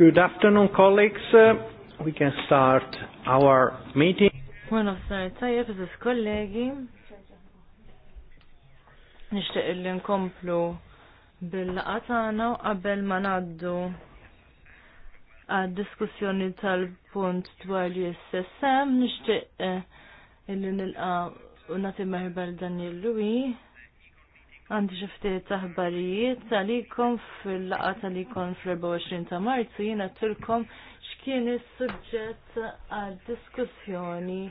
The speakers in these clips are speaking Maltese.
Good afternoon, colleagues. Uh, we can start our meeting. Buona sera, tajjeb, ziz kollegi. Nishtiq li nkomplu bil-qatana u qabel ma naddu għad-diskussjoni tal-punt dwar l-SSM, nishtiq eh, li nilqa u nati merba l-Daniel Louis għandi xifti taħbarijiet għalikom fil-laqa tal-ikon fl-24 ta' marzu jina tulkom xkien is-suġġett għal diskussjoni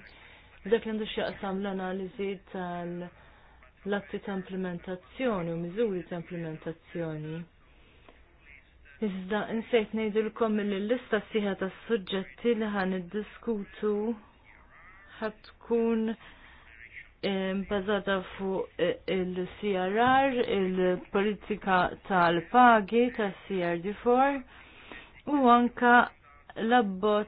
dak li għandu xieqsam l-analizi tal-atti ta' implementazzjoni u miżuri ta' implementazzjoni. Iżda insejt ngħidulkom li l-lista sieħa tas-suġġetti li id-diskutu ħad tkun bazzata fuq e, il-CRR, il-politika tal-pagi tal-CRD4 u anka l-abbozz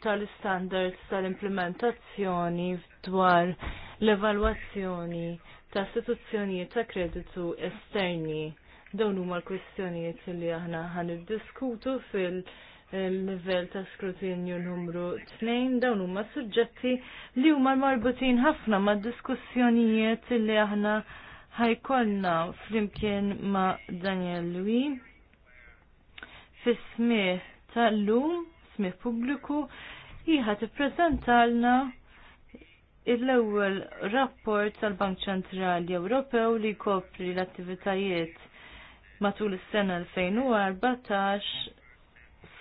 tal-standards tal-implementazzjoni dwar l-evalwazzjoni ta' istituzzjonijiet ta' kreditu esterni. Dawn huma l kwestjonijiet li aħna ħan diskutu fil- il livell ta' skrutinju numru 2 dawn huma suġġetti li huma marbutin ħafna ma' diskussjonijiet li aħna ħajkollna flimkien ma' Daniel Lui fis-smih tal-lum, smih pubbliku, iħa tippreżentalna l-ewwel rapport tal-Bank Ċentrali Ewropew li kopri l-attivitajiet matul is-sena 2014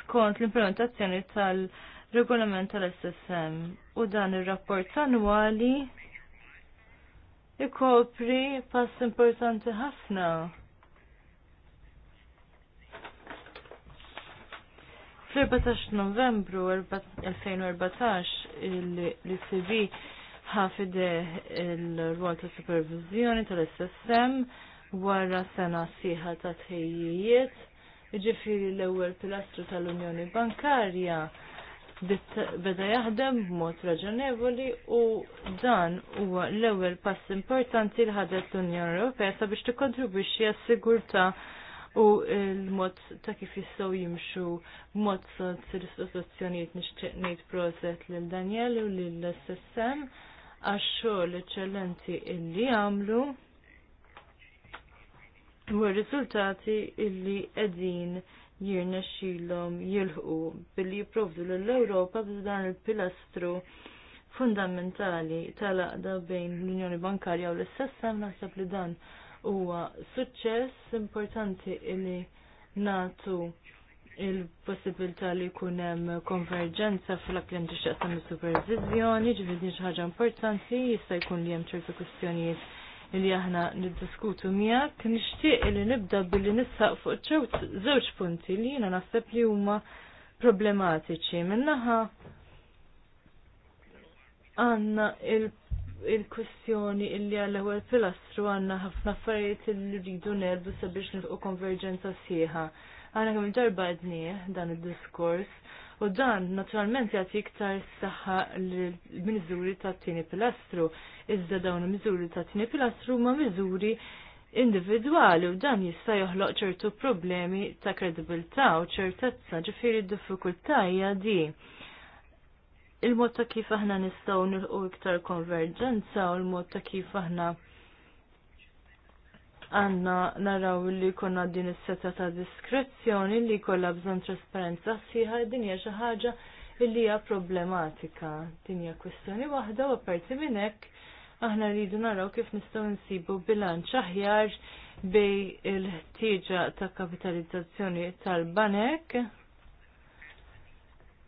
skont l-implementazzjoni tal-regolament tal-SSM u dan ir-rapport annwali ikopri pass importanti ħafna. Fl-14 novembru 2014 l-ICB ħafide il-rwol ta' supervizjoni tal-SSM wara sena siħa ta' tħejjijiet Ġifiri l-ewwel pilastru tal-Unjoni Bankarja beda jaħdem b'mod raġonevoli u dan huwa l-ewwel pass importanti l ħadet l-Unjoni Ewropea sabiex tikkontribwixxi għas-sigurtà u l-mod ta' kif jistgħu jimxu b'mod sod istituzzjonijiet nixtieq ngħid proset lil Daniel u lill SSM għax-xogħol eċċellenti illi għamlu u r-riżultati illi qegħdin jirna xilom jilħqu billi jipprovdu l ewropa b'dan il-pilastru fundamentali tal-aqda bejn l-Unjoni Bankarja u l-SSM naħseb li dan huwa suċċess importanti illi natu il-possibilità li jkun hemm konverġenza fl-aklim tixtaqsam is-supervizjoni, ġifieri xi ħaġa importanti, jista' jkun li hemm ċertu kwistjonijiet li aħna niddiskutu miegħek, nixtieq li nibda billi nissaq fuq żewġ punti li jiena naħseb li huma problematiċi. Minnaħa għandna il- il-kwestjoni illi għall ewwel pilastru għanna ħafna affarijiet li rridu nerbu sabiex nilqu konverġenza sieħa. Għanna kemm darba għadni dan id-diskors u dan naturalment jagħti iktar saħħa l-miżuri tat-tieni pilastru. Iżda dawn il-miżuri ta' tini pilastru huma miżuri individwali u dan jista' joħloq ċertu problemi ta' kredibilta' u ċertezza ġifieri d-diffikultà hija di il-mod ta' kif aħna nistgħu nilqu iktar konverġenza u l-mod ta' kif aħna għanna naraw li konna din is-seta ta' diskrezzjoni li jkollha bżonn trasparenza sħiħa din hija xi ħaġa li hija problematika. Din hija kwestjoni waħda u apparti minn hekk aħna rridu naraw kif nistgħu nsibu bilanċ aħjar bej il-ħtieġa ta' kapitalizzazzjoni tal-banek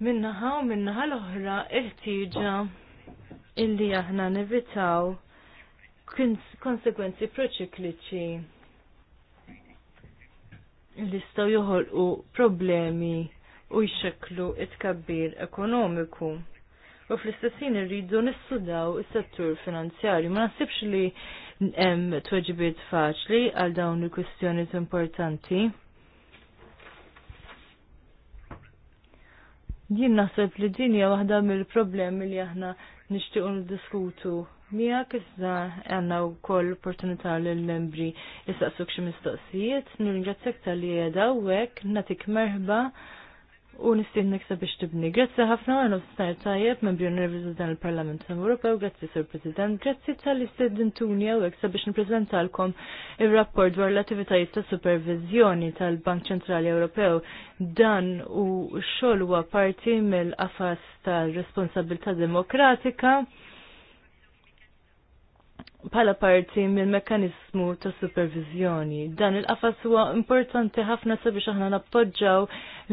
minnaħa u minnaħa l-oħra irtiġa illi aħna nevitaw konsekwenzi proċikliċi li staw joħolqu problemi u jxeklu it-kabbir ekonomiku. U fl-istessin irridu nissudaw is-settur finanzjarju. Ma nasibx li hemm tweġibiet faċli għal dawn il-kwistjoni importanti. Jien naħseb li din hija waħda mill-problemi li aħna nixtiequ niddiskutu Mija kizza għanna u koll opportunità l-membri jistaqsuk xie mistoqsijiet, nirringrazzjak tal-li għeda u għek natik merħba u nistin sabiex biex tibni. Grazzi ħafna għan snar tajjeb membri onorevoli dan il-Parlament Ewropew, grazzi Sur President, grazzi tal-istedintuni għaw eksa biex niprezentalkom il-rapport dwar l-attivitajiet ta' supervizjoni tal-Bank Ċentrali Ewropew. Dan u xolwa parti mill-qafas tal-responsabilta demokratika pala parti mill mekkanizmu ta' supervizjoni. Dan il-qafas huwa importanti ħafna sabiex aħna nappoġġaw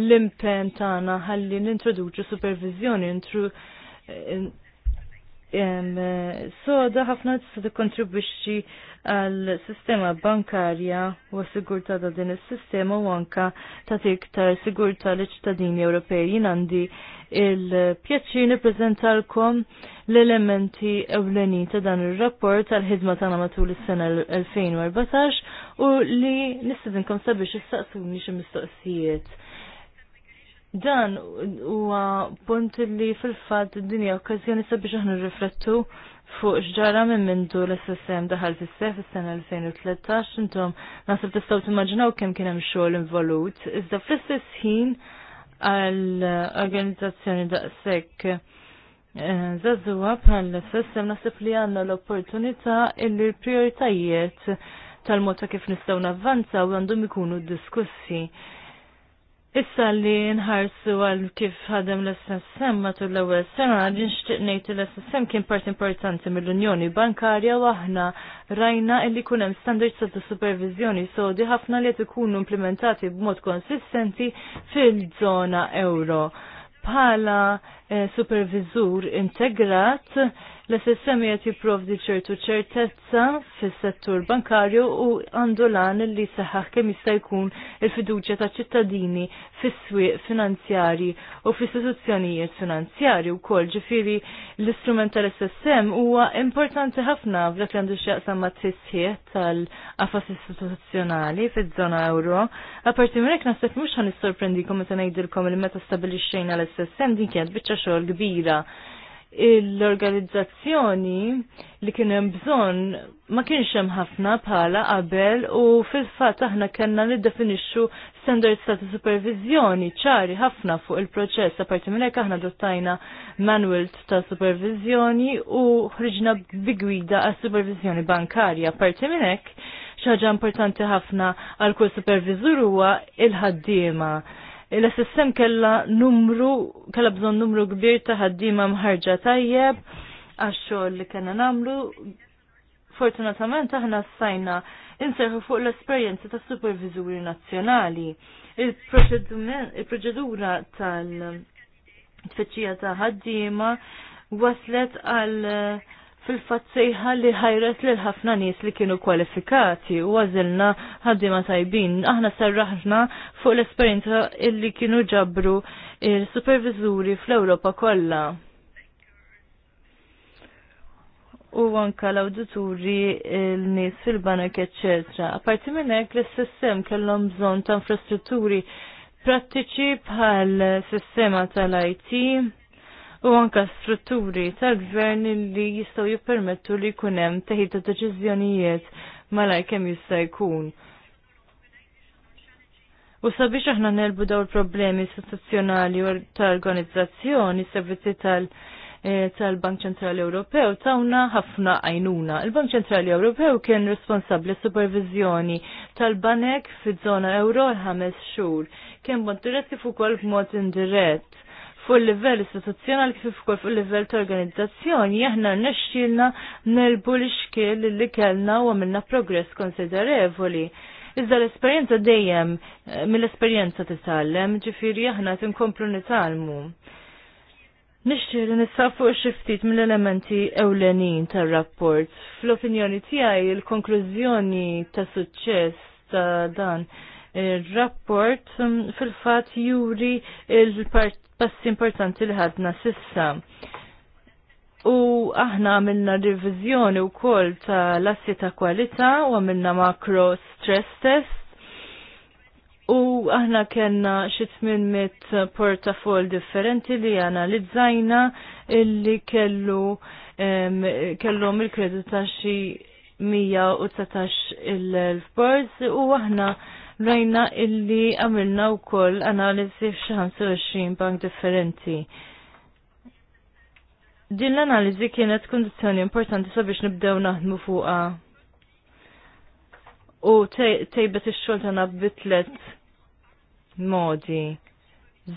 l-impen tagħna ħalli nintroduċu supervizjoni intru soda ħafna tista' tikkontribwixxi għal sistema bankarja u sigurtà ta' din is-sistema u anka ta' iktar sigurtà li ċittadini Ewropej jien għandi il-pjaċir nippreżentalkom l-elementi ewleni ta' dan ir-rapport għal ħidma tagħna matul is-sena 2014 u li nistedinkom sabiex issaqsuni xi mistoqsijiet Dan huwa punt li fil-fatt dinja okkażjoni sabiex aħna nirriflettu fuq xġara minn mintu l-SSM daħal fis-sef fis sena 2013 intom nasib tistgħu timmaġinaw kemm kien hemm xogħol involut. Iżda fl-istess ħin għall organizzazzjoni daqshekk eh, Zazzuwa bħal l-SSM nasib li għandna l-opportunità illi l-prioritajiet tal-mod ta' kif nistgħu navvanza u għandhom ikunu diskussi. Issa li nħarsu għal kif ħadem l-SSM matul l-ewwel sena għal nixtieq l-SSM kien part importanti mill-Unjoni Bankarja u aħna rajna li kunem hemm standards ta' supervizjoni sodi ħafna li qed ikunu implementati b'mod konsistenti fil zona euro. Bħala eh, supervizur integrat L-SSM jgħet jiprovdi ċertu ċertezza fis-settur bankarju u għandu lan li saħħaħ kemm jista' jkun il-fiduċja ta' ċittadini fis-swieq finanzjari u fis-istituzzjonijiet finanzjari wkoll ġifieri l-istrument tal-SSM huwa importanti ħafna f'dak li għandu x'jaqsam ma' tal-qafas istituzzjonali fiż-żona euro. Apparti minn hekk naħseb mhux ħanissorprendikom meta ngħidilkom il-meta stabilixxejna l-SSM din kienet biċċa xogħol kbira l-organizzazzjoni li kien hemm bżonn ma kienx hemm ħafna bħala qabel u fil-fatt aħna kellna niddefinixxu standards ta' supervizjoni ċari ħafna fuq il-proċess apparti minn hekk aħna dottajna manuals ta' supervizjoni u ħriġna bigwida għas supervizjoni bankarja apparti minn hekk xi ħaġa importanti ħafna għal kull supervizur huwa il-ħaddiema. il il ħaddiema il-sistem kella numru, kella bżon numru kbir ta' ħaddima mħarġa tajjeb, għax-xogħol li kena namlu. Fortunatament aħna sajna inserħu fuq l esperienza ta' supervizuri nazzjonali. Il-proċedura tal-tfeċija ta' ħaddima waslet għal uh, fil-fat sejħa li ħajret lil ħafna nies li kienu kwalifikati u għazilna ħaddima tajbin. Aħna sarraħna fuq l-esperienza illi kienu ġabru il-supervizuri fl-Ewropa kollha. U anka l-awdituri l-nies fil-banek eccetera. Aparti minn hekk l-sistem kellhom bżonn ta' infrastrutturi prattiċi bħal sistema tal-IT u anka strutturi tal-gvern li jistgħu jippermettu li jkun hemm teħid ta' deċiżjonijiet malaj kemm jista' jkun. U sabiex aħna nelbu daw il-problemi istituzzjonali u tal organizzazzjoni, servizzi tal- eh, tal-Bank Ċentrali Ewropew tawna ħafna għajnuna. Il-Bank Ċentrali Ewropew kien responsabli supervizjoni tal-banek fi zona euro ħames xhur. Kien bont diretti fuq kol b'mod indirett fuq il-livell istituzzjonali kif ukoll fuq il-livell ta' organizzazzjoni aħna nexxielna nelbu l ixkiel li kellna u għamilna progress konsiderevoli. Iżda l-esperjenza dejjem eh, mill-esperjenza titgħallem, ġifieri aħna tinkomplu nitgħallmu. Nixtieq li nissab fuq xi ftit mill-elementi ewlenin tar-rapport. Fl-opinjoni tiegħi l konklużjoni ta' suċċess ta' dan Il-rapport um, fil-fat juri il-passi importanti li ħadna sissa. U aħna għamilna revizjoni u kol ta' lassi ta' kwalità u għamilna makro stress test. U aħna kena xitmin mit portafol differenti li analizzajna illi kellu kellhom il-kredit ta' xi 119 il-boards u aħna rajna illi għamilna u koll analizi f'25 bank differenti. Din l-analizi kienet kondizjoni importanti sabiex nibdew naħdmu fuqa. U tejbet ix-xogħol tagħna bitlet modi.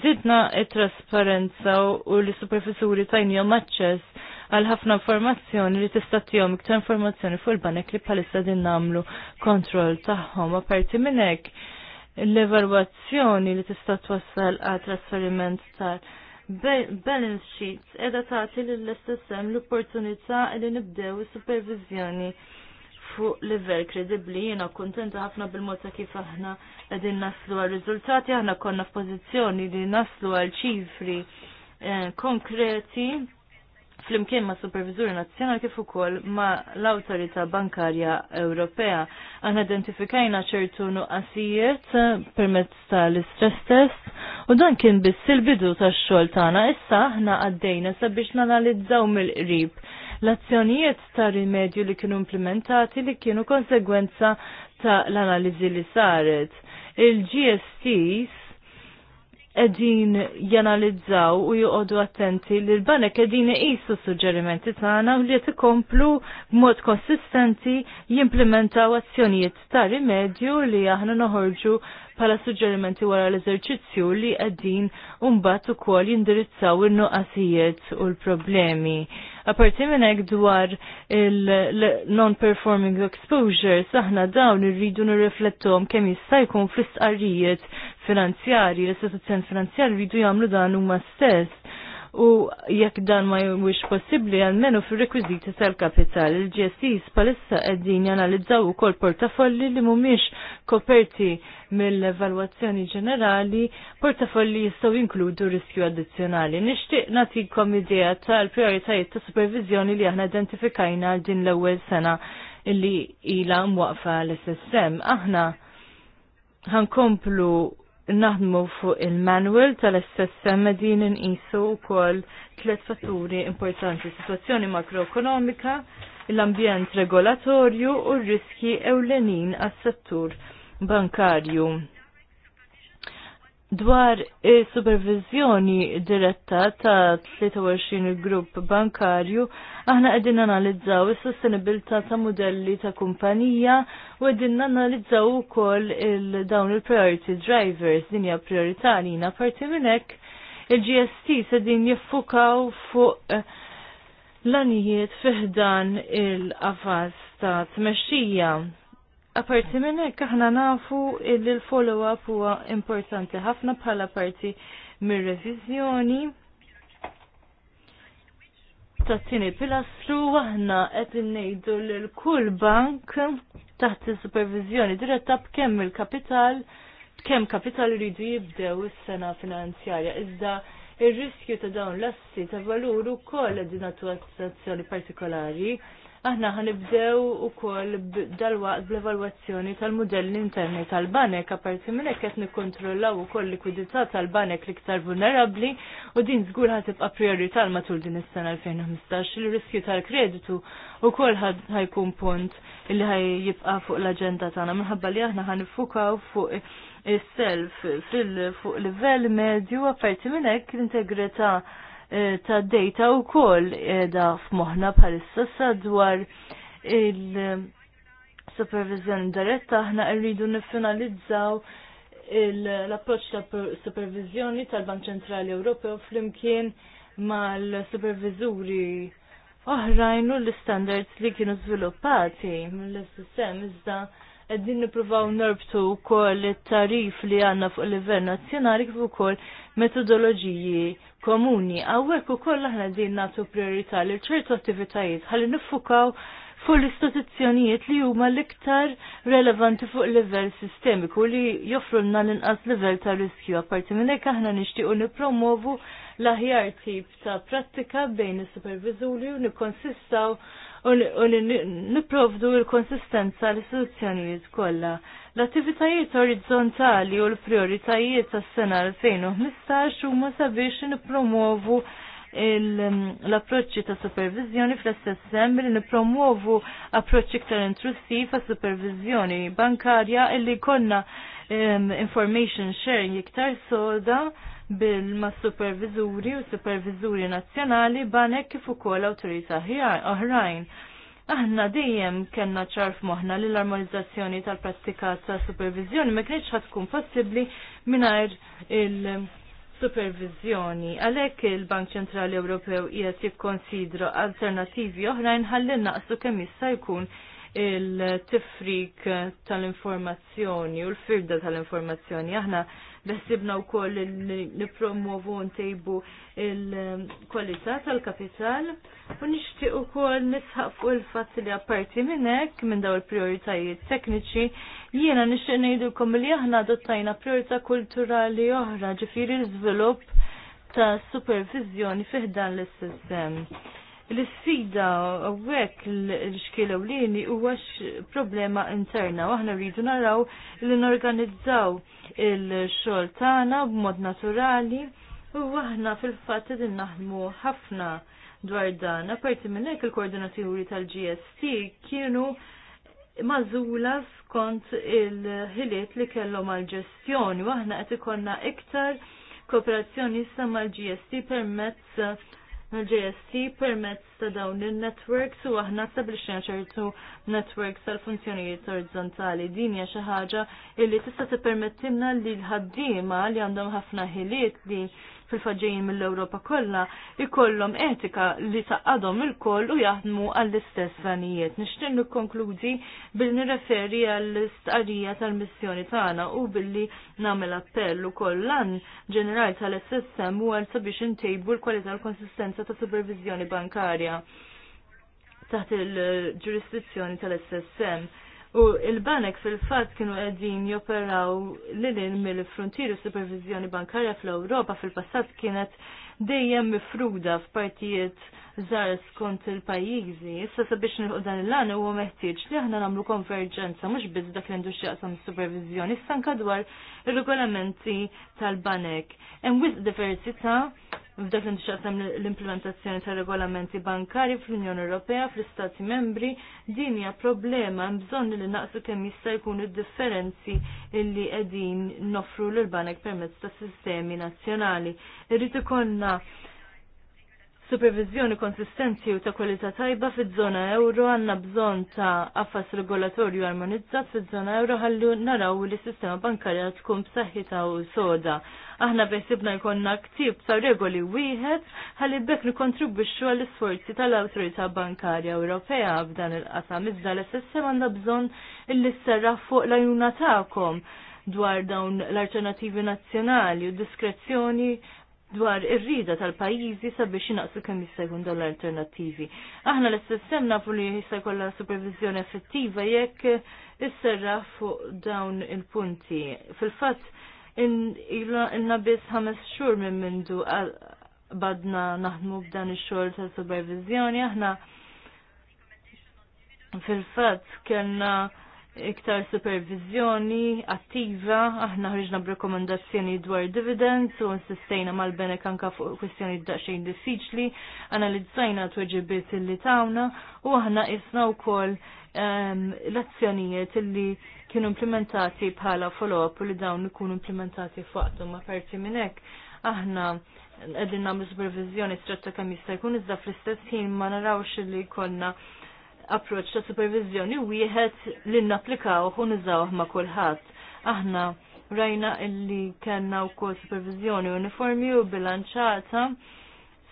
Zidna il trasparenza u li supervisuri tajnijom maċċess għal ħafna informazzjoni li tista' tihom iktar informazzjoni fuq il-banek li bħalissa din nagħmlu kontroll tagħhom. Aparti minn hekk l-evalwazzjoni li tista' twassal għal trasferiment tal balance sheets edha tagħti lill-SSM l-opportunità li nibdew is-supervizjoni fuq livell kredibli, Jiena kontenta ħafna bil-mod kif aħna qegħdin naslu għal riżultati, aħna konna f'pożizzjoni li naslu għal ċifri eh, konkreti flimkien ma' Supervizuri Nazzjonali kif ukoll ma' l-Awtorità Bankarja Ewropea. Aħna identifikajna ċertu nuqqasijiet eh, permezz tal-istress test u dan kien biss il-bidu tax-xogħol tagħna. Issa aħna għaddejna sabiex nanalizzaw mill-qrib l-azzjonijiet ta' rimedju li kienu implementati li kienu konsegwenza ta' l-analiżi li saret. Il-GSTs edin janalizzaw u juqodu attenti li l-banek edin jisu suġġerimenti tagħna u li qed ikomplu b'mod konsistenti jimplementaw azzjonijiet ta' rimedju li aħna noħorġu bħala suġġerimenti wara l-eżerċizzju li qegħdin mbagħad ukoll jindirizzaw in-nuqqasijiet u l-problemi. Aparti minn hekk dwar il-non-performing exposures, aħna dawn irridu nirriflettuhom kemm jista' jkun fl-istqarrijiet finanzjari, l-istituzzjoni finanzjari rridu jagħmlu dan huma stess u jekk dan ma jwix possibli għalmenu fil-rekwiziti tal-kapital. Il-GSIs palissa għeddin janalizzaw u kol portafolli li mumiex koperti mill-evaluazzjoni ġenerali, portafolli jistaw inkludu riskju addizjonali. Nishtiq natikom idea tal-prioritajiet ta' supervizjoni li aħna identifikajna għal din l-ewwel sena illi ila mwaqfa l-SSM. Aħna ħankomplu naħdmu fuq il-manual tal-SSM din inqisu wkoll tliet fatturi importanti: situazzjoni makroekonomika, l-ambjent regolatorju u r-riski ewlenin għas-settur bankarju. Dwar supervizjoni diretta ta' 23 grupp bankarju, aħna għedin analizzaw is-sostenibilità ta' modelli ta' kumpanija u qegħdin analizzaw ukoll il dawn il-priority drivers din hija priorità għalina parti minn hekk il-GST se din jiffukaw fuq eh, l-anijiet fiħdan il afas ta' tmexxija Aparti minn hekk aħna nafu li l-follow-up huwa importanti ħafna bħala parti mir-reviżjoni tat-tieni pilastru aħna qed innejdu lil kull bank taħt il supervizjoni diretta b'kemm il-kapital kemm kapital rridu jibdew is-sena finanzjarja iżda ir-riskju ta' dawn l-assi ta' valuru ukoll din attwazzazzjoni partikolari aħna ħanibdew ukoll dal-waqt bl-evalwazzjoni tal-modelli interni tal-banek apparti minn hekk qed nikkontrollaw ukoll likwidità tal-banek l-iktar vulnerabbli u din żgur ħatibqa' priorità matul din is-sena 2015 il-riskju tal-kreditu ukoll ħajkun punt illi ħaj jibqa' fuq l-aġenda tagħna minħabba li aħna ħanifukaw fuq is-self fuq livell medju apparti minn hekk l-integrità Eh, ta' data u koll edha f'moħna bħalissa sa dwar il supervision diretta aħna rridu nifinalizzaw l-approċ ta' supervizjoni tal-Bank Ċentrali Ewropew flimkien mal-supervizuri oħrajn u l-standards li kienu sviluppati mill-SSM iżda qegħdin nippruvaw nerbtu wkoll il tarif li għandna fuq livell nazzjonali kif ukoll metodoloġiji komuni. Għawek u koll aħna din natu priorità li ċertu attivitajiet ħalli nifukaw fuq l-istituzzjonijiet li huma l-iktar relevanti fuq livell sistemiku li joffru l-inqas livell ta' riskju. Apparti minn hekk aħna nixtiequ nippromovu l-aħjar tip ta' prattika bejn is-supervizuri u nikkonsistaw u li niprovdu l-konsistenza l-istituzzjonijiet kollha. L-attivitajiet orizzontali u l-prioritajiet tas-sena 2015 huma sabiex nippromovu l-approċċi ta' supervizjoni fl-SSM li nipromovu approċċi ktar intrusiv ta' supervizjoni bankarja illi konna ehm, information sharing iktar soda bil-ma supervizuri u supervizuri nazzjonali banek kif ukoll awtorita oħrajn. Aħna dejjem kellna ċarf moħna li l-armonizzazzjoni tal-prattika ta' supervizjoni ma kienx ħadd tkun possibbli mingħajr il-supervizjoni. Għalhekk il-Bank Ċentrali Ewropew qiegħed jikkonsidra alternattivi oħrajn ħalli naqsu kemm jista' jkun il-tifrik tal-informazzjoni u l-firda tal-informazzjoni. Aħna Bessibna u koll nipromovu ntejbu il-kwalità tal-kapital. U nishtiq u koll nisħaq fuq il-fat li apparti minnek minn daw il-prioritajiet tekniċi jiena nishtiq nejdulkom li aħna adottajna priorità kulturali oħra ġifiri l-izvilupp ta' supervizjoni fiħdan l sistem l-sfida għek l-xkil ewlieni u għax problema interna u aħna rridu naraw li norganizzaw il-xol tagħna b'mod naturali u aħna fil-fatt din naħdmu ħafna dwar dan. Aparti minn hekk il-koordinaturi tal-GST kienu mażula skont il-ħiliet li kellhom mal ġestjoni u aħna qed ikollna iktar kooperazzjoni issa mal-GST permezz l-JSC permezz ta' dawn il-networks u aħna stablixxina ċertu networks tal-funzjonijiet orizzontali. Din hija xi ħaġa li tista' tippermettilna li l-ħaddiema li għandhom ħafna ħiliet li fil-faġġejjin mill-Ewropa kollha ikollhom etika li saqadhom il-koll u jaħdmu għall-istess vanijiet. Nixtieq nikkonkludi billi nirreferi għall-istqarrija tal-missjoni tagħna u billi nagħmel appell ukoll lan ġenerali tal-SSM u għal sabiex intejbu l-kwalità l-konsistenza ta' supervizjoni bankarja taħt il-ġurisdizzjoni tal-SSM U il-banek fil-fat kienu għedin joperaw l-lin mill-frontiru supervizjoni bankarja fl-Europa fil-passat kienet dejjem mifruda f'partijiet żar skont il-pajjiżi. Issa sabiex nilħu dan il għana huwa meħtieġ li aħna nagħmlu konverġenza mhux biss dak l għandu x'jaqsam supervizjoni, issa dwar ir-regolamenti tal-banek. Hemm wisq diversità f'dak li nixaqsam l-implementazzjoni ta' regolamenti bankari fl-Unjoni Ewropea fl-Istati membri din hija problema hemm bżonn li naqsu kemm jista' jkun id-differenzi illi qegħdin nofru lil banek permezz ta' sistemi nazzjonali. Irrid ikollna supervizjoni konsistenti u ta' kwalità tajba fiż-żona euro għandna bżonn ta' affas regolatorju armonizzat fiż-żona euro ħallu naraw li s-sistema bankarja tkun b'saħħitha u soda Aħna besibna jkollna ktib ta' regoli wieħed ħalli bekk nikontribwixxu għall-isforzi tal-Awtorità Bankarja Ewropea f'dan il-qasam iżda l-SSM għandha bżonn illi serraħ fuq l-ajuna tagħkom dwar dawn l-alternativi nazzjonali u diskrezzjoni dwar ir-rida tal-pajjiżi sabiex inaqsu kemm jista' jkun dawn l-alternattivi. Aħna l-istess nafu li jista' jkollha supervizjoni effettiva jekk isserra fuq dawn il-punti. Fil-fatt Ilna biss ħames xhur minn mindu badna naħdmu b'dan ix-xogħol ta' supervizjoni aħna fil-fatt kellna iktar supervizjoni attiva, aħna ħriġna b'rekomendazzjoni dwar dividends u nsistejna mal-benek anka fuq kwestjoni daqsxejn diffiċli, analizzajna tweġibiet illi tawna u aħna isna wkoll ehm, l-azzjonijiet illi kienu implementati bħala follow-up u li dawn ikunu implementati fuqtu ma parti minn hekk aħna qegħdin nagħmlu supervizjoni stretta kemm jista' jkun iżda fl-istess ħin ma narawx li jkollna approċċ ta' supervizjoni wieħed li napplikaw u niżawh ma' kulħadd. Aħna rajna illi kellna wkoll supervizjoni uniformi u bilanċata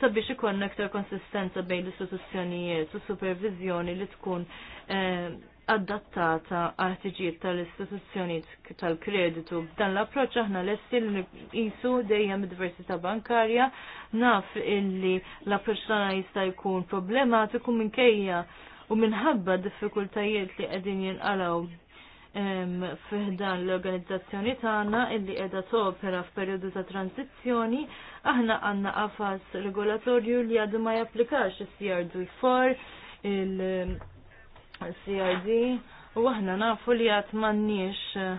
sabiex ikun aktar konsistenza bejn l-istituzzjonijiet u supervizjoni li tkun eh, adattata għal ħtiġijiet tal-istituzzjonijiet tal-kreditu. B'dan l-approċċ aħna lesti li nqisu dejjem diversità bankarja naf illi l-approċċ tagħna jista' jkun problematiku minkejja u minħabba diffikultajiet li qegħdin jinqalgħu f'dan l-organizzazzjoni tagħna illi qiegħda topera f'perjodu ta' tranzizzjoni, aħna għandna qafas regolatorju li għadu ma japplikax is-CRD4 il- L-CID u aħna nafu li għat mannix eh,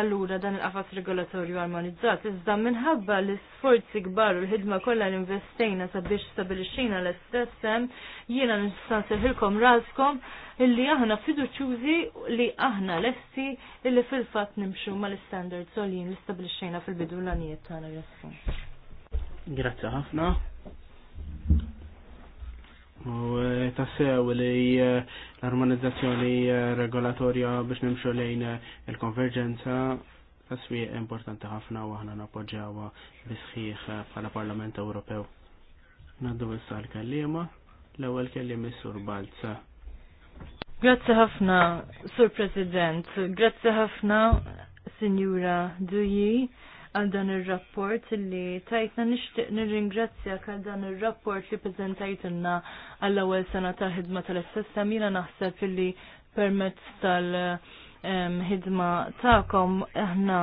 allura dan il-qafas regolatorju armonizzat. Iżda minħabba l sforzi kbar u l-ħidma kollha li investejna sabiex stabilixxina l-SSM, jiena nistan seħilkom raskom illi aħna fiduċjużi li aħna lesti illi fil-fatt nimxu mal-standard solin li stabilixxejna fil-bidu l-għanijiet tagħna. Grazzi ħafna. U e, tassew li e, l-armonizzazzjoni e, regolatorja biex nimxu lejn il-konverġenza taswi importanti ħafna u aħna napoġġawa bisħiħ bħala Parlament Ewropew. Naddu issa l-kellima, l-ewwel kelliem is-Sur Balza. Grazzi ħafna, Sur President, grazzi ħafna, Sinjura Duji għal dan il-rapport li tajtna nishtiq nir-ringrazzjak għal dan il-rapport li prezentajtna għall ewwel sena ta' ħidma tal-SSM jina naħseb li permezz tal-ħidma ta'kom aħna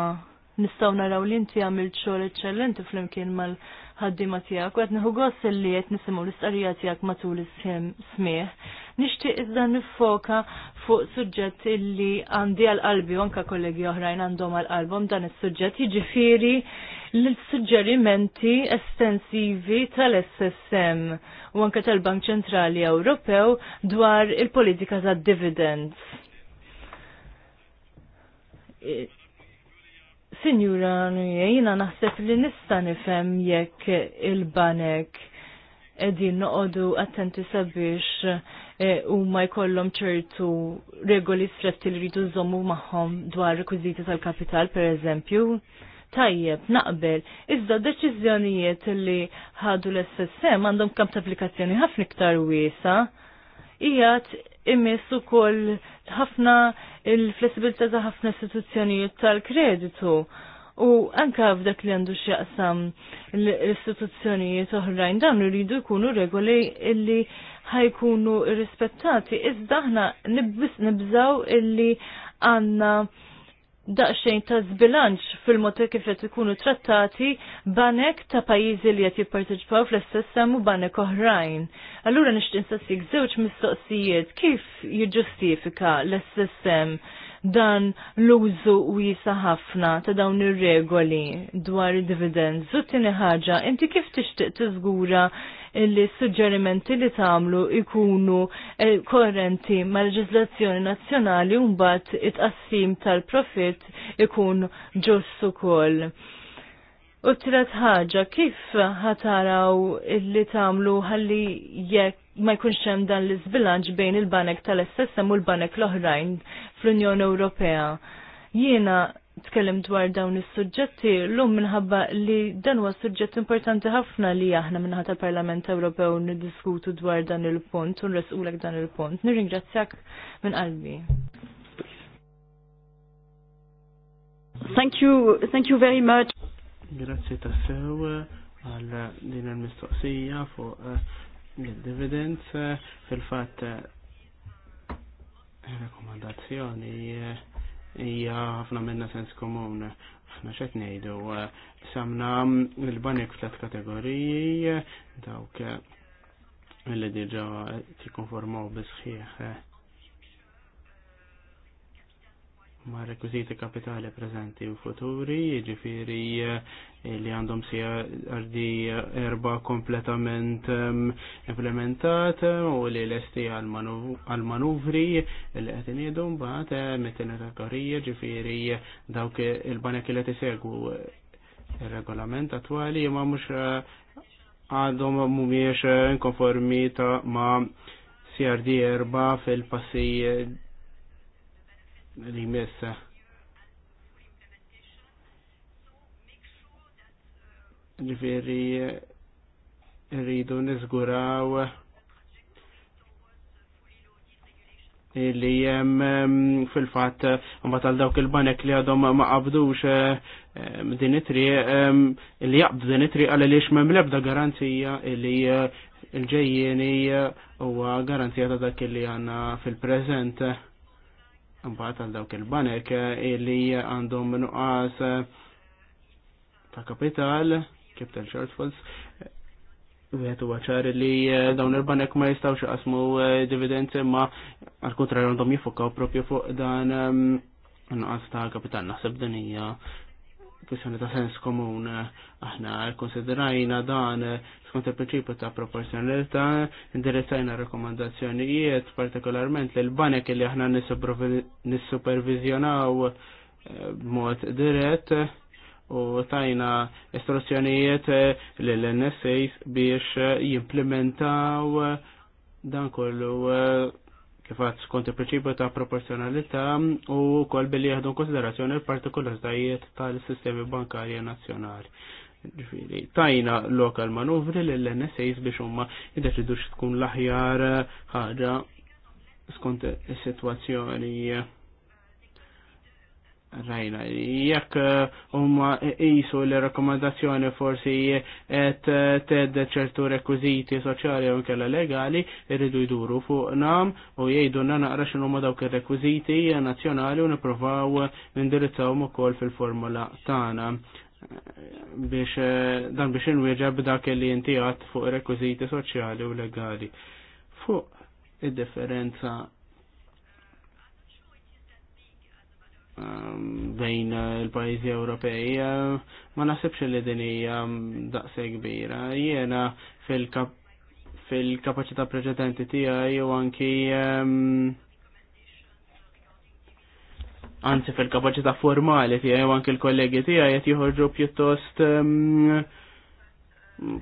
nistaw naraw li inti għamil xogħol eċċellenti flimkien mal-ħaddima tiegħek u qed nieħu gost li qed nisimgħu l-istqarrija tiegħek matul is-smieħ Nixtieq iżda nifoka fuq suġġett illi għandi għal-qalbi anka kollegi oħrajn għandhom għal-qalbhom dan is-suġġett jiġifieri l-suġġerimenti estensivi tal-SSM u anke tal-Bank Ċentrali Ewropew dwar il-politika tad-dividends. Sinjura jina naħseb li nista nifhem jekk il-banek qegħdin noqogħdu attenti sabiex Eh, u ma jkollhom ċertu regoli stretti li rridu żommu magħhom dwar rekwiżiti tal-kapital pereżempju. Tajjeb, naqbel, iżda deċiżjonijiet li ħadu l-SSM għandhom kamp ta' applikazzjoni ħafna iktar wiesa, ijat imis ukoll ħafna il-flessibilità ta' ħafna istituzzjonijiet tal-kreditu U anka f'dak li għandu x'jaqsam l-istituzzjonijiet oħrajn dawn iridu jkunu regoli illi ħajkunu rispettati. Iżda aħna nibżaw illi għandna daqsxejn ta' zbilanċ fil-mod kif qed ikunu trattati banek ta' pajjiżi li qed jipparteċipaw fl-istess u banek oħrajn. Allura nixtieq nsassik żewġ mistoqsijiet kif jiġġustifika l-SSM dan l-użu u ħafna ta' dawn ir-regoli dwar id-dividends. Zutini ħaġa, inti kif tixtieq tiżgura li suġġerimenti li tagħmlu ikunu eh, korrenti ma' leġiżlazzjoni nazzjonali u mbagħad it-qassim tal-profit ikun ġost ukoll. U t ħaġa, kif ħataraw li tagħmlu ħalli jekk ma jkunx hemm dan l-iżbilanċ bejn il-banek tal-SSM u l-banek l-oħrajn fl-Unjoni Ewropea. Jiena tkellem dwar dawn is-suġġetti llum minħabba li dan huwa suġġett importanti ħafna li aħna minħat tal-Parlament Ewropew niddiskutu dwar dan il-punt u nresqulek dan il-punt. Nirringrazzjak minn qalbi. Thank you, thank you very much. Grazie tassew uh, għal din il-mistoqsija fuq uh, dividends eh, fil-fatt eh, rekomandazzjoni eh, hija ħafna minna sens komun. Ħafna xed ngħidu samna l-banek f'tlet kategoriji dawk li diġà tikkonformaw bisħieħ ma' rekwiziti kapitali prezenti u futuri, ġifiri eh, li għandhom għardi erba kompletament ehm, implementat eh, u li l-esti għal-manuvri li għetin jidum bat eh, mittinet għarija karija ġifiri dawk il-banek li t-segwu il-regolament attuali ma' mux għadhom mumiex konformi ta' ma' CRD erba fil-passi rimessa. messa ġifiri rridu nizguraw li jem fil-fat ma tal dawk il-banek li għadhom ma qabdux din itri li jaqbdu din itri għal li xmem lebda garanzija li eh, l-ġejjeni eh, huwa garanzija ta' dak li għanna fil-prezent. Mbagħad għal dawk il-banek eh, li għandhom nuqqas eh, ta' kapital, kif tal-shortfalls, Wieħed huwa ċar li eh, dawn il-banek ma jistgħux jaqsmu dividend ma għal kontrarju għandhom jifukaw propju fuq dan nuqqas ta' kapital. Naħseb dan hija kwestjoni ta' sens komun eh, aħna konsiderajna dan eh, skont il-prinċipju ta' proporzjonalità indirizzajna rekomandazzjonijiet partikolarment lil banek li aħna nissupervizjonaw eh, b'mod dirett u tajna istruzzjonijiet lil NSAs biex jimplementaw dan kollu kifat skont il-prinċipju ta' proporzjonalità u kol billi jahdu konsiderazzjoni l-partikolaritajiet tal-sistemi bankarji nazzjonali. tajna lokal manuvri l-NSAs biex umma id-deċidu tkun l-aħjar ħaġa skont is-situazzjoni. Rajna, jekk umma uh, jisu l-rekomendazzjoni forsi et uh, tedd ċertu rekwiziti soċjali u kella legali, irridu jduru fuq nam u jgħidu na naqra xinu ma dawk il-rekwiziti nazjonali u niprofaw indirizzawm u kol fil-formula tana biex uh, dan biex inwieġeb dak li intijat fuq rekwiziti soċjali u legali. Fuq id-differenza Ehm, bejn eh, il-pajjiżi Ewropej eh, ma nasibx li din hija mm, daqse kbira. Jiena fil-kap fil-kapacità preċedenti tiegħi u anki ehm, anzi fil-kapacità formali tiegħi u anki l-kollegi tiegħi qed joħorġu pjuttost ehm,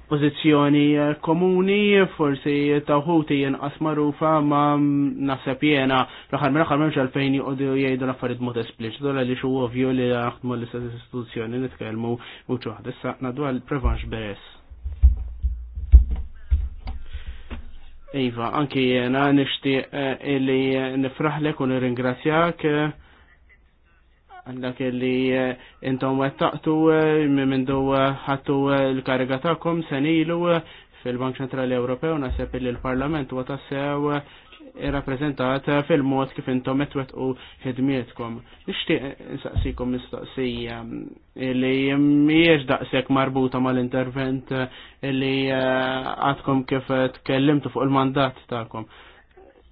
pozizjoni eh, komuni, forsi taħuti jenqas marufa ma naħseb jena l aħħar mill-axar memx għalfejn jgħodu jgħidu l affarijiet mod espliċ, dola li xu ovvju li għaxtmu l-istess istituzzjoni nitkellmu u ċuħad. Issa nadu għal prevanx beres. Iva, anki jena nixtieq eh, illi nifraħlek u nirringrazzjak eh, għallak li eh, intom għattaqtu eh, minn du eh, ħattu l-kariga taqom senilu fil-Bank Centrali Ewropew nasib li l-Parlament u tassew rappresentat fil-mod kif intom etwet u ħidmietkom. Nishtiq nsaqsikom mistaqsija li miex daqsek marbuta mal-intervent li għadkom kif tkellimtu fuq il-mandat taqkom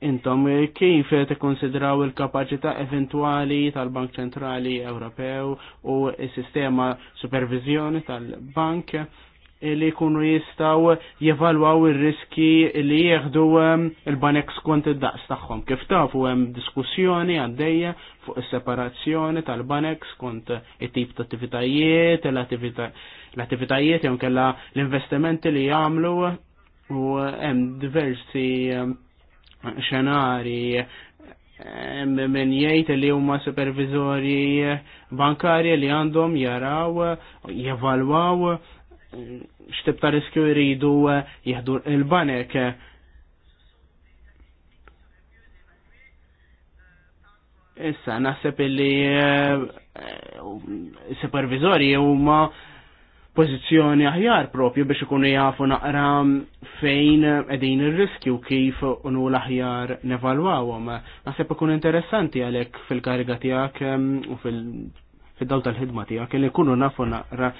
intom eh, kif konsidraw il kapacita eventuali tal-Bank Ċentrali Ewropew u s-sistema supervizjoni tal-bank eh, li jkunu jistaw jevalwaw ir-riski li jieħdu eh, il-banek skont id-daqs tagħhom. Kif taf u hemm diskussjoni għaddejja fuq is-separazzjoni tal-banek skont it-tip ta' attivitajiet, l-attivitajiet jew kella l-investimenti li jagħmlu u hemm diversi xenari minn jgħid li huma supervizori bankarji li għandhom jaraw, jevalwaw x'tib ta' riskju jridu jieħdu il-banek. Issa naħseb li eh, supervizori huma pożizzjoni aħjar propju biex ikunu jafu naqra fejn qegħdin ir-riskju kif unu l-aħjar nevalwawhom. Naħseb ikun interessanti għalhekk fil-kariga tiegħek u fil-dawl tal-ħidma tiegħek li kunu nafu naqra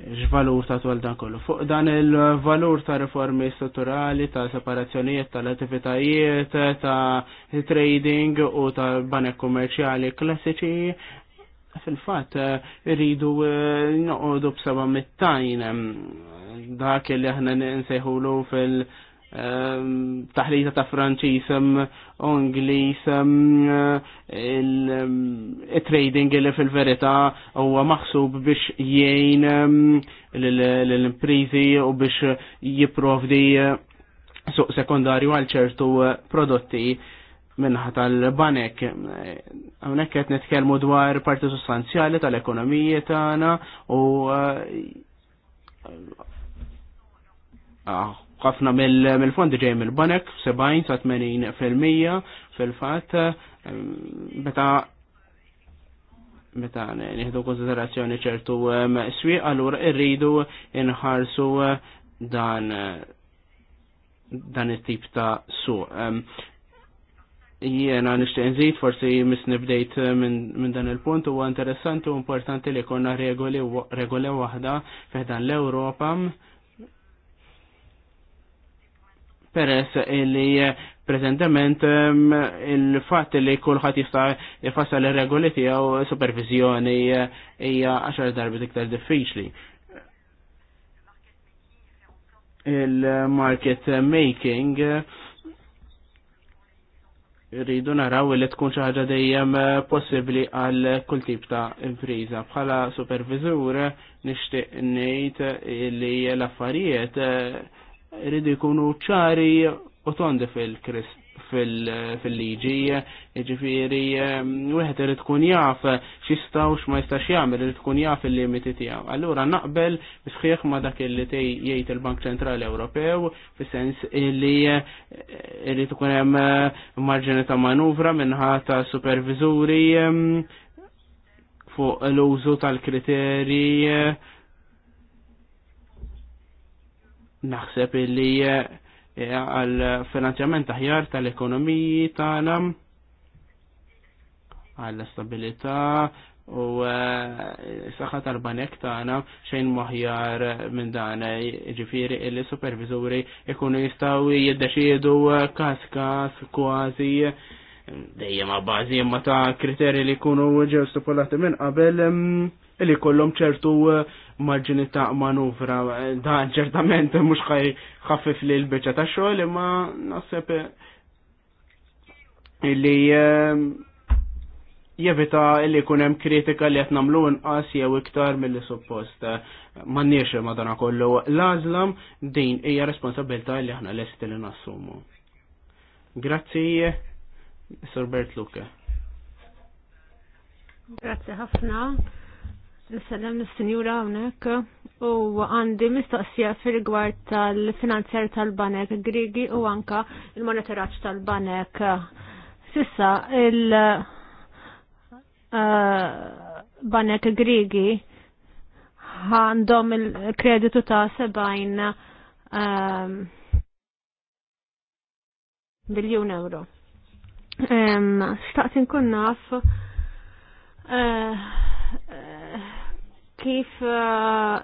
x'valur ta' twal dan kollu. Fuq dan il-valur ta' riformi strutturali, ta' separazzjonijiet, tal-attivitajiet, ta' trading u ta' banek kummerċjali klassiċi fil-fat eh, rridu eh, noqogħdu mit mittajn dak li aħna nsejħulu fil- taħlita ta' Franċisem, Onglisem, il-trading li fil-verita huwa maħsub biex jgħin l-imprizi u biex jiprovdi eh, suq sekundarju għal ċertu prodotti minnaħa tal-banek. Għonek għet netkelmu dwar parti sostanzjali tal-ekonomija tagħna u eh, ah, ħafna mill-fondi ġej mill-banek, 70 sa 80 fil-mija fil-fat, eh, meta meta nieħdu konsiderazzjoni ċertu eh, swieq, allura irridu inħarsu dan dan it-tip ta' suq. Jiena nixtieq nżid forsi misnibdejt eh, minn dan il-punt huwa interessanti u importanti li konna regoli regoli waħda fiħdan l-Ewropa peress li eh, prezentament eh, il-fatt li kulħadd jista' jfassal ir-regoli tiegħu supervizjoni hija għaxar darbi iktar diffiċli. Il-market making rridu naraw li tkun xi ħaġa dejjem eh, possibbli għal kull tip ta' impriża. Bħala supervizur nixtieq ngħid li l-affarijiet eh, rridu jkunu ċari u tondi fil-krist fil-liġi, ġifiri, wieħed irid tkun jaf x'jista' x'ma jistax jgħamil, irid tkun jaf il-limiti tijaw. Allura naqbel bisħieħ ma dak li jgħid il-Bank Centrali Ewropew fis-sens li eh, irid ikun hemm eh, marġini ta' manuvra ta' supervizuri fuq l-użu tal kriteri eh, naħseb li. E, għal finanzjament aħjar tal-ekonomiji tagħna għal stabilità u e, saħħa tal-banek tagħna xejn maħjar minn dan e, ġifieri illi supervizuri ikunu jistgħu jiddeċiedu każ każ kważi dejjem ma' bażi imma ta' kriterji li jkunu ġew stipulati minn qabel li kollhom ċertu marġini ta' manuvra, eh, da' ċertament mux ħaj xaffif li l-bicċa ta' li imma naħseb li eh, jevita li kunem kritika li qed nagħmlu inqas jew iktar mill-li suppost. ma' dana kollu l din hija responsabilità li aħna lesti li nassumu. Grazzi, Sorbert Luke. Grazzi ħafna. Salam nis-sinjura għonek u għandi mistoqsija fil rigward tal-finanzjar tal-banek grigi u anka il-monitoraċ tal-banek. Sissa il-banek eh, grigi għandhom il-kreditu ta' 70 ehm, biljun euro. Staqsin ehm, kun naf eh, eh, kif uh,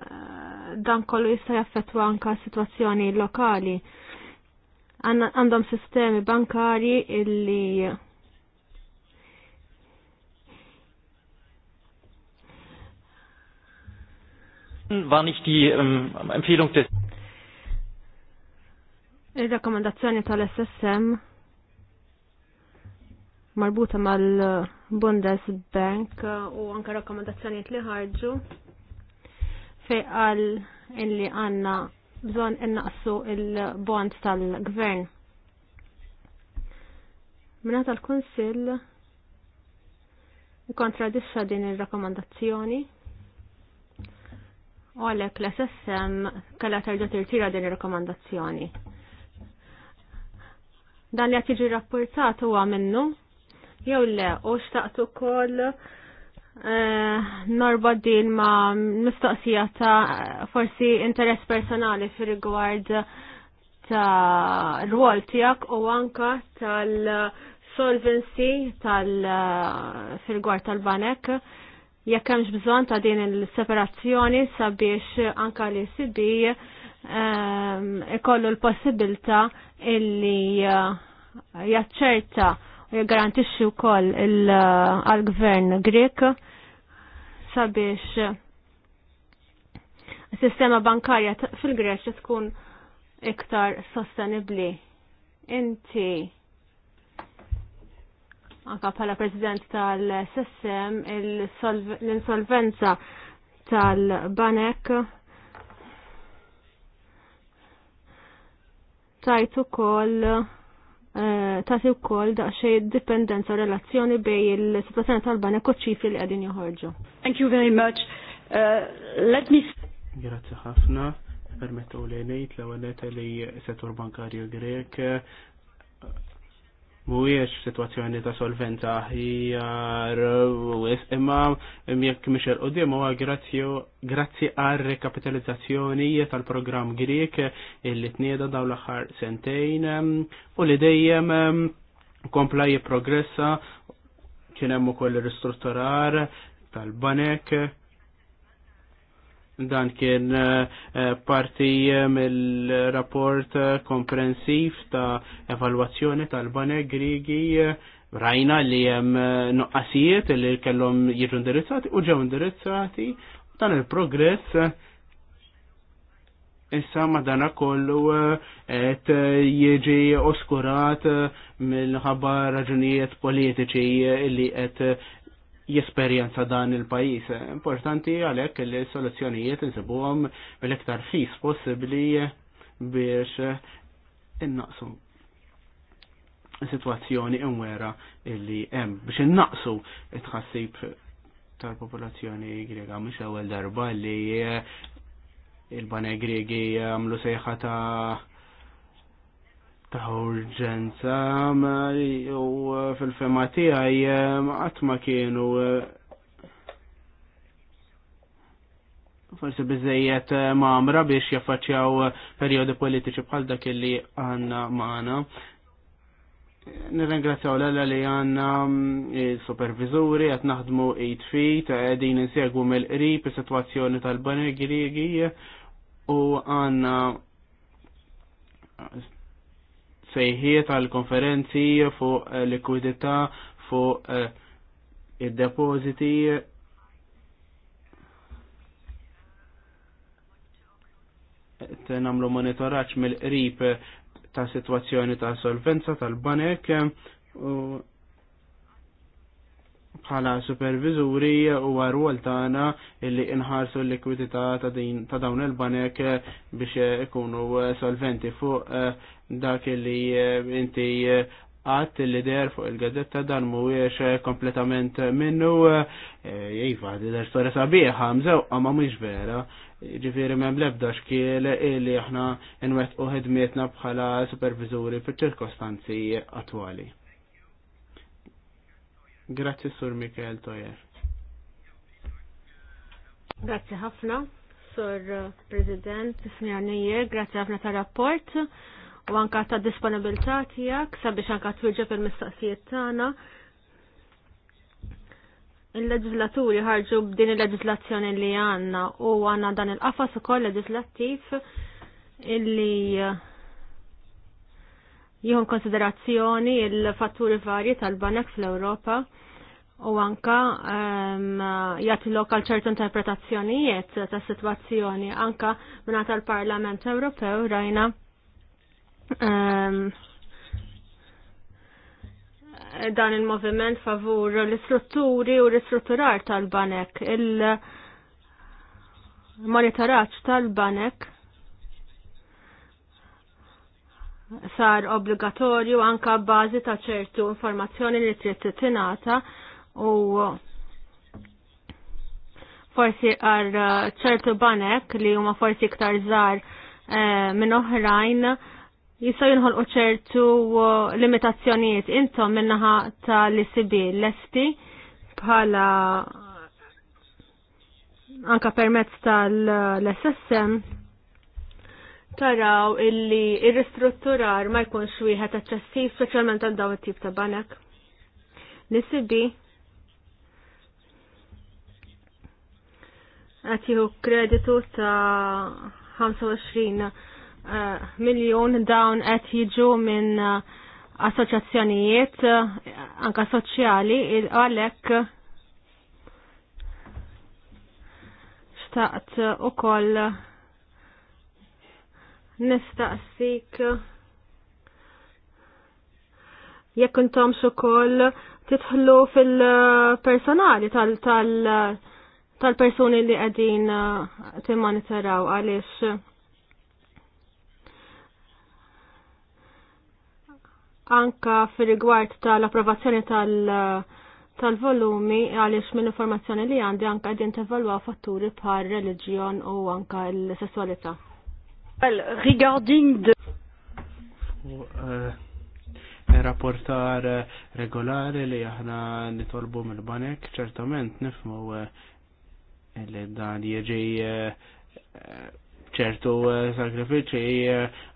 dan kollu jista' jaffettwa anka situazzjoni lokali. Għandhom sistemi bankari illi war nicht die ähm, Empfehlung des Il-rakkomandazzjoni tal-SSM marbuta mal- Bundesbank u anka rakkomandazzjonijiet li ħarġu fej qal illi għanna bżon innaqsu il-bond tal-gvern. Minna tal-Kunsil kontradissa din il-rakkomandazzjoni u għalek l-SSM kalla terġa tirtira din il-rakkomandazzjoni. Dan li għatiġi rapportat u għamennu jew le u xtaqt ukoll eh, norba din ma mistoqsija ta' forsi interess personali fir rigward ta' rwol tijak u anka tal-solvency fi rigward tal-banek jekk hemmx bżonn ta' din il-separazzjoni sabiex anka li sibi eh, ikollu l-possibilta illi eh, jaċċerta garantixxi wkoll għal-gvern Grek sabiex sistema bankarja fil-Greċja tkun iktar sostenibli. Inti anka bħala president tal-SSM l-insolvenza tal-Banek tajtu kol ta' eh, tagħti wkoll daqsxejn dipendenza u relazzjoni bej il-sitwazzjoni tal-banek u li qegħdin joħorġu. Thank you very much. Uh, let me Grazzi ħafna. Permettu li ngħid l-ewwel li settur bankarju Grek M'wiex situazzjoni ta' solvenza ħjar imma jekk mhix il-qudiem huwa grazzi għar rekapitalizzazzjoni tal-programm Grieg illi tnieda dawn l-aħħar sentejn u li dejjem kompla jipprogressa kien hemm ukoll ristrutturar tal-banek Dan kien eh, eh, parti eh, mill-rapport komprensiv ta' evalwazzjoni tal-banek Grigi rajna li hemm noqqasijiet li kellhom jiġu indirizzati u ġew indirizzati dan il-progress issa madana kollu et jieġi oskurat mill-ħabba raġunijiet politiċi li et jesperjenza dan il-pajis. Importanti għalek li soluzzjonijiet nsibuhom bil-iktar fis possibli biex innaqsu situazzjoni imwera illi hemm biex innaqsu it tħassib tal-popolazzjoni grega mhux ewwel darba li il-bane gregi għamlu sejħa ta' ta' urġenza u eh, fil-fema tiegħi eh, qatt ma kienu eh, forsi biżejjed mamra biex jaffaċċjaw perjodi politiċi bħal dak li għandna magħna. Nirringrazzjaw l li għanna mm, il-supervizuri għat naħdmu 8 feet, għedin insegwu mill-qrib il-situazzjoni tal-Banegirigi u għanna sejħiet għal konferenzi fuq eh, likwidità fuq eh, id-depositi namlu monitoraċ mill-qrib ta' situazzjoni ta' solvenza tal-banek bħala supervizuri u għarwol tagħna illi inħarsu l-likwidità ta' dawn il-banek biex eh, ikunu eh, solventi fuq eh, dak illi inti għat li der fuq il-gazzetta dan mhuwiex kompletament minnu jiva di der storja sabiħa mżewqa ma mhux vera. Ġifieri m'hemm l-ebda xkiel illi aħna nwettqu ħidmietna bħala supervizuri fil ċirkostanzi attwali. Grazzi Sur Mikael Toyer. Grazzi ħafna, Sur President, Snjar grazzi ħafna ta' rapport u anka ta' disponibilità tiegħek sabiex anka twieġeb il-mistaqsijiet tagħna. Il-leġislaturi ħarġu b'din il-leġislazzjoni li għandna u għandna dan il-qafas ukoll leġislattiv illi jieħu konsiderazzjoni il-fatturi varji tal-banek fl-Ewropa u anka um, jagħti lokal ċertu interpretazzjonijiet ta' situazzjoni anka minna tal-Parlament Ewropew rajna um, dan il-moviment favur l-istrutturi u l-istrutturar tal-banek, il-monitoraċ tal-banek sar obbligatorju anka bazi ta' ċertu informazzjoni li trid titingħata u forsi għar ċertu banek li huma forsi iktar żgħar eh, minn oħrajn jistgħu jinħolqu ċertu eh, limitazzjonijiet intom minnaħa tal-ICB lesti bħala anka permezz tal-SSM taraw illi ir-ristrutturar ma jkunx wieħed eċċessiv speċjalment għal dawn it-tip ta' banek. Nisibi qed jieħu kreditu ta' 25 uh, miljon dawn qed jiġu minn eh, assoċjazzjonijiet eh, anka soċjali għalhekk xtaqt ukoll uh, nistaqsik jekk intom ukoll titħlu fil-personali tal-persuni li qegħdin uh, timmonitoraw għaliex anka fir-rigward tal-approvazzjoni tal-volumi għaliex mill-informazzjoni li għandi anka qegħdin tevalwaw fatturi bħal reliġjon u anka l-sessualità. Well, regarding the... Eh, eh, rapportar eh, regolari li aħna nitolbu mill-banek, ċertament nifmu li dan jieġi ċertu sakrifiċi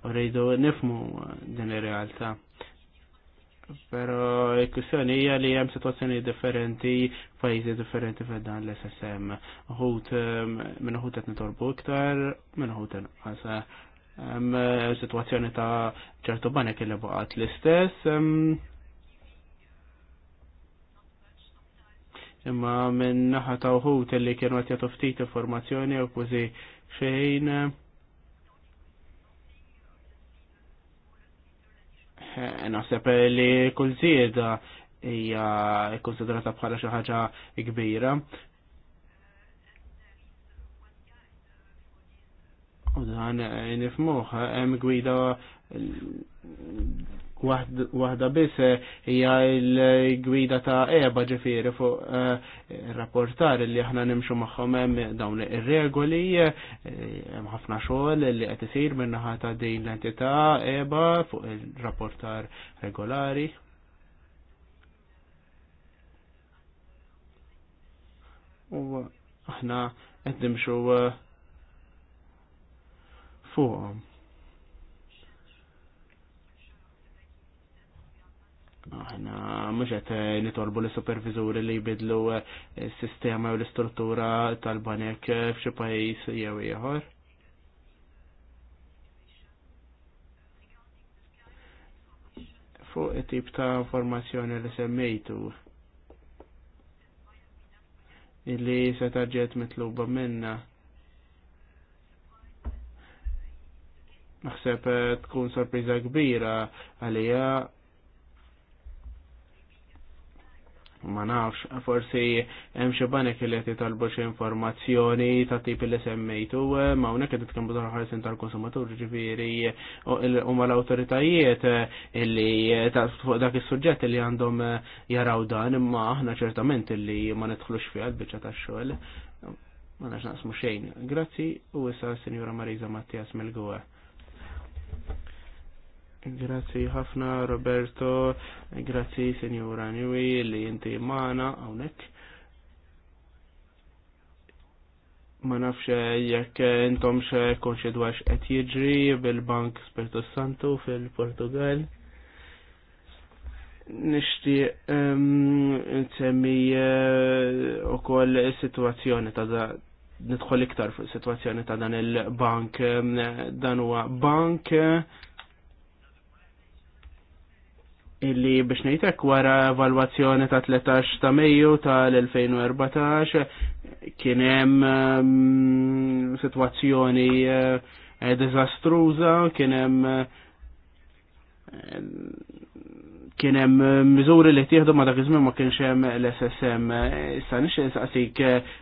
u rridu nifmu din ir-realtà. Pero il-kussjoni hija li hemm situazzjoni differenti, pajjiżi differenti f'dan dan l-SSM. Ħut minn ħut qed nitorbu iktar, minn ħut inqas. Hemm situazzjoni ta' ċertu banek li baqgħet l-istess. Imma minn naħa ta' uħud li kienu qed jagħtu ftit informazzjoni u kważi xejn Eh, naħseb li kull zieda hija konsiderata bħala xi ħaġa kbira. U dan eh, nifmuh eh, hemm gwida waħda biss hija l-gwida ta' eba ġifieri fuq eh, rapportar li aħna nimxu magħhom hemm dawn ir-regoli eh, hemm ħafna xogħol li qed isir minn naħa ta' din l-entità eba fuq il-rapportar regolari. U aħna qed nimxu eh, fuqhom. Aħna mhux qed eh, nitolbu l-supervizuri li jbidlu eh, s-sistema u l-istruttura tal-banek eh, f'xi pajjiż jew ieħor. Fuq it-tip ta' informazzjoni li semmejtu illi se taġġet mitluba minna. Naħseb tkun sorpriża kbira għalija ma nafx, forsi hemm xi banek li qed jitalbu xi informazzjoni ta' tipi li semmejtu, eh, ma hawnhekk qed titkellmu dwar ħarsin tal-konsumatur ġifieri u mal-awtoritajiet eh, illi eh, fuq dak is-suġġett li għandhom jaraw dan, imma aħna ċertament illi ma nidħlux fiha l-biċċa tax-xogħol. Ma nax naqsmu xejn. Grazzi u issa Sinjura Marisa Mattias mill-Gowa. Grazzi ħafna Roberto, grazzi Signora Nui li jinti maħna għonek. Ma nafx jekk intom xe konxedwax qed jiġri bil-Bank Spirtu Santu fil-Portugal. Nishti ehm, nsemmi eh, u koll situazzjoni ta' nidħol iktar fuq situazzjoni ta' dan il-bank. Ehm, dan huwa bank, bank illi biex nejtek wara evalwazzjoni ta' 13 ta' Mejju tal-2014 kien hemm mm, sitwazzjoni eh, diżastruża, kien hemm eh, kien hemm miżuri li tieħdu ma dak iż-żmien ma kienx hemm l-SSM. Issa nixtieq insaqsik eh,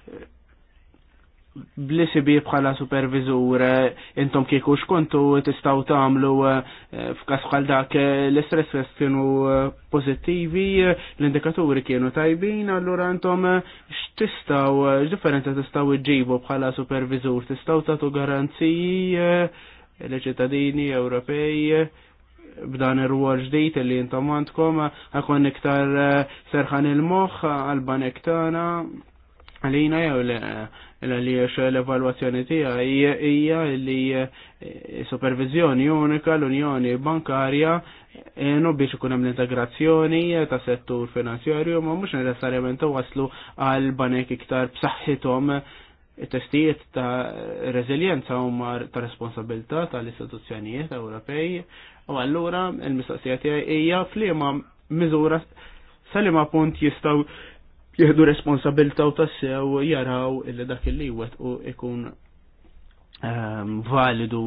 bl bi bħala supervizur eh, intom kieku xkontu tistaw tamlu eh, f'kas bħal dak eh, l-istress test kienu pozittivi, l-indikaturi kienu tajbin, allura intom x'tistaw, x'differenza tistaw iġibu bħala supervizur, tistaw tatu garanziji l-ċittadini Ewropej b'dan ir-rwol ġdid li intom għandkom għakon iktar serħan il-moħħ għal-banektana għalina jew le l-għaliex l-evaluazzjoni tiegħi hija li eh, supervizjoni unika l-Unjoni Bankarja enu eh, biex ikun hemm l-integrazzjoni eh, ta' settur finanzjarju ma mhux neċessarjament waslu għal banek iktar b'saħħithom testijiet ta' reżiljenza huma ta' responsabilità tal-istituzzjonijiet Ewropej u allura l mistoqsija tiegħi hija f'liema miżura salima punt jistgħu jihdu responsabilta u tassew jaraw illi dak li jwet u ikun ehm, validu.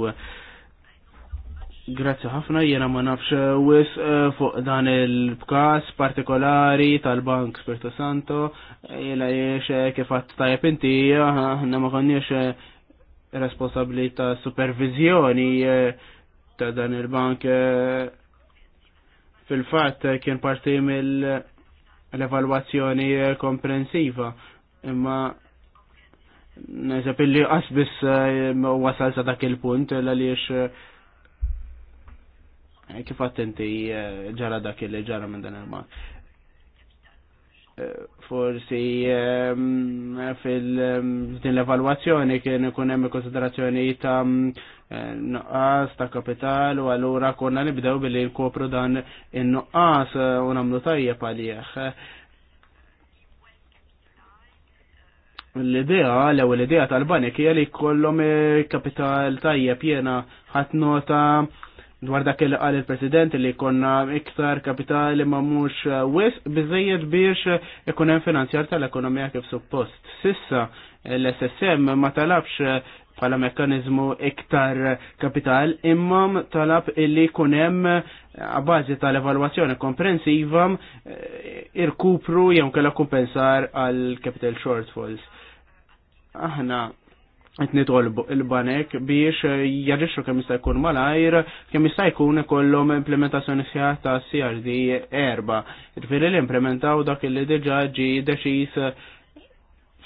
Grazzi ħafna, jena ma nafx eh, wis eh, fuq dan il-bkas partikolari tal-Bank Spirito Santo, jela jiex eh, kifat tajab inti, ħna ma konniex responsabli ta' supervizjoni ta' dan il-bank fil-fat kien parti mill- l-evalwazzjoni komprensiva. Imma Nesab illi qasbis eh, wasal sa dak il-punt l-għaliex eh, kif attenti eh, ġara dak il-ġara minn dan il-mat forsi ehm, fil-din ehm, l-evalwazzjoni kien ikun hemm konsiderazzjoni ta' ehm, nuqqas ta' kapital u allura konna nibdew billi nkopru dan in-nuqqas u nagħmlu tajjeb għalih. L-idea, l-ewwel idea tal-banek hija li jkollhom eh, kapital tajjeb jiena ħadd nota dwar dak li qal il-President li konna iktar kapitali ma mhux uh, wis biżejjed biex ikun hemm finanzjar tal-ekonomija kif suppost. Sissa l-SSM ma talabx uh, bħala mekanizmu iktar kapital imma talab illi jkun hemm uh, bazi tal-evalwazzjoni komprensiva irkupru jew kellha kumpensar għal capital shortfalls. Aħna nitolbu il-banek biex jarġiċu kemm jista' jkun malajr, kemm jista' jkun ikollhom implementazzjoni sħiħ ta' CRD erba. Ġifieri li implementaw dak li diġà ġi deċiż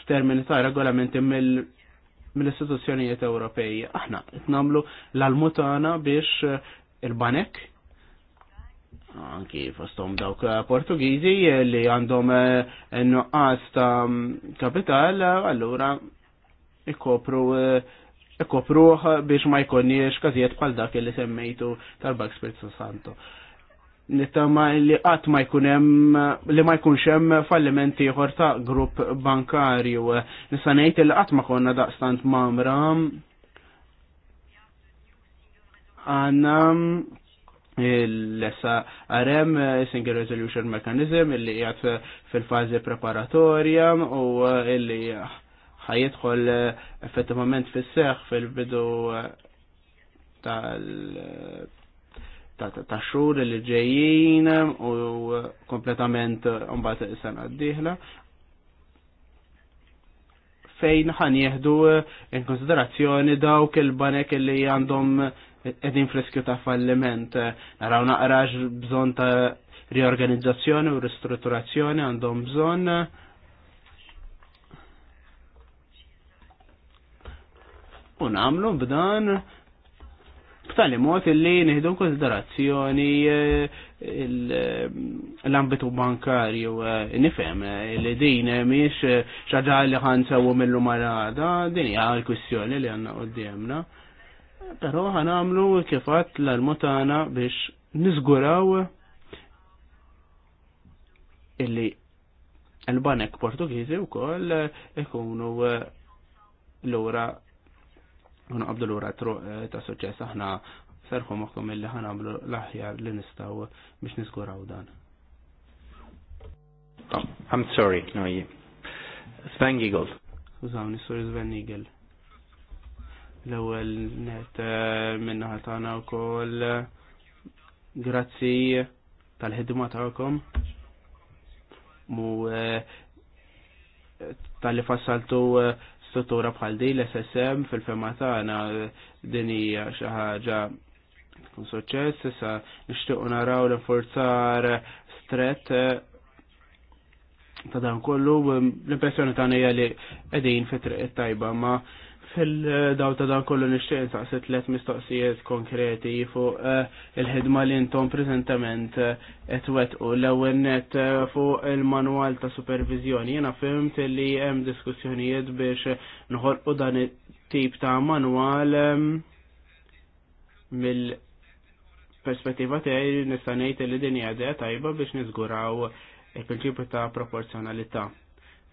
f'termini ta' regolamenti mill-istituzzjonijiet Ewropej. Aħna qed nagħmlu l-almutana biex il-banek anki fostom dawk Portugiżi li għandhom nuqqas ta' kapital, allura ikopru eh, ikopruħ biex ma jkunniex każijiet bħal dak li semmejtu tal bax Spirit Santo. Nittama li qatt ma jkun hemm li ma jkunx hemm fallimenti ieħor ta' grupp bankarju. Nista' ngħid li qatt ma konna daqstant mamra għanna eh, l għarem eh, Single Resolution Mechanism, illi jgħat fil-fazi preparatorja u illi ħajedħol eh, effettivament fis seħħ fil-bidu eh, tal eh, xhur li ġejjin u kompletament mbagħad is-sena d-dieħla fejn ħan jieħdu in konsiderazzjoni dawk il-banek li għandhom edin friskju ta' falliment. Naraw naqraġ bżon ta' riorganizzazzjoni u ristrutturazzjoni għandhom bżon u nagħmlu b'dan b'tali mod illi neħdu konsiderazzjoni eh, l-ambitu bankarju eh, nifhem eh, li din mhix xaġa li ħansewu millu marada din hija l-kwistjoni li għandna qudiemna. Però ħanamlu kifat l-almutana biex niżguraw illi l-banek u wkoll ikunu l-ura Għuna għabdu l għura truq eh, ta' suċess, aħna ferħu maħkom illi ħana għablu l-aħjar li nistaw biex nizguraw dan. Oh, I'm sorry, no, jie. Sven Giegel. Użaw, sorry Sven Giegel. L-ewel net eh, minna ħatana u koll grazzi tal-ħidma ta' għakom. mu eh, tal-li fassaltu uh, struttura bħal di l-SSM fil-fema tagħna din hija xi ħaġa tkun suċċess, issa nixtiequ naraw l-forzar stret ta' dan kollu um, l-impressjoni ta' nija li edin fitri triq tajba ma fil-daw ta' dan kollu nixtieq insaqsi let mistoqsijiet konkreti fuq eh, il-ħidma li intom preżentament eh, qed wettqu l-ewwel net eh, fuq il-manwal ta' supervizjoni. Jiena fimt li hemm diskussjonijiet biex nħolqu dan it-tip ta' manwal mill perspettiva tiegħi nista' ngħid li din hija tajba biex niżguraw il-prinċipju ta' proporzjonalità.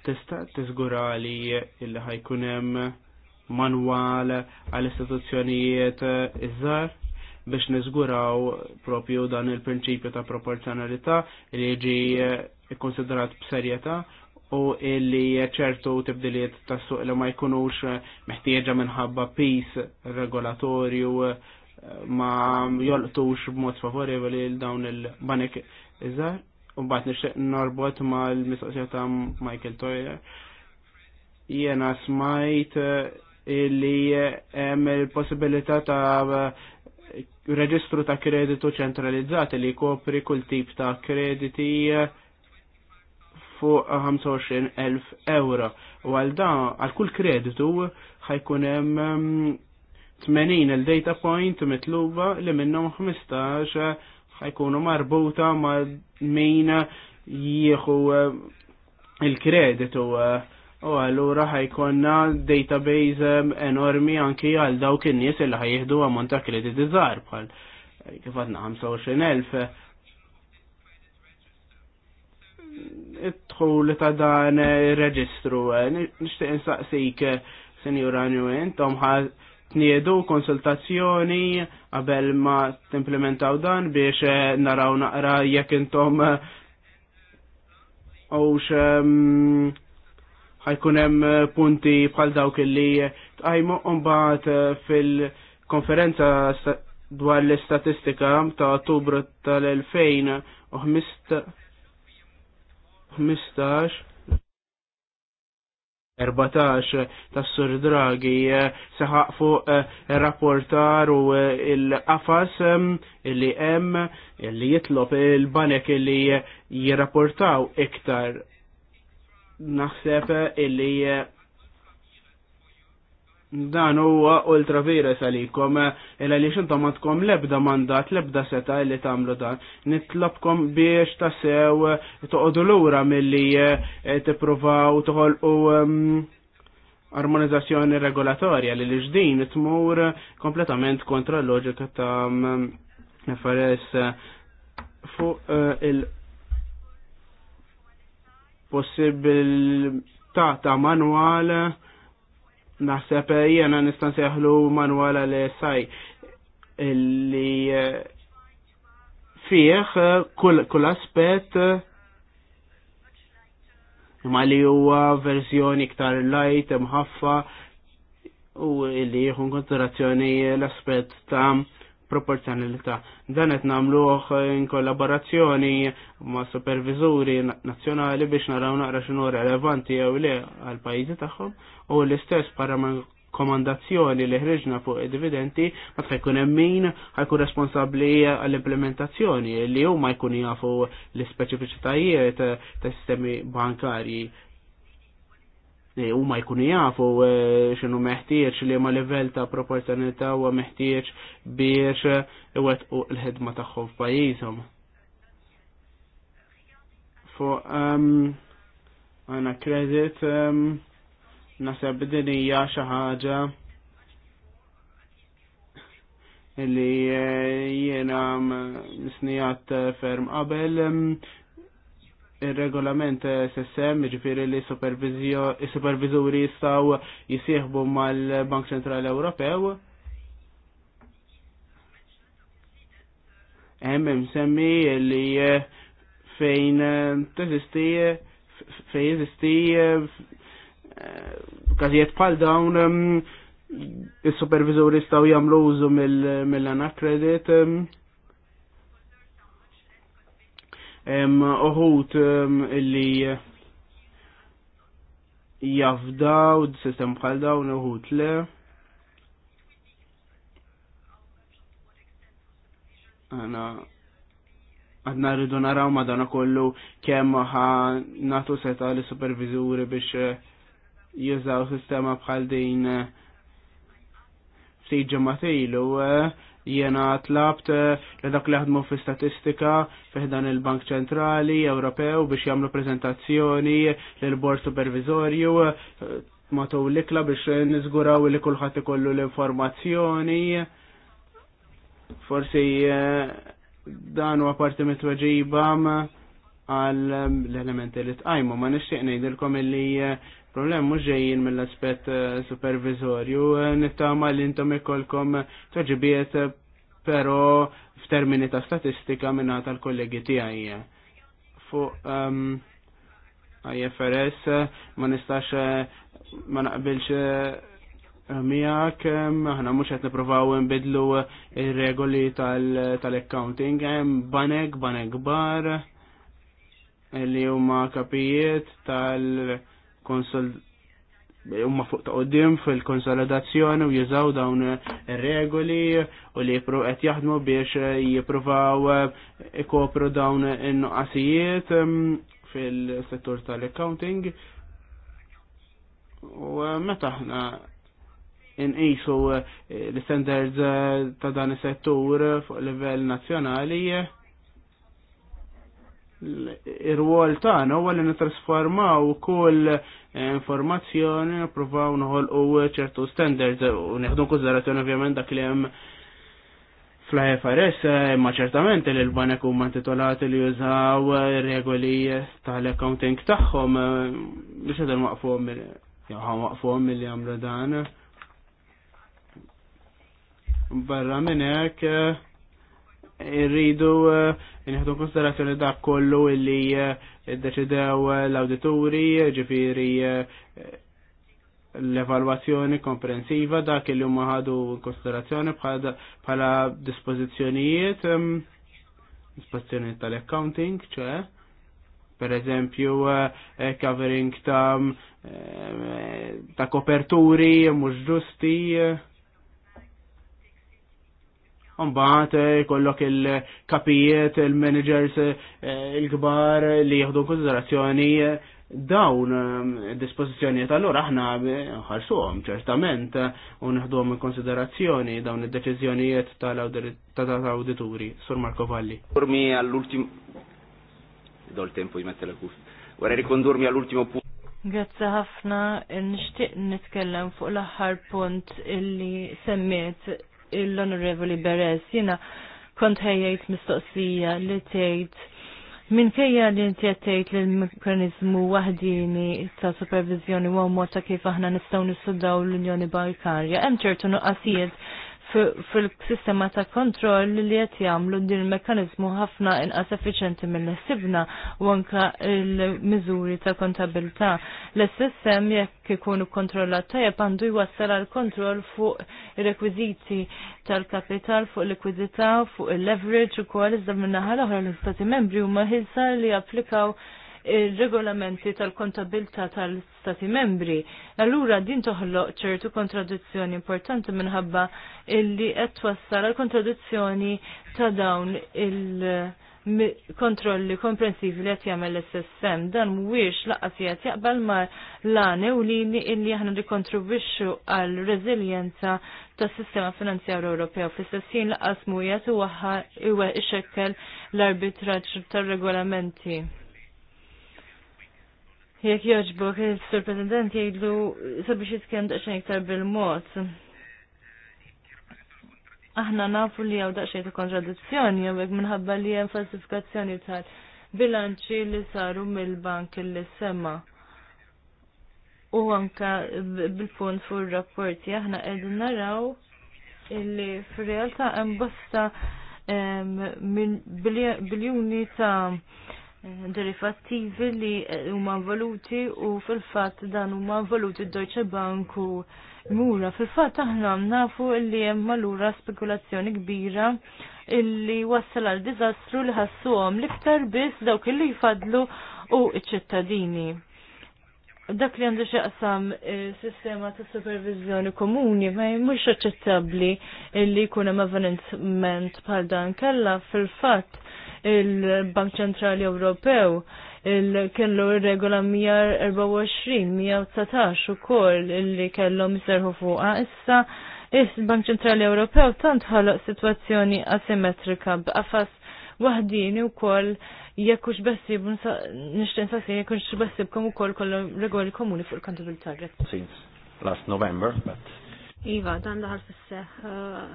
Tista' tiżgura li illi ħajkun hemm manwal għall istituzzjonijiet iżgħar biex niżguraw propju dan il-prinċipju ta' proporzjonalità li jiġi konsiderat b'serjetà u illi ċertu tibdiliet ta' suq li ma jkunux meħtieġa minħabba pis regolatorju eh, ma jolqtux b'mod favorevoli l dawn il-banek iżar. Umbat nixtieq ma mal-mistoqsija ta' Michael Toyer. Jiena smajt eh, li eh, hemm il-possibilità ta' eh, reġistru ta' kreditu ċentralizzati li kopri kull tip ta' krediti fuq 25.000 euro. U għal dan għal kull kreditu ħajkun hemm 80 mm, il-data point mitluba li minnhom 15 ħajkunu marbuta ma' min jieħu eh, il-kreditu eh. u għallura ħajkonna database eh, enormi anki għal dawk in-nies li ħajjieħdu ammont ta' kredit iżgħar bħal kif għadna 25,000 idħul ta' dan reġistru. nixtieq insaqsik, Senjura Intom ħal tniedu konsultazzjoni qabel ma timplementaw dan biex eh, naraw naqra jekk intom għawx eh, ehm, ħajkun hemm eh, punti bħal dawk li tqajmu mbagħad fil-konferenza dwar l-istatistika ta' Ottubru tal-2015 14 tas-Sur Draghi eh, seħaq fuq eh, rapportar u eh, il-qafas ehm, illi hemm illi jitlob il-banek illi jirrapportaw iktar naħseb illi Dan huwa ultra vera għalikom, illa li xintom għandkom lebda mandat, lebda seta li tamlu dan. Nitlobkom biex tasew toqodu lura milli eh, tipprovaw toħolqu ehm, armonizzazzjoni regolatorja li l-ġdin t-mur kompletament kontra l-loġika ta' FRS fuq eh, il possibil ta' manuale naħseb eh, jena nistan seħlu manwala li saj eh, li fieħ eh, kull, kull aspet ma li huwa verżjoni iktar light imħaffa u li jieħu konsiderazzjoni l-aspet ta' proporzjonalità. Dan qed nagħmluh in kollaborazzjoni ma' supervizuri nazzjonali biex naraw naqra x'inhu relevanti jew le għal pajjiżi tagħhom u l-istess para komandazzjoni li ħriġna fuq dividendi ma tħaj jkun hemm min kun responsabbli għall-implementazzjoni li huma jkun jafu l-ispeċifiċitajiet ta' sistemi bankarji Eh, u ma jkunu jafu eh, xinu meħtieċ li ma level ta' proporzjonalità u meħtieċ biex wet u l-ħedma tagħhom f'pajjiżhom. Fu ehm, għana kredit ehm, nasab din hija xi ħaġa li eh, jiena nisnijat ferm qabel ehm, il-regolament SSM, ġifiri li supervizuri jistaw jisieħbu mal-Bank Centrali Ewropew. Emmem semmi li fejn teżisti fejn jeżisti eh, kazijiet pal dawn eh, is-supervizuri jistaw jagħmlu użu mill-anakredit. Mil eh, uħut illi jafda d-sistem bħal dawn uħut le. Għana għadna rridu naraw madana kollu kemm ħa natu seta li supervizuri biex eh, jużaw sistema bħal din eh, ftit ġemma ilu eh, Jiena tlabt eh, li dak li ħadmu fi statistika fiħdan il-Bank Ċentrali Ewropew biex jagħmlu prezentazzjoni lil bord Supervisorju eh, matul l-ikla biex nizguraw li kulħadd ikollu l-informazzjoni. Forsi eh, dan huwa parti mit għal l-elementi li tqajmu ma nixtieq ngħidilkom illi Problem mhux ġejjin mill-aspett eh, supervizorju, eh, nittama li intom ikolkom toġibiet eh, però f'termini ta' statistika minna tal-kollegi tiegħi. Fuq ehm, IFRS ma nistax ma naqbilx miegħek aħna mhux qed nippruvaw nbidlu ir-regoli tal-accounting hemm banek banek bar li huma kapijiet tal-, -tal konsol umma fuq ta' qoddim fil-konsolidazzjoni u jizaw dawn regoli u li qed jaħdmu biex jippruvaw ikopru dawn in-nuqqasijiet mm, fil-settur tal-accounting. U eh, meta aħna inqisu eh, l-standards eh, ta' dan is-settur fuq livell nazzjonali ir-rwol tagħna huwa li nitrasformaw ukoll eh, informazzjoni, nippruvaw u ċertu standards u nieħdu konsiderazzjoni ovvjament dak li hemm fl-IFRS eh, imma ċertament li l-banek huma intitolati li jużaw eh, regoli tal-accounting tagħhom biex qed waqfuhom waqfuhom milli jagħmlu dan. Barra minn hekk irridu eh, nieħdu konsiderazzjoni dak kollu illi eh, deċidew eh, l-awdituri, ġifieri l-evalwazzjoni komprensiva dak illi huma ħadu konsiderazzjoni bħala dispozizjonijiet, ehm, dispozizjonijiet tal-accounting, ċe per eżempju covering ta' ta' koperturi mhux ġusti Mbagħad jkollok eh, il-kapijiet, il-managers, eh, il-kbar li jieħdu konsiderazzjoni eh, dawn dispożizzjonijiet allura aħna għom ċertament u għom il konsiderazzjoni dawn id-deċiżjonijiet tal-awdituri. Sur Marco Valli. Dormi ultim do tempo di mettere la cuffia. għall rikondurmi all'ultimo punt. Grazzi ħafna, e nixtieq nitkellem fuq l-aħħar punt illi semmiet l-Onorevoli Beres, jina kont ħejjajt mistoqsija li tgħid Minkejja li inti għattejt li l-mekanizmu wahdini ta' supervizjoni u għomot ta' kif aħna nistaw nissudaw l-Unjoni Balkarja, hemm ċertu nuqqasijiet fil-sistema ta' kontroll li qed jagħmlu din il-mekkaniżmu ħafna inqas effiċjenti mill-sibna u anke l-miżuri ta' kontabilità. l sistem jekk ikunu kontrollat tajjeb għandu jwassal għal kontroll fuq ir-rekwiżiti tal-kapital, fuq il-likwidità, fuq il-leverage ukoll iżda min-naħa l-oħra l-istati membri huma ħilsa li japplikaw il-regolamenti tal-kontabilta tal-stati membri. Allura din toħloq ċertu kontradizzjoni importanti minħabba illi qed twassal għal kontradizzjoni ta' dawn il-kontrolli komprensivi li qed jagħmel l-SSM. Dan mhuwiex laqqas jgħat jaqbal ma l-għane u lini illi aħna rikontribwixxu għal reżiljenza tas-sistema finanzjarju Ewropew sessin laqqas laqas jgħat u waħħa ixekkel l-arbitraġġ tar-regolamenti. Jek joġbok il-Sur President jgħidlu sabiex jitkellem daqsxejn iktar bil-mod. Aħna nafu li hawn daqsxejn ta' kontradizzjoni jew għek minħabba li hemm falsifikazzjoni tal-bilanċi li saru mill-bank li sema. U anka bil-punt fuq ir-rapporti aħna għedin naraw illi fir-realtà hemm bosta biljuni ta' Eh, derivattivi li eh, huma valuti u fil-fatt dan huma valuti d-Deutsche Bank u mura. Fil-fatt aħna nafu li hemm allura spekulazzjoni kbira illi wassal għal diżastru li ħassuhom l-iktar biss dawk illi jfadlu u ċ-ċittadini dak li għandu xaqsam eh, sistema ta' supervizjoni komuni ma mhux aċċettabbli li jkun hemm avveniment bħal dan kalla fil-fatt il-Bank Ċentrali Ewropew kellu regola 124-119 u koll li kellhom miserħu fuqa. Issa, il-Bank Ċentrali Ewropew tant ħaloq situazzjoni asimetrika b'qafas waħdini u koll jekkux bessib, nishtin saksin jekkux kom u koll kollu regoli komuni fuq il target Since last November, but... Iva, dan daħal fisse. Uh,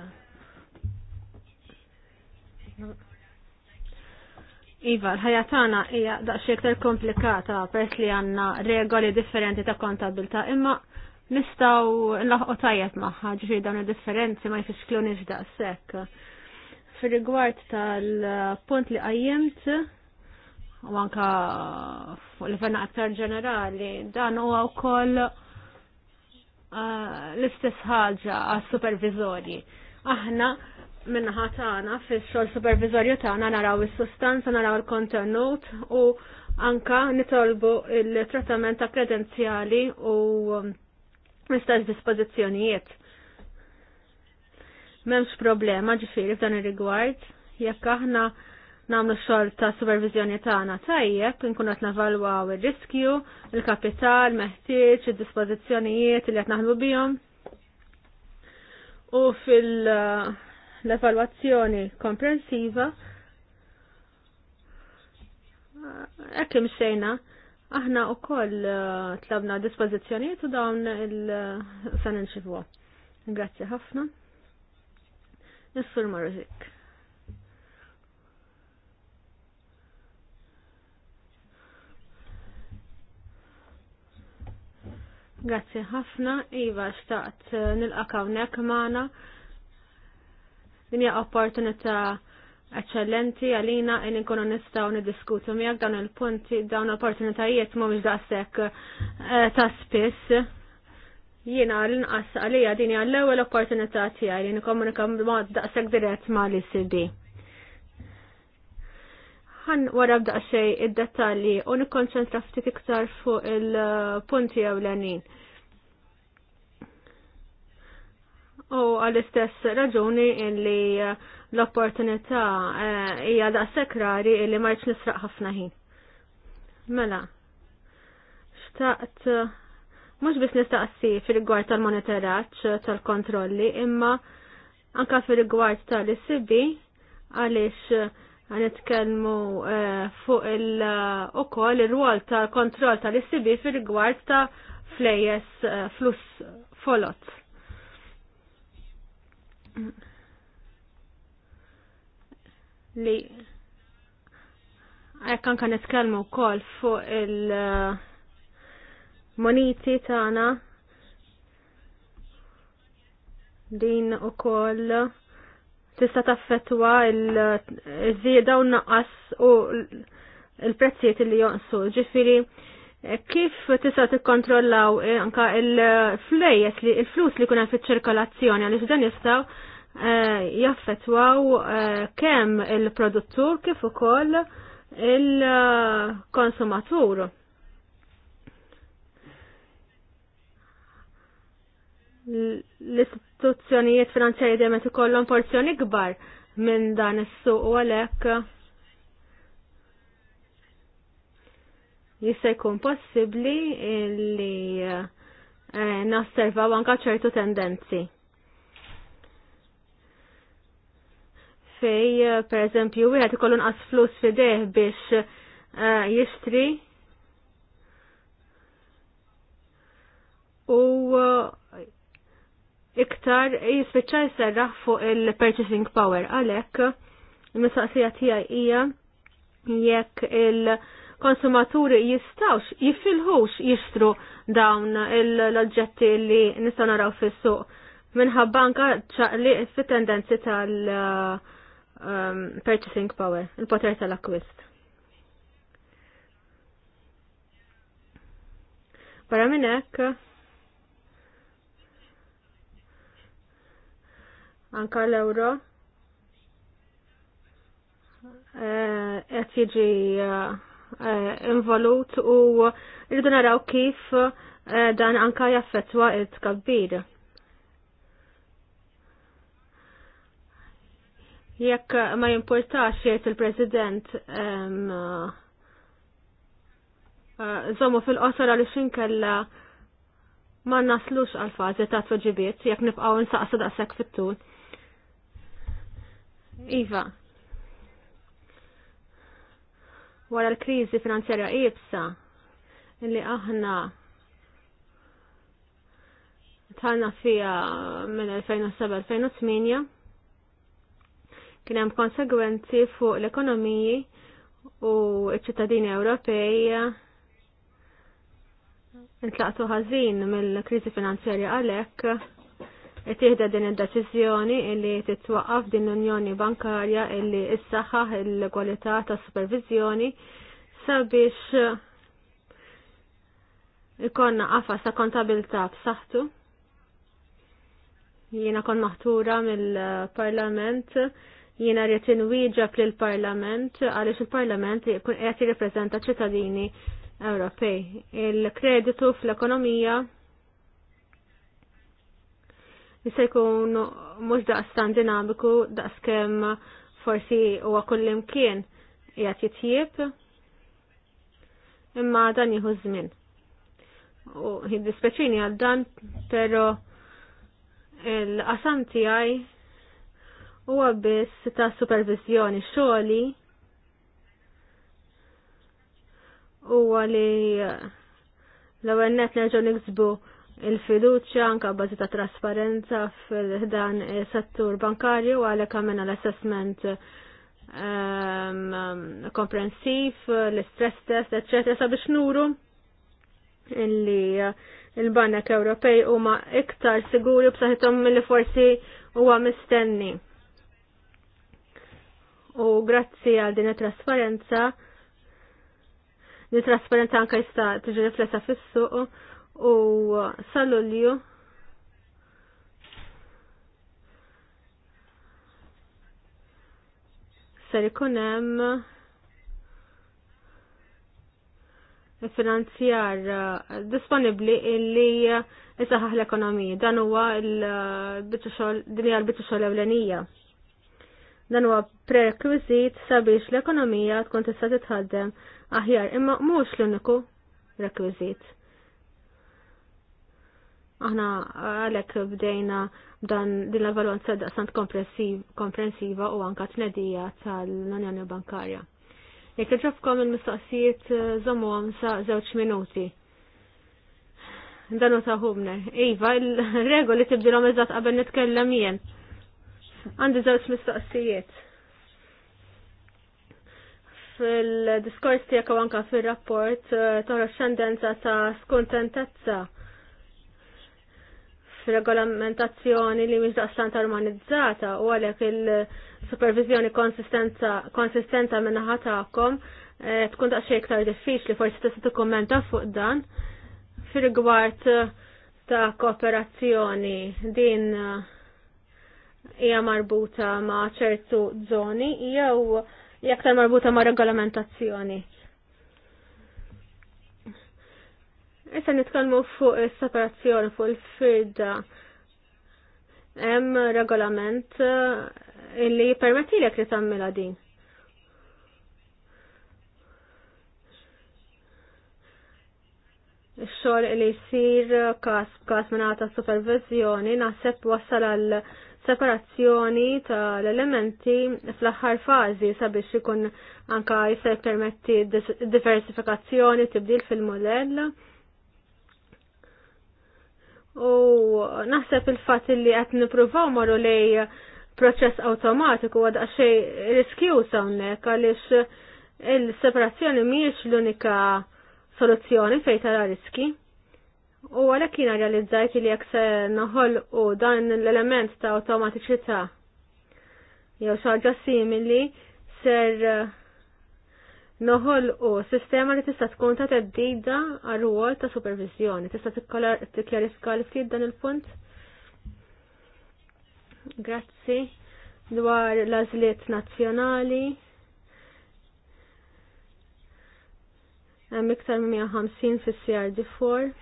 Iva, l-ħajja tagħna hija daqsxejn iktar komplikata peress li għandna regoli differenti ta' kontabilta' imma nistgħu nlaħqu tajjeb magħha ġifieri dawn id-differenzi ma jfixklunix daqshekk. Fir-rigward tal-punt li qajjimt u anka fuq l aktar ġenerali dan huwa wkoll eh, l-istess ħaġa għas-supervizorji. Aħna minna tagħna fil xogħol supervizorju tagħna naraw is-sustanza, naraw il-kontenut u anka nitolbu il-trattament ta' kredenzjali u mistax um, dispożizzjonijiet. M'hemmx problema ġifieri f'dan ir-rigward jekk aħna nagħmlu xogħol ta' supervizjoni tagħna tajjeb inkun qed navalwaw ir-riskju, il-kapital, meħtieġ, id-dispożizzjonijiet il qed naħdmu bihom. U fil- uh, l-evalwazzjoni komprensiva hekk imxejna aħna wkoll uh, tlabna dispożizzjonijiet u dawn il sanin ninxifuha. Grazzi ħafna. Is-Sur Grazie Grazzi ħafna, Iva xtaqt uh, nilqa' hawnhekk maħna. Din hija opportunità eċċellenti għalina in inkunu nistgħu niddiskutu miegħek dawn il-punti, dawn l-opportunitajiet mhumiex daqshekk eh, ta' spiss. Jiena l-inqas għalija din hija l-ewwel opportunità tiegħi li nikkomunika b'mod daqshekk dirett ma' l-ICD. E Ħan wara b'daqsxejn id-dettalji u nikkonċentra ftit iktar fuq il-punti ewlenin. u għall-istess raġuni illi l-opportunità eh, hija da sekrari illi ma nisraq ħafna ħin. Mela, xtaqt mhux biss nistaqsi fir-rigward tal-monitoraġġ tal-kontrolli imma anka fir-rigward tal għalix għaliex eh, itkelmu eh, fuq il-ukoll ir-rwol tal-kontroll tal sb fir-rigward ta' flejes flus folot li għek kan nitkellmu wkoll fuq il-moniti tagħna din ukoll tista' taffettwa l-żieda u naqqas u l prezziet li jonqsu. Ġifieri kif tista' tikkontrollaw anka il-flejjes li flus li kuna fiċ-ċirkolazzjoni għaliex dan jistgħu Eh, jaffetwaw eh, kemm il-produttur kif ukoll il-konsumatur. L-istituzzjonijiet finanzjarji dejjem qed ikollhom porzjoni kbar minn dan is-suq u għalhekk jista' jkun possibbli li eh, nastervaw anke ċertu tendenzi. fej eh, per eżempju wieħed ikollu nqas flus fideh biex eh, jistri u eh, iktar jispiċċa jserraħ fuq il-purchasing power għalhekk il-mistaqsija tiegħi hija jekk il-konsumaturi jistawx jifilħux jistru dawn l-oġġetti li nistgħu naraw fis-suq minħabba anka ċaqli fit-tendenzi tal- uh, um, purchasing power, il-poter tal-akwist. Para minnek, anka l-euro, eh, qed jiġi eh, involut u rridu naraw kif eh, dan anka jaffettwa it-tkabbir. Jekk ma jimportax jiet il-President Zomu eh, eh, fil-qosra li xinkella ma naslux għal fażi ta' tweġibiet jekk nibqgħu nsaqsu daqshekk fit-tul. Iva. Wara l-kriżi finanzjarja qiebsa li aħna tħanna fija minn 2007-2008 kien hemm konsegwenzi fuq l-ekonomiji u ċ-ċittadini Ewropej intlaqtu ħażin mill-kriżi finanzjarja għalhekk tieħda din id-deċiżjoni li titwaqqaf din l-Unjoni Bankarja illi issaħħaħ il-kwalità tas-supervizjoni sabiex ikonna qafas ta' kontabilità b'saħħtu jiena kon maħtura mill-parlament jiena rrid inwieġab lill parlament għaliex il-Parlament jkun qed jirrepreżenta ċittadini Ewropej. Il-kreditu fl-ekonomija jista' jkun mhux daqstan dinamiku daqskemm forsi huwa kullimkien qiegħed jitjieb imma dan jieħu żmien. U dispeċini għal dan, però il-qasam tiegħi huwa biss ta' supervizjoni xogħli huwa li eh, l-ewwel net nerġgħu il-fiduċja anke bazi ta' trasparenza fil dan settur bankarju għalhekk għamilna l-assessment ehm, komprensiv, l-stress test, eccetera, sabiex nuru illi eh, il-banek Ewropej huma iktar siguri b'saħħithom milli forsi huwa mistenni u grazzi għal din it-trasparenza din trasparenza anka jista tiġi riflessa fis-suq u sal-Lulju ser ikun hemm finanzjar disponibbli illi jisaħħaħ l-ekonomija. Dan huwa l bitu xogħol dinja l-biċċa xogħol ewlenija. Dan huwa prerequisit sabiex l-ekonomija tkun tista' titħaddem aħjar imma mhux l-uniku rekwiżit. Aħna għalhekk bdejna b'dan din l-valwanza daqsant komprensiva u anka tnedija tal-Unjoni Bankarja. Jekk ġobkom il-mistoqsijiet eh, żommuhom sa' żewġ minuti Dan u Hubner. Iva, il-regoli tibdilhom eżat qabel nitkellem jien. Għandi żewġ mistoqsijiet. Fil-diskors tiegħek u anke fir-rapport eh, toħroġ xendenza ta' skontentezza regolamentazzjoni li mhix daqstant armonizzata u għalhekk il-supervizjoni konsistenta minn ħatakom eh, tkun daqsxejn iktar diffiċli forsi tista' dokumenta fuq dan fir-rigward ta' kooperazzjoni din eh, hija marbuta ma' ċertu zoni jew jaktar marbuta ma' regolamentazzjoni. Issa nitkellmu fuq is-separazzjoni fuq il-firda. Hemm regolament eh, illi jippermettilek li tagħmilha din. Ix-xogħol li jsir każ każ mingħata supervizjoni naħseb wassal għal separazzjoni tal-elementi fl-aħħar fażi sabiex ikun anka jista' jippermetti diversifikazzjoni tibdil fil-modell. U naħseb il-fatt li qed nippruvaw marru lej proċess awtomatiku għad xej riskjuża hawnhekk għaliex il-separazzjoni mhijiex l-unika soluzzjoni fejn tara riski. U għalhekk jina realizzajt li jekk se u dan l-element ta' awtomatiċità jew xaġa simili ser eh, noħolqu sistema li tista' tkun ta' teddida għal ta' supervizjoni. Tista' tikklarifika li ftit dan il-punt? Grazzi dwar l-azliet nazzjonali. Hemm iktar minn 150 fis-CRD4.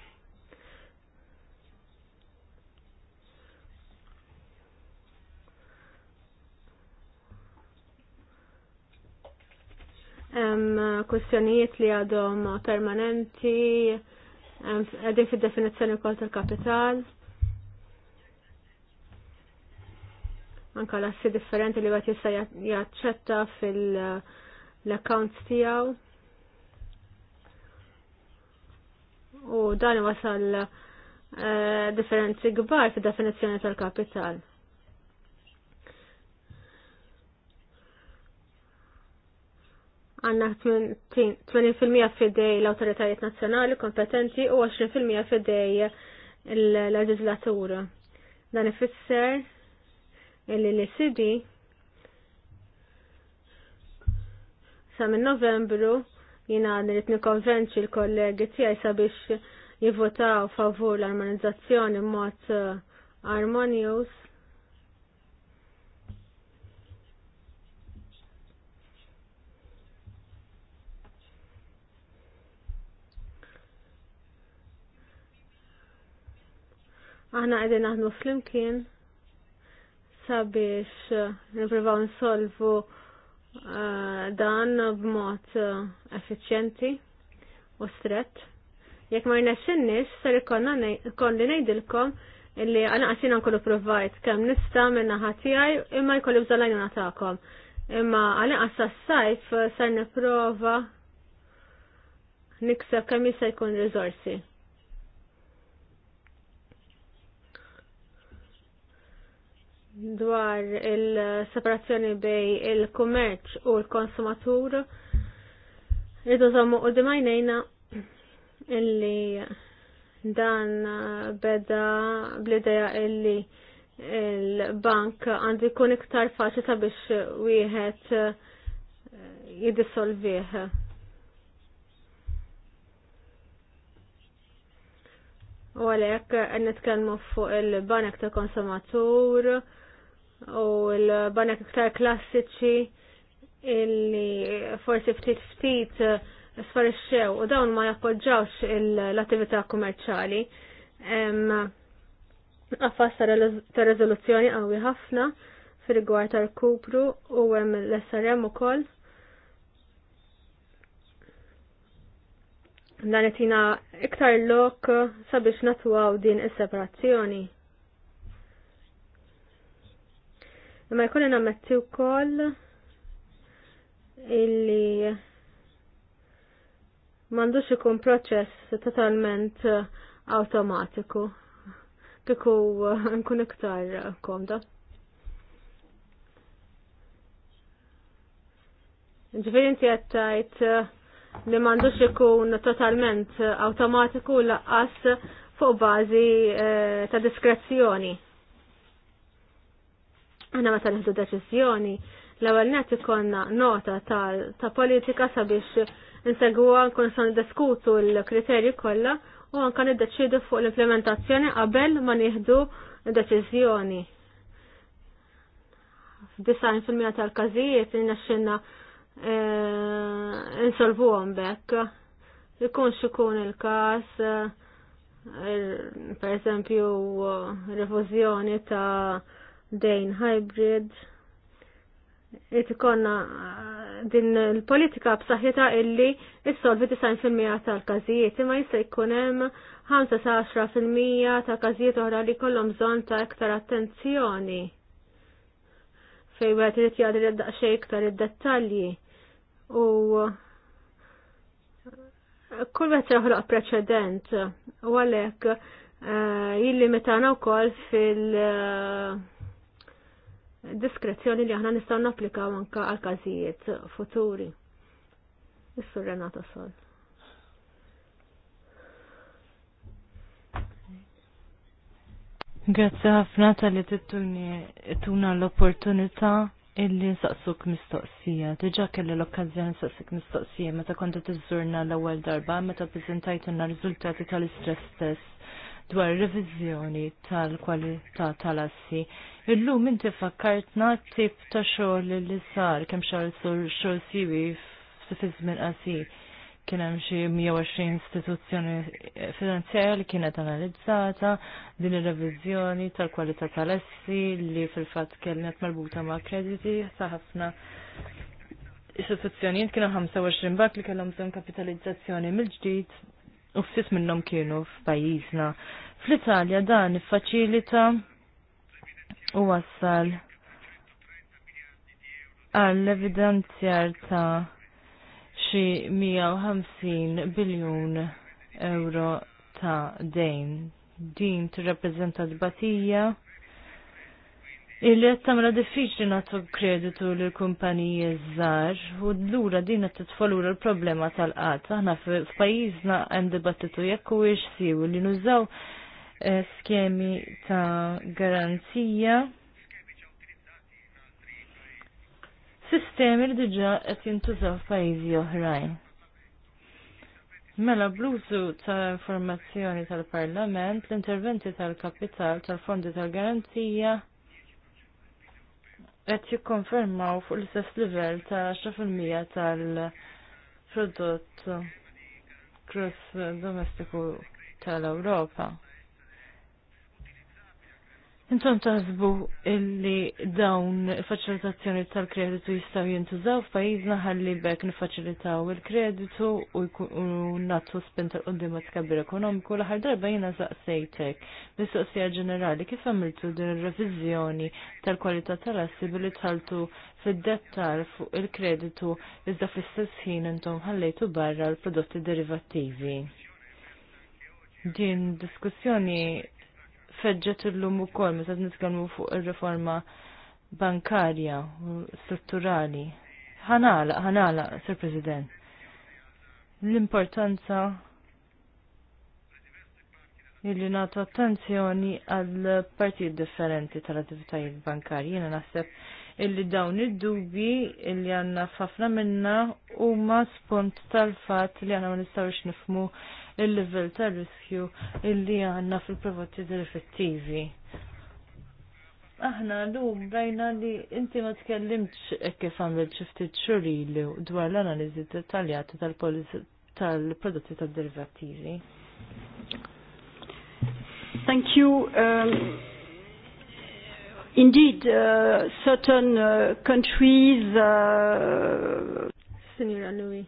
hemm eh, kwestjonijiet li għadhom permanenti, għadin fid-definizzjoni kol tal-kapital. Anka l-assi differenti li għat jista' jaċċetta fil-accounts tiegħu. U dan wasal eh, differenzi kbar fid-definizzjoni tal-kapital. għanna 20% fidej l-autoritajiet nazzjonali kompetenti u 20% fidej l-leġislatura. Dan ifisser li l-CD sa minn novembru jina nirrit nikonvenċi l-kollegi tijaj sabiex jivvotaw favur l-armonizzazzjoni mod eh, armonius Aħna qegħdin naħdmu flimkien sabiex eh, nipprivaw nsolvu eh, dan b'mod eh, effiċjenti u strett. Jekk ma jnexxinniex ser li ngħidilkom illi għana għasina nkollu provajt kem nista minna ħatijaj imma jkollu bżalajn natakom. Imma għana għassa s-sajf ser niprofa nikseb kem jista jkun rizorsi. dwar il-separazzjoni bej il-kummerċ u l-konsumatur. Rridu zammu u dimajnejna illi dan beda bl-ideja illi il-bank għandu jkun iktar faċli sabiex wieħed eh, jidissolvih. U għalhekk nitkellmu fuq il-banek ta' konsumatur, u l-banek iktar klassiċi illi forsi ftit ftit eh, sfarixxew u dawn ma jappoġġawx l-attività kummerċali. Għaffas ta' rezoluzzjoni għawi ħafna fil-gwar tal-kupru u għem l-SRM u koll. Dan itina iktar lok sabiex natwaw din is-separazzjoni. Imma jkolli nammetti wkoll illi m'għandux ikun proċess totalment awtomatiku Kiku nkun iktar komda. Ġifieri inti għattajt li m'għandux ikun totalment awtomatiku laqqas fuq bażi eh, ta' diskrezzjoni. Għana ma tal-ħdu deċizjoni, l għal net ikonna nota ta' politika sabiex nsegwa nkun san diskutu l kriterju kollha u id-deċidu fuq l-implementazzjoni qabel ma nieħdu deċiżjoni. F'design fil-mija tal-każijiet inaxxinna e, insolvuhom bekk. Ikun xikun il-każ e, per eżempju revużjoni ta' dejn hybrid. It ikonna uh, din il-politika b'saħħitha illi issolvi 90% tal-każijiet imma jista' jkun hemm 5 sa 10% ta' każijiet oħra li kollhom bżonn ta' iktar attenzjoni. Fej wieħed irid jagħti daqsxejn iktar id-dettalji u kull wieħed joħloq preċedent u għalhekk uh, jillimitana wkoll fil- uh, diskrezzjoni li aħna nistgħu napplikaw anke għal każijiet futuri. Issu Renata Sol. Grazzi ħafna tal-li tuna l-opportunità illi nsaqsuk mistoqsija. Diġa kelli l-okkazjoni nsaqsuk mistoqsija meta konta tiżurna l-ewwel darba meta preżentajtna riżultati tal-istress test dwar revizjoni tal-kwalità tal-assi. Illum inti fakkartna tip ta' xogħol li sar kemm sur xogħol siwi fi minn qasir. Kien hemm xi 120 istituzzjoni finanzjarja li kienet analizzata din ir-reviżjoni tal-kwalità tal-essi li fil-fatt kellnet marbuta ma' krediti sa' ħafna istituzzjonijiet kienu 25 bank li kellhom bżonn kapitalizzazzjoni mill-ġdid u ftit minnhom kienu f'pajjiżna. Fl-Italja dan iffaċilita u wassal għall evidenzjar ta' xi 150 biljun euro ta' dejn. Din tirrappreżenta batija il qed tagħmilha diffiċli natu kreditu l kumpaniji żgħar u lura din qed tidfol l-problema tal-qatt. Aħna f'pajjiżna hemm dibattitu jekk huwiex siw li nużaw Eh, skemi ta' garanzija. Sistemi li diġa qed jintużaw f'pajjiżi oħrajn. Mela bluzu ta' informazzjoni tal-Parlament, l-interventi tal-kapital, tal-fondi tal-garanzija, qed jikkonfermaw fuq l-istess livell ta' 10% tal-prodott cross domestiku tal-Ewropa. Intom taħsbu illi dawn il-faċilitazzjoni tal-kreditu jistaw jintużaw f'pajjiżna ħalli bekk nifaċilitaw il-kreditu u natu spin tal-qoddima tkabbir ekonomiku l-aħħar darba jiena saqsejtek. Mistoqsija ġenerali kif għamiltu din ir-reviżjoni tal-kwalità tal-assi billi tħaltu fid-dettal fuq il-kreditu iżda fl-istess ħin intom ħallejtu barra l-prodotti derivattivi. Din diskussjoni feġġet illum ukoll meta nitkellmu fuq ir-riforma bankarja u strutturali. Ħanala, ħanala, Sir President. L-importanza illi nagħtu attenzjoni għal partijiet differenti tal-attivitajiet bankarji. Jiena naħseb illi dawn id dubi illi għanna fafna minna u ma spont tal-fat li għanna ma nistawx nifmu il-livell ta' riskju illi għanna fil-prodotti effettivi. Aħna l-lum bajna li inti ma tkellimx kif għamil ċifti ċurili dwar l-analizi dettaljata tal-prodotti tal-derivativi. Thank you. Um, indeed, uh, certain uh, countries. Uh, Signora Louis.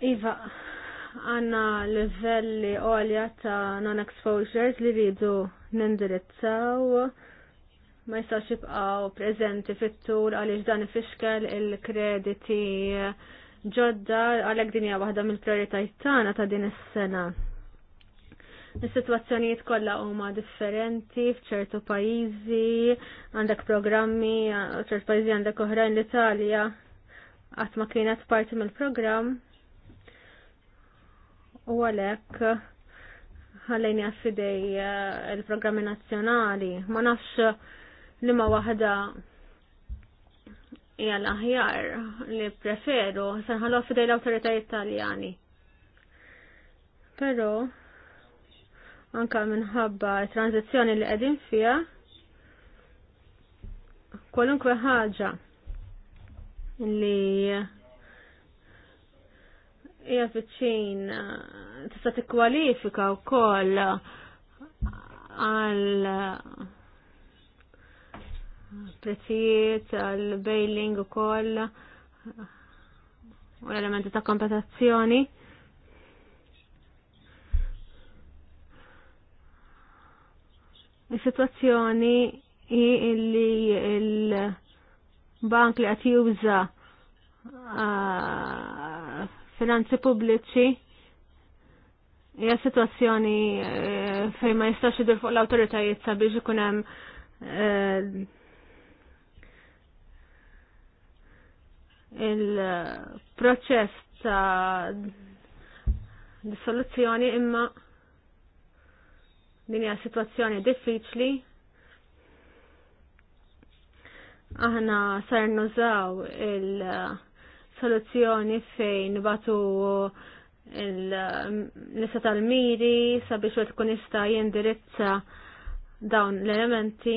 Iva, għanna livelli għolja ta' non-exposures li rridu nindirizzaw ma jistax jibqaw prezenti fit-tur għaliex dan ifixkel il-krediti ġodda għalhekk din hija waħda mill-prijoritajiet tagħna ta' din is-sena. Is-sitwazzjonijiet kollha huma differenti f'ċertu pajjiżi, għandek programmi, ċertu pajjiżi għandek oħrajn l-Italja qatt ma kienet parti mill-programm u għalek għalajni għaffidej eh, il-programmi nazjonali. Ma nafx li ma wahda hija l-aħjar li preferu sanħallu fidej l-awtoritajiet taljani. Però anka minħabba transizjoni li qegħdin fiha kwalunkwe ħaġa li Ija viċin eh, tista' tikkwalifika wkoll għal eh, prezzijiet għal bailing ukoll u elementi ta' kompetazzjoni. il sitwazzjoni hi illi il-bank li qed juża eh, finanzi pubbliċi hija situazzjoni eh, fejn ma jistax idur fuq l-awtoritajiet sabiex ikun hemm eh, il-proċess ta' dissoluzzjoni imma din hija situazzjoni diffiċli aħna sar nużaw il- uh, soluzzjoni fejn batu l-lista tal-miri sabiex wet tkun jista jindirizza dawn l-elementi.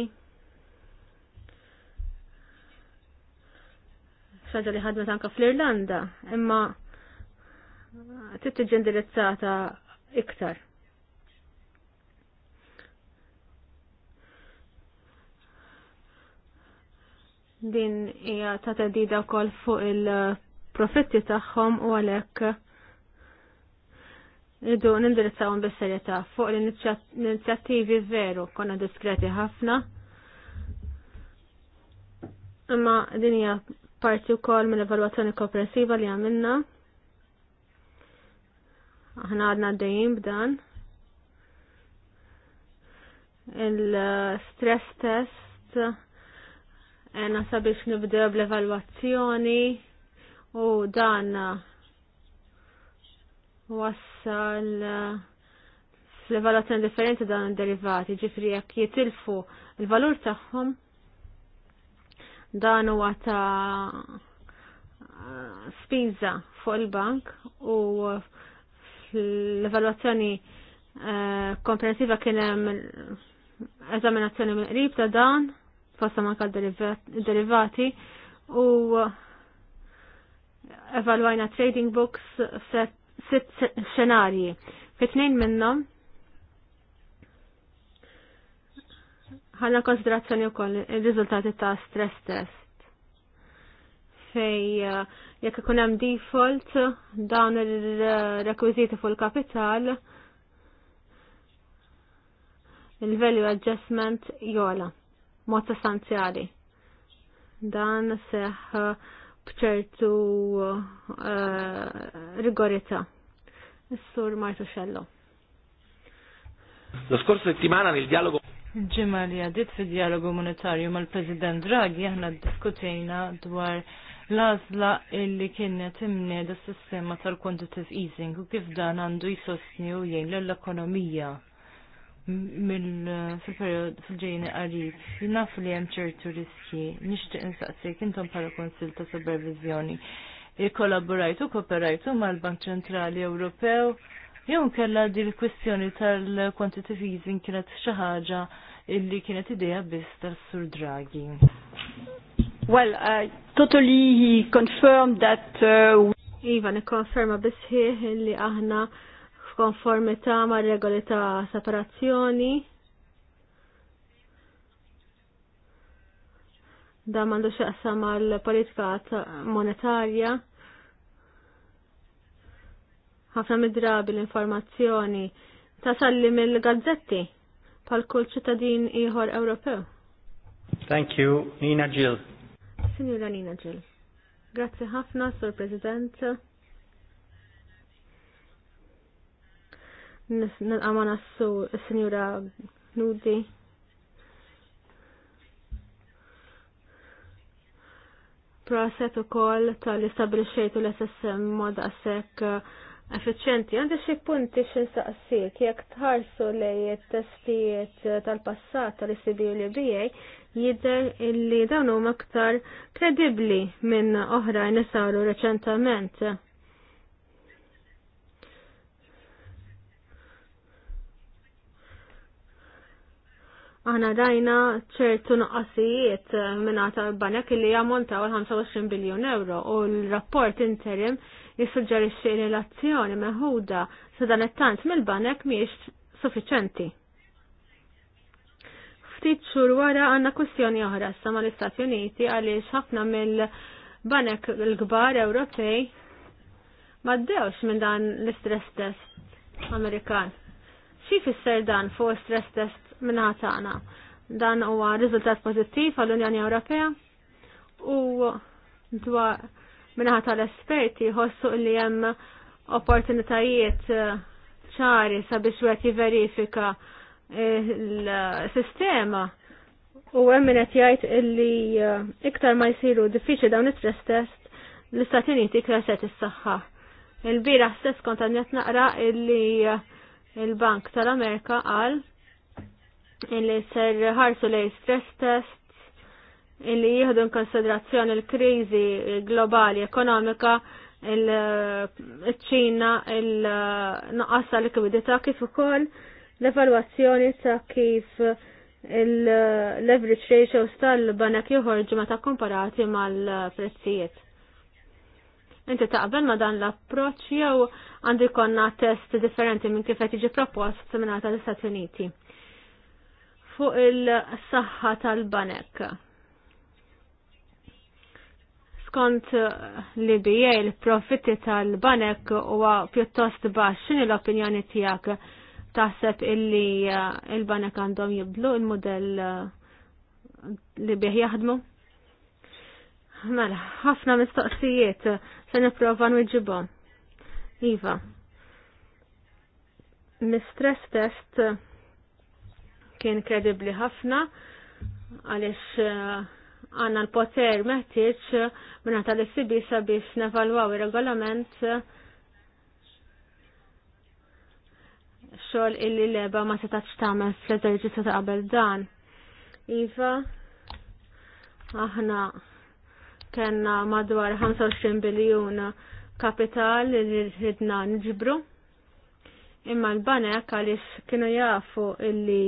ħaġa li ħadmet anka fl-Irlanda, imma tittiġi indirizzata iktar. Din hija ta' tedida wkoll fuq il- profitti tagħhom u għalhekk Idu nindirizzawhom bis-serjetà fuq l-inizjattivi veru konna diskreti ħafna. Imma din hija parti wkoll mill-evalwazzjoni kompressiva li għamilna. Aħna għadna dejjem b'dan. Il-stress test għena eh, sabiex nibdew bl-evalwazzjoni u dan uh, wassal fl-evaluazzjoni uh, differenti dan derivati ġifri jekk jitilfu il-valur tagħhom dan huwa ta' uh, spiża fuq il-bank u l-evaluazzjoni komprensiva kien hemm eżaminazzjoni mill-qrib ta' dan fosta manka derivati u evalwajna trading books sitt xenarji. Fitnejn minnhom ħalna konsiderazzjoni wkoll ir-riżultati ta' stress test fej eh, jekk ikun hemm default dawn ir-rekwiżiti fuq il-kapital il-value adjustment jola mod sostanzjali. Dan seħħ bċertu eh, rigorita. Is-sur Martu Xello. Lo scorso settimana nel dialogo Ġimma li għadit fi dialogu monetarju mal-President Draghi aħna diskutejna dwar l-azla illi kienet imneda s-sistema tal-quantitative easing u kif dan għandu jisostni u jgħin l-ekonomija. Eh, fil-periodu fil-ġejni qarib. jinaf li hemm ċertu riski, nixtieq insaqsik intom bħala Konsil ta' Supervizjoni. Ikkollaborajtu, kooperajtu mal-Bank Ċentrali Ewropew jew kella di l-kwestjoni tal-quantitative easing kienet xi ħaġa illi kienet idea biss tas-Sur Draghi. Well, I totally confirmed that uh, Iva, nikkonferma bisħieħ li aħna f'konformità ma' regoli ta' separazzjoni. Da mandu xaqsa mal-politika monetarja. ħafna mid-drabi l-informazzjoni tasalli mill-gazzetti pal kull ċittadin ieħor Ewropew. Thank you, Nina Gill. Signora Nina Gill. Grazie ħafna, Sur President. nil-għama nassu s-senjura Nudi. Proset uh, uh, u koll tal u l-SSM mod għasek efficienti. Għandi xie punti xie saqsik, jek tħarsu li testijiet tal-passat tal-ICB u l-BA, jider illi dawnu maktar kredibli minn oħra nisaru reċentament. Aħna rajna ċertu nuqqasijiet eh, minnata l-banek li jammontaw għal 25 biljon euro u l-rapport interim jissuġġerixxi li l-azzjoni meħuda sadan dan it-tant mill-banek miex suffiċenti. Ftit xhur wara għandna kwistjoni oħra sama l istati Uniti għaliex ħafna mill-banek l-kbar Ewropej maddewx minn dan l-istress test Amerikan. Xi fisser dan fuq stress test minna ħatana. Dan huwa riżultat pozittiv għall-Unjoni Ewropea u dwar minna tal-esperti ħossu li hemm opportunitajiet ċari sabiex wieħed verifika l-sistema u hemm min qed jgħid illi eh, iktar ma jsiru diffiċli dawn it-stress test l-Istati Uniti kreset is-saħħa. Il-bira stess kontanjet qed naqra illi eh, il-Bank tal-Amerika qal illi ser ħarsu lej stress test illi jieħdu konsiderazzjoni l-kriżi globali ekonomika il-ċina il-naqassa l-likwidità kif ukoll l-evalwazzjoni ta' kif il-leverage ratios tal-banek joħorġu meta komparati mal-prezzijiet. Inti taqbel ma dan l-approċ jew għandu jkollna test differenti minn kif qed jiġi propost minn l istati Uniti fuq il-saħħa tal-banek. Skont l-IBA il-profitti tal-banek huwa pjuttost baxx x'inhi l-opinjoni tiegħek taħseb illi uh, il-banek għandhom jibdlu il-modell uh, li bih jaħdmu? Mela, ħafna mistoqsijiet se nipprova nwiġibhom. Iva. Mistress test kien kredibli ħafna għaliex eh, għanna l-poter meħtieġ minna tal sibisa biex nevalwaw ir-regolament eh, xogħol illi leba ma setax tagħmel fl-eżerġizzju ta' qabel dan. Iva, aħna kena madwar 25 biljun kapital li rridna nġibru. Imma l-banek għaliex kienu jafu illi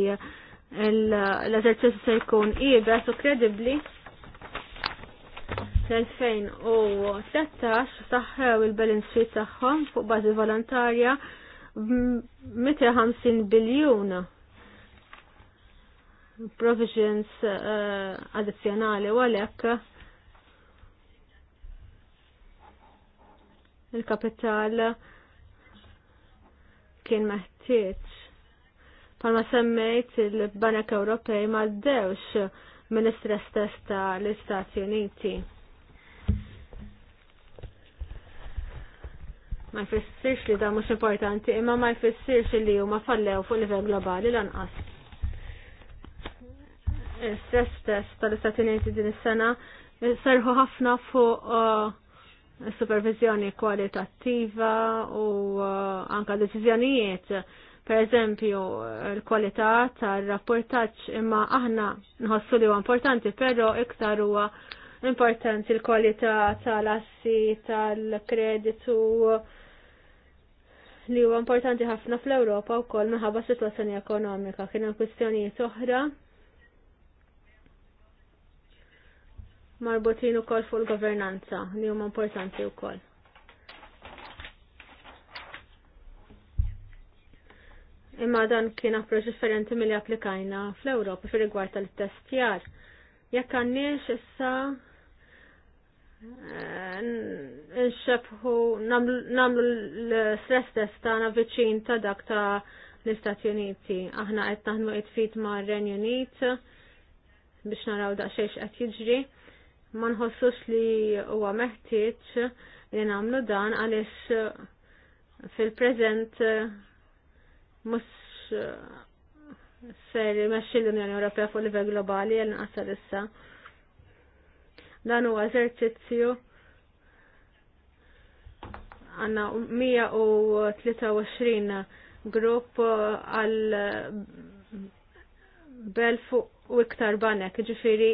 l-eżerċizzju se jkun ibes u kredibbli l-2013 saħħew il-balance sheet tagħhom fuq bażi volontarja 150 biljun provisions uh, addizzjonali u għalhekk il-kapital kien meħtieġ Palma semmejt il-Banek Ewropej ma ddewx minn Stess test tal-Istati Uniti. Ma jfissirx li dan mhux importanti, imma ma jfissirx li huma fallew fuq livell globali lanqas. Stress test tal-Istati Uniti din is-sena serħu ħafna fuq uh, supervizjoni kwalitattiva u uh, anka deċiżjonijiet per eżempju l-kwalità tar-rapportaġġ imma aħna nħossu li huwa importanti, però iktar huwa importanti l-kwalità tal-assi tal-kreditu li huwa importanti ħafna fl-Ewropa wkoll minħabba sitwazzjoni ekonomika kien hemm kwistjonijiet oħra marbutin ukoll fuq il-governanza li huma importanti wkoll. imma dan kien approċ differenti mill-li applikajna fl-Ewropa fir rigward tal-testjar. Jekk għandniex issa eh, nxebħu namlu l-stress test tagħna viċin ta' dak ta' l-Istati Uniti. Aħna qed naħdmu qed fit ma' renju Unit biex naraw daqsxejn qed jiġri. Ma nħossux li huwa meħtieġ li nagħmlu dan għaliex fil-preżent mux eh, ser meċi l-Unjoni Ewropea fuq livell globali għal naqsa issa. Dan huwa eżerċizzju għanna 123 grupp eh, għal eh, belfu u iktar banek, ġifiri.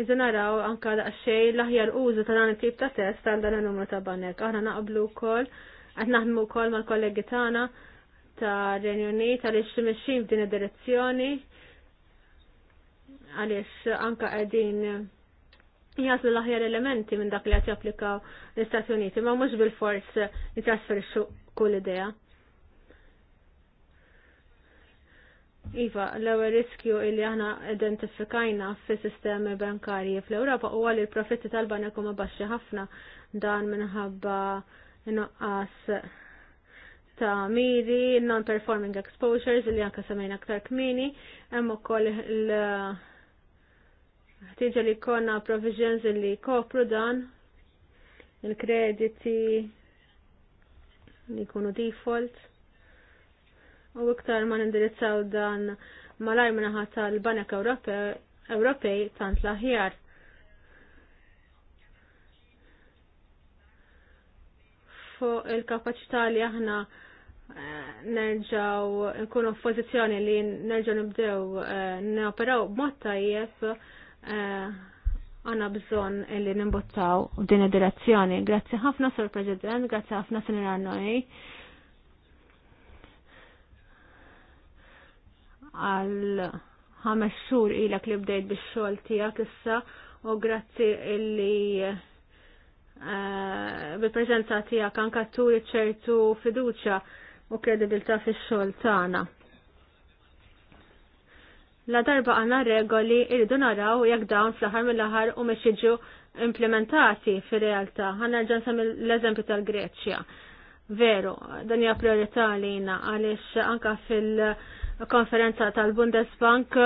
Iżda naraw anka daqsxej l-aħjar użu ta' dan it-tip ta' test għal dan il-numru ta' banek. Aħna naqblu wkoll Għat naħdmu kol mal kollegi tagħna ta' Renjoni ta' li mexxin f'din id-direzzjoni għaliex anka qegħdin jaslu l-aħjar elementi minn dak li għat japplikaw l-Istati Uniti, ma mux bil-fors jitrasferixxu kull ideja. Iva, l-ewwel riskju illi aħna identifikajna fis-sistemi bankarji fl-Ewropa huwa li l-profitti tal-banek huma baxxi ħafna dan minħabba nuqqas ta' miri, non-performing exposures li anka semajna aktar kmini, hemm ukoll l tiġa li konna provisions li kopru dan, il-krediti li kunu default, u iktar ma nindirizzaw dan mal-armina ħata l-Banek Ewropej tant l-aħjar. fuq il-kapacità li aħna eh, nerġaw nkunu f'pożizzjoni li nerġaw nibdew eh, neoperaw b'mod tajjeb eh, għanna bżon li nimbottaw din id-direzzjoni. Grazzi ħafna, Sur President, grazzi ħafna, Sinir Arnoj. għal ħames xhur ilek li bdejt bix xol tiegħek issa u grazzi illi Eh, bil-prezenza tiegħek anke turi ċertu fiduċja u kredibilità fix-xogħol tagħna. La darba għandna regoli irridu naraw jekk dawn fl-aħħar mill-aħħar u mhux jiġu implementati fir-realtà. nerġa' nsemmi l-eżempju tal-Greċja. Veru, dan hija priorità għalina għaliex anke fil- konferenza tal-Bundesbank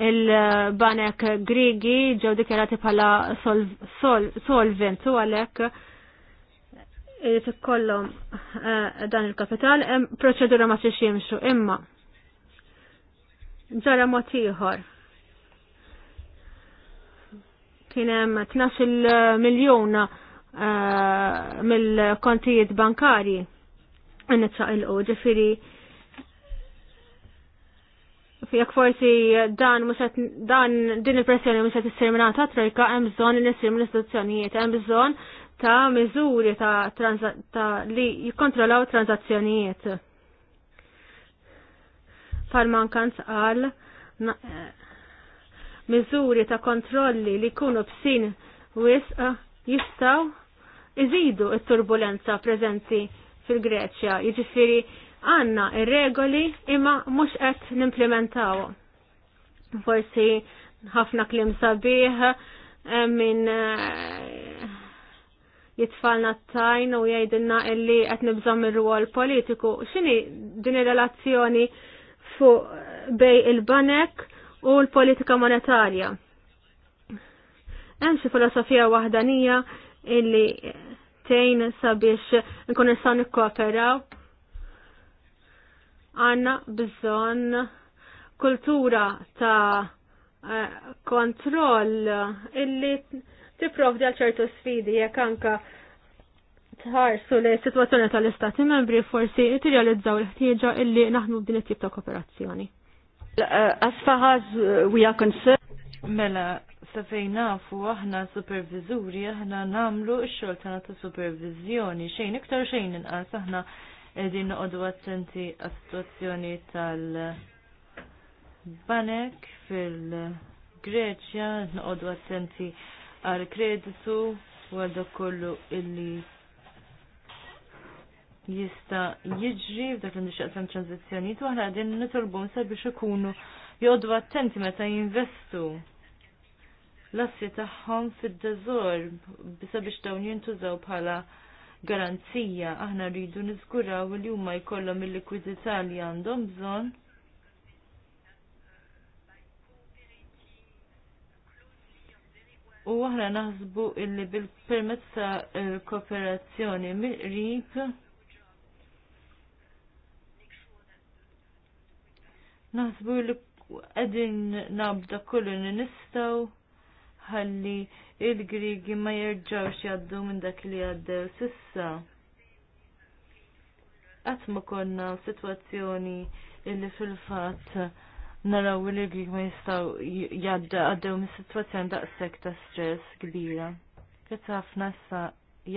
il-banek grigi ġew dikjarati bħala solvent u għalhekk irid ikollhom eh, dan il-kapital proċedura ma tix jimxu imma ġara mod ieħor. Kien hemm 12 miljun eh, mill-kontijiet bankarji nitxaqilqu ġifieri jekk forsi dan muset dan din il-pressjoni mhux qed issir minn trojka hemm bżonn li mill istituzzjonijiet, hemm bżonn ta' miżuri ta', ta li jikkontrollaw transazzjonijiet. Palman mankanz għal eh, miżuri ta' kontrolli li jkunu b'sin wisq eh, jistgħu iżidu t turbulenza preżenti fil-Greċja, jiġifieri għanna ir-regoli imma mhux qed nimplementaw. Forsi ħafna klim sabiħ eh, minn eh, jitfalna t-tajn u jgħidilna illi qed nibżom il rwol politiku. X'inhi din ir-relazzjoni fu eh, bej il-banek u l-politika monetarja? Hemm xi filosofija wahdanija illi tejn sabiex nkun nistgħu nikkooperaw għanna bżon kultura ta' eh, kontroll illi tipprovdi għal ċertu sfidi jekk anka tħarsu li situazzjoni tal-istati membri forsi it-realizzaw l-ħtieġa illi naħnu b'din it-tip ta' kooperazzjoni. Eh, as far as eh, we are concerned, mela safejna fu aħna supervizuri aħna namlu x-xogħol tagħna ta' supervizjoni xejn iktar xejn inqas aħna edin noqodu attenti għas-situazzjoni tal-banek fil-Greċja, noqodu attenti għal-kreditu u għal kollu illi jista jiġri f'dak li nixtaqsam tranzizzjonijiet u aħna qegħdin nitolbhom sabiex ikunu jgħodu attenti meta jinvestu l-assi tagħhom fid-deżor sabiex dawn jintużaw bħala garanzija. Aħna rridu niżguraw li huma jkollhom il-likwidità li għandhom bżonn. U aħna naħsbu illi bil-permezz ta' kooperazzjoni mill-qrib naħsbu li qegħdin nabda kullu nistgħu ħalli il-Grigi ma jerġawx jaddu minn dak li għaddew sissa. Qatt ma konna sitwazzjoni illi fil-fatt naraw il grigi ma jistaw jadda għaddew minn sitwazzjoni daqshekk ta' stress kbira. Grazzi ħafna issa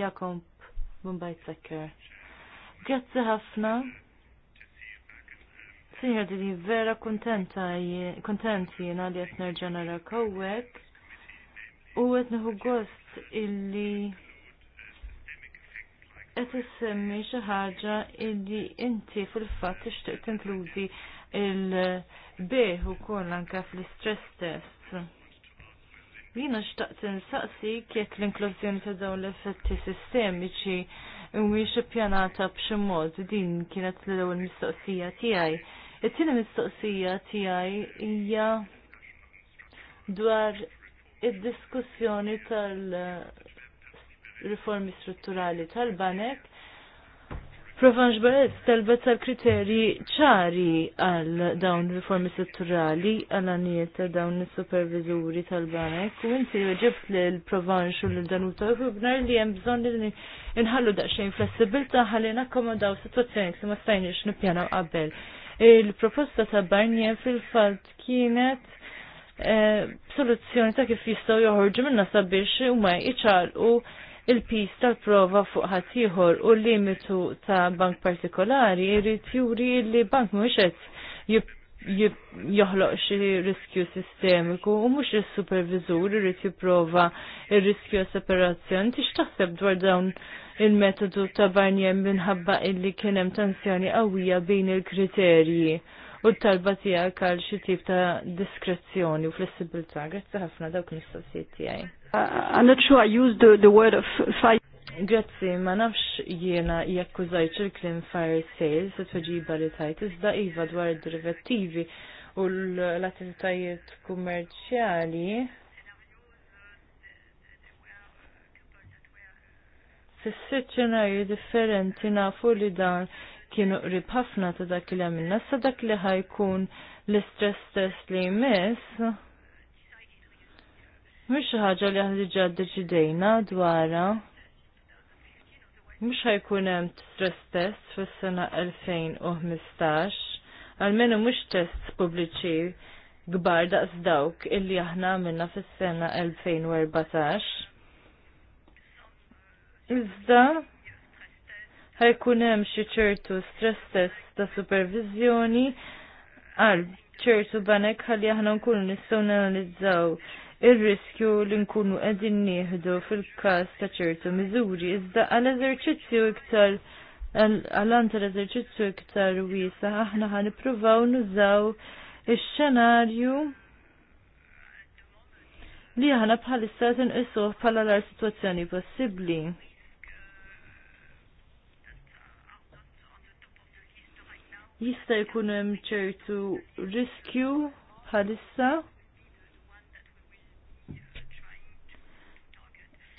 Jakob Mumbai sekker. Grazzi ħafna. Sinjor, dili vera kontenta kontenti jena li jett nerġa kowek u qed neħu gost illi qed issemmi xi ħaġa illi inti fil-fatt tixtieq tinkludi il-beħ ukoll anke fl-istress test. Jina xtaqt nsaqsi kiet l-inklużjoni ta' dawn l-effetti sistemiċi mhuwiex ippjanata b'xi mod din kienet l-ewwel mistoqsija tiegħi. It-tieni mistoqsija tiegħi hija dwar id-diskussjoni tal-riformi strutturali tal-banek. Provanx Barret, talbet tal-kriterji ċari għal dawn riformi strutturali għal għaniet ta' dawn supervizuri tal-banek u inti ġibt li l-Provanx u l-Danuta Rubner li jem bżon li nħallu daqxejn flessibilta ħalli nakkomodaw situazzjoni kse ma stajniex nipjanaw qabel. Il-proposta ta' barnie fil-fat kienet E, soluzzjoni ta' kif jistgħu joħorġu minna sabiex huma u il-pis tal-prova fuq ħaddieħor u l-limitu ta' bank partikolari jrid juri li bank mhux qed joħloq xi riskju sistemiku u mhux is-supervizur irid jipprova r riskju separazzjoni tix taħseb dwar dawn il-metodu ta' barnjem minħabba illi kien hemm tensjoni qawwija bejn il-kriterji u talba tiegħek għal xi tip ta' diskrezzjoni u flessibilta. Grazzi ħafna dawk l-istoqsijiet tiegħi. I'm not sure I used the, the word of fire. Grazzi, ma nafx jiena jakkużajt il-klim fire sales it-tweġiba li tajt iżda iva dwar id u l-attivitajiet kummerċjali. Fis-sitt differenti nafu li dan kienu qrib ħafna ta' dak li għamilna. Sa dak li ħajkun l-istress test li jmiss. Mux xi ħaġa li ħdiġa ġidejna dwarha. Mhux ħajkun hemm stress test fis-sena 2015, għalmenu mux test pubbliċi gbar daqs dawk illi aħna għamilna fis-sena 2014. Iżda ħajkun hemm xi ċertu stress test ta' supervizjoni għal ċertu banek ħalli aħna nkunu nistgħu nanalizzaw ir-riskju li nkunu qegħdin nieħdu fil-każ ta' ċertu miżuri iżda għal eżerċizzju iktar għal-għan l eżerċizzju iktar wiesa aħna ħan nippruvaw nużaw ix-xenarju li aħna bħalissa tinqisuh bħala l-ar sitwazzjoni possibbli. jista' jkun hemm ċertu riskju bħalissa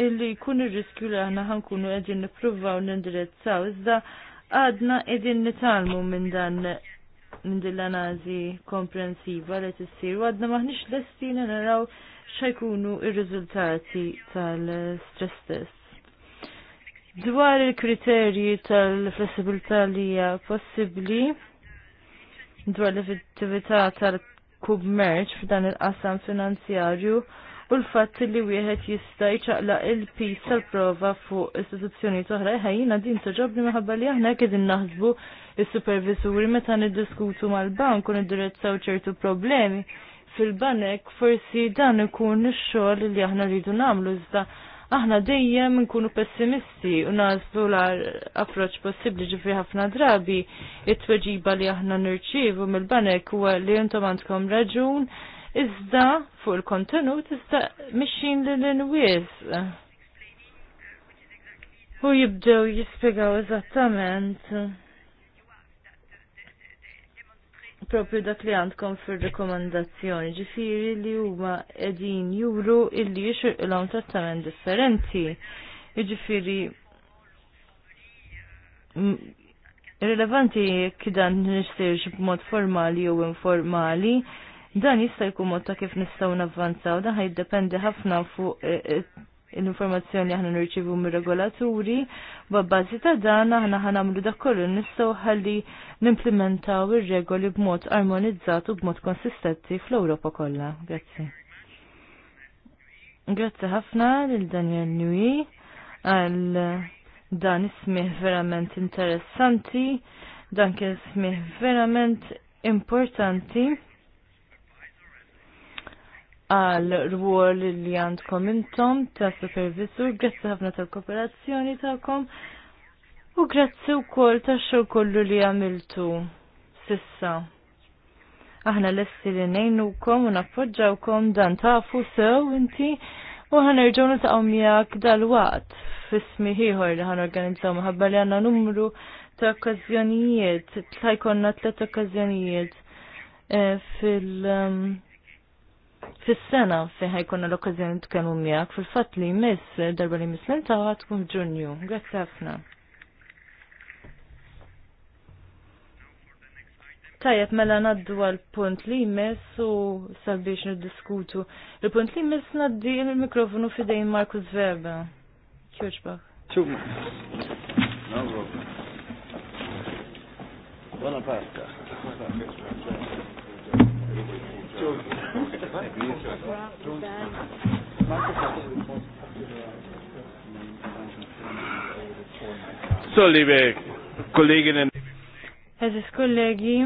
illi jkun ir-riskju li aħna ħankunu qegħdin nippruvaw nindirizzaw iżda għadna qegħdin nitalmu minn dan minn din l-analiżi komprensiva li tissir u għadna maħniex lestina naraw x'ajkunu ir-riżultati tal-stress test. Dwar il-kriterji tal-flessibilità li hija possibbli, dwar l-effettività tal-kummerċ f'dan il-qasam finanzjarju u l-fatt li wieħed jista' jċaqlaq il-pis tal-prova fuq istituzzjoni oħra ħajjina din toġobni minħabba li aħna qed innaħsbu is-supervisuri meta niddiskutu mal-bank u niddirezzaw ċertu problemi fil-banek forsi dan ikun ix-xogħol li aħna rridu nagħmlu iżda aħna dejjem nkunu pessimisti u nażlu l-approċ possibli ġifri ħafna drabi it-tweġiba li aħna nirċivu mill-banek u li jentom għandkom raġun iżda fuq il-kontenut iżda mixin li l-inwiz. U jibdew jispiegaw eżattament propju dak li għandkom fil-rekomandazzjoni, ġifiri li huma edin juru illi jixirqilhom trattament differenti. Ġifiri rilevanti kidan nistirx b'mod formali jew informali, dan jista' jkun mod ta' kif nistgħu navvanzaw, dan ħajdependi ħafna fuq eh, eh, l-informazzjoni aħna nirċivu mir-regolaturi, babbażi ta' dan aħna ħanamlu dak kollu nistaw ħalli nimplementaw ir-regoli b'mod armonizzat u b'mod konsistenti fl-Ewropa kollha. Grazzi. Grazzi ħafna lil Daniel Nui għal dan ismih verament interessanti, dan kien ismih verament importanti għal rwol li għandkom intom ta' supervisur, grazzi ħafna tal-kooperazzjoni ta'kom u grazzi u kol ta' xo kollu li għamiltu sissa. Aħna l-essi li kom u nappoġġawkom dan ta' fu sew inti u ħan irġonu ta' miegħek dal-waqt f'ismi ieħor li ħan organizzaw maħabba li għanna numru ta' okkażjonijiet, tlajkonna tliet okkażjonijiet eh, fil- um, fis-sena fi ħajkonna l-okkazjoni tkellmu miegħek fil-fatt li jmiss darba li jmiss l-intawa tkun ġunju. Grazzi ħafna. Tajjeb mela naddu għal punt li jmiss u sabiex niddiskutu. Il-punt li jmiss naddi il-mikrofonu fidejn Markus Verba. Kjoċbaħ. Ċumma. Buona Buona pasta. So, liebe Kolleginnen. Eżis kollegi,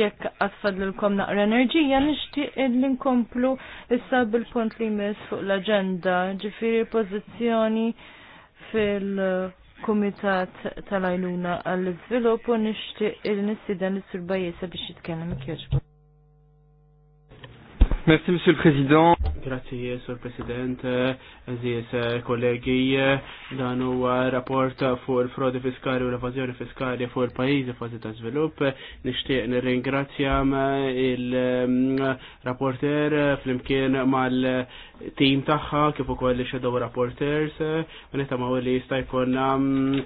jekk għatfadlilkom naqra enerġija, nishtiq l-inkomplu issa bil-punt li mis fuq l-agenda, ġifiri pozizjoni fil-Komitat tal-Ajluna għall-Izvilup u nishtiq il-nissiden l-Surbajesa biex jitkellem kieċbu. Merci, Monsieur le Président. Grazie, Sur President. Aziz, kollegi, dan huwa rapport fuq il-frodi fiskali u l-evazjoni fiskali fuq il-pajjiżi fazi ta' żvilupp. Nixtieq nirringrazzja il-rapporter flimkien mal team tagħha kif ukoll ix-shadow rapporters. Meta ma' li jista' mm,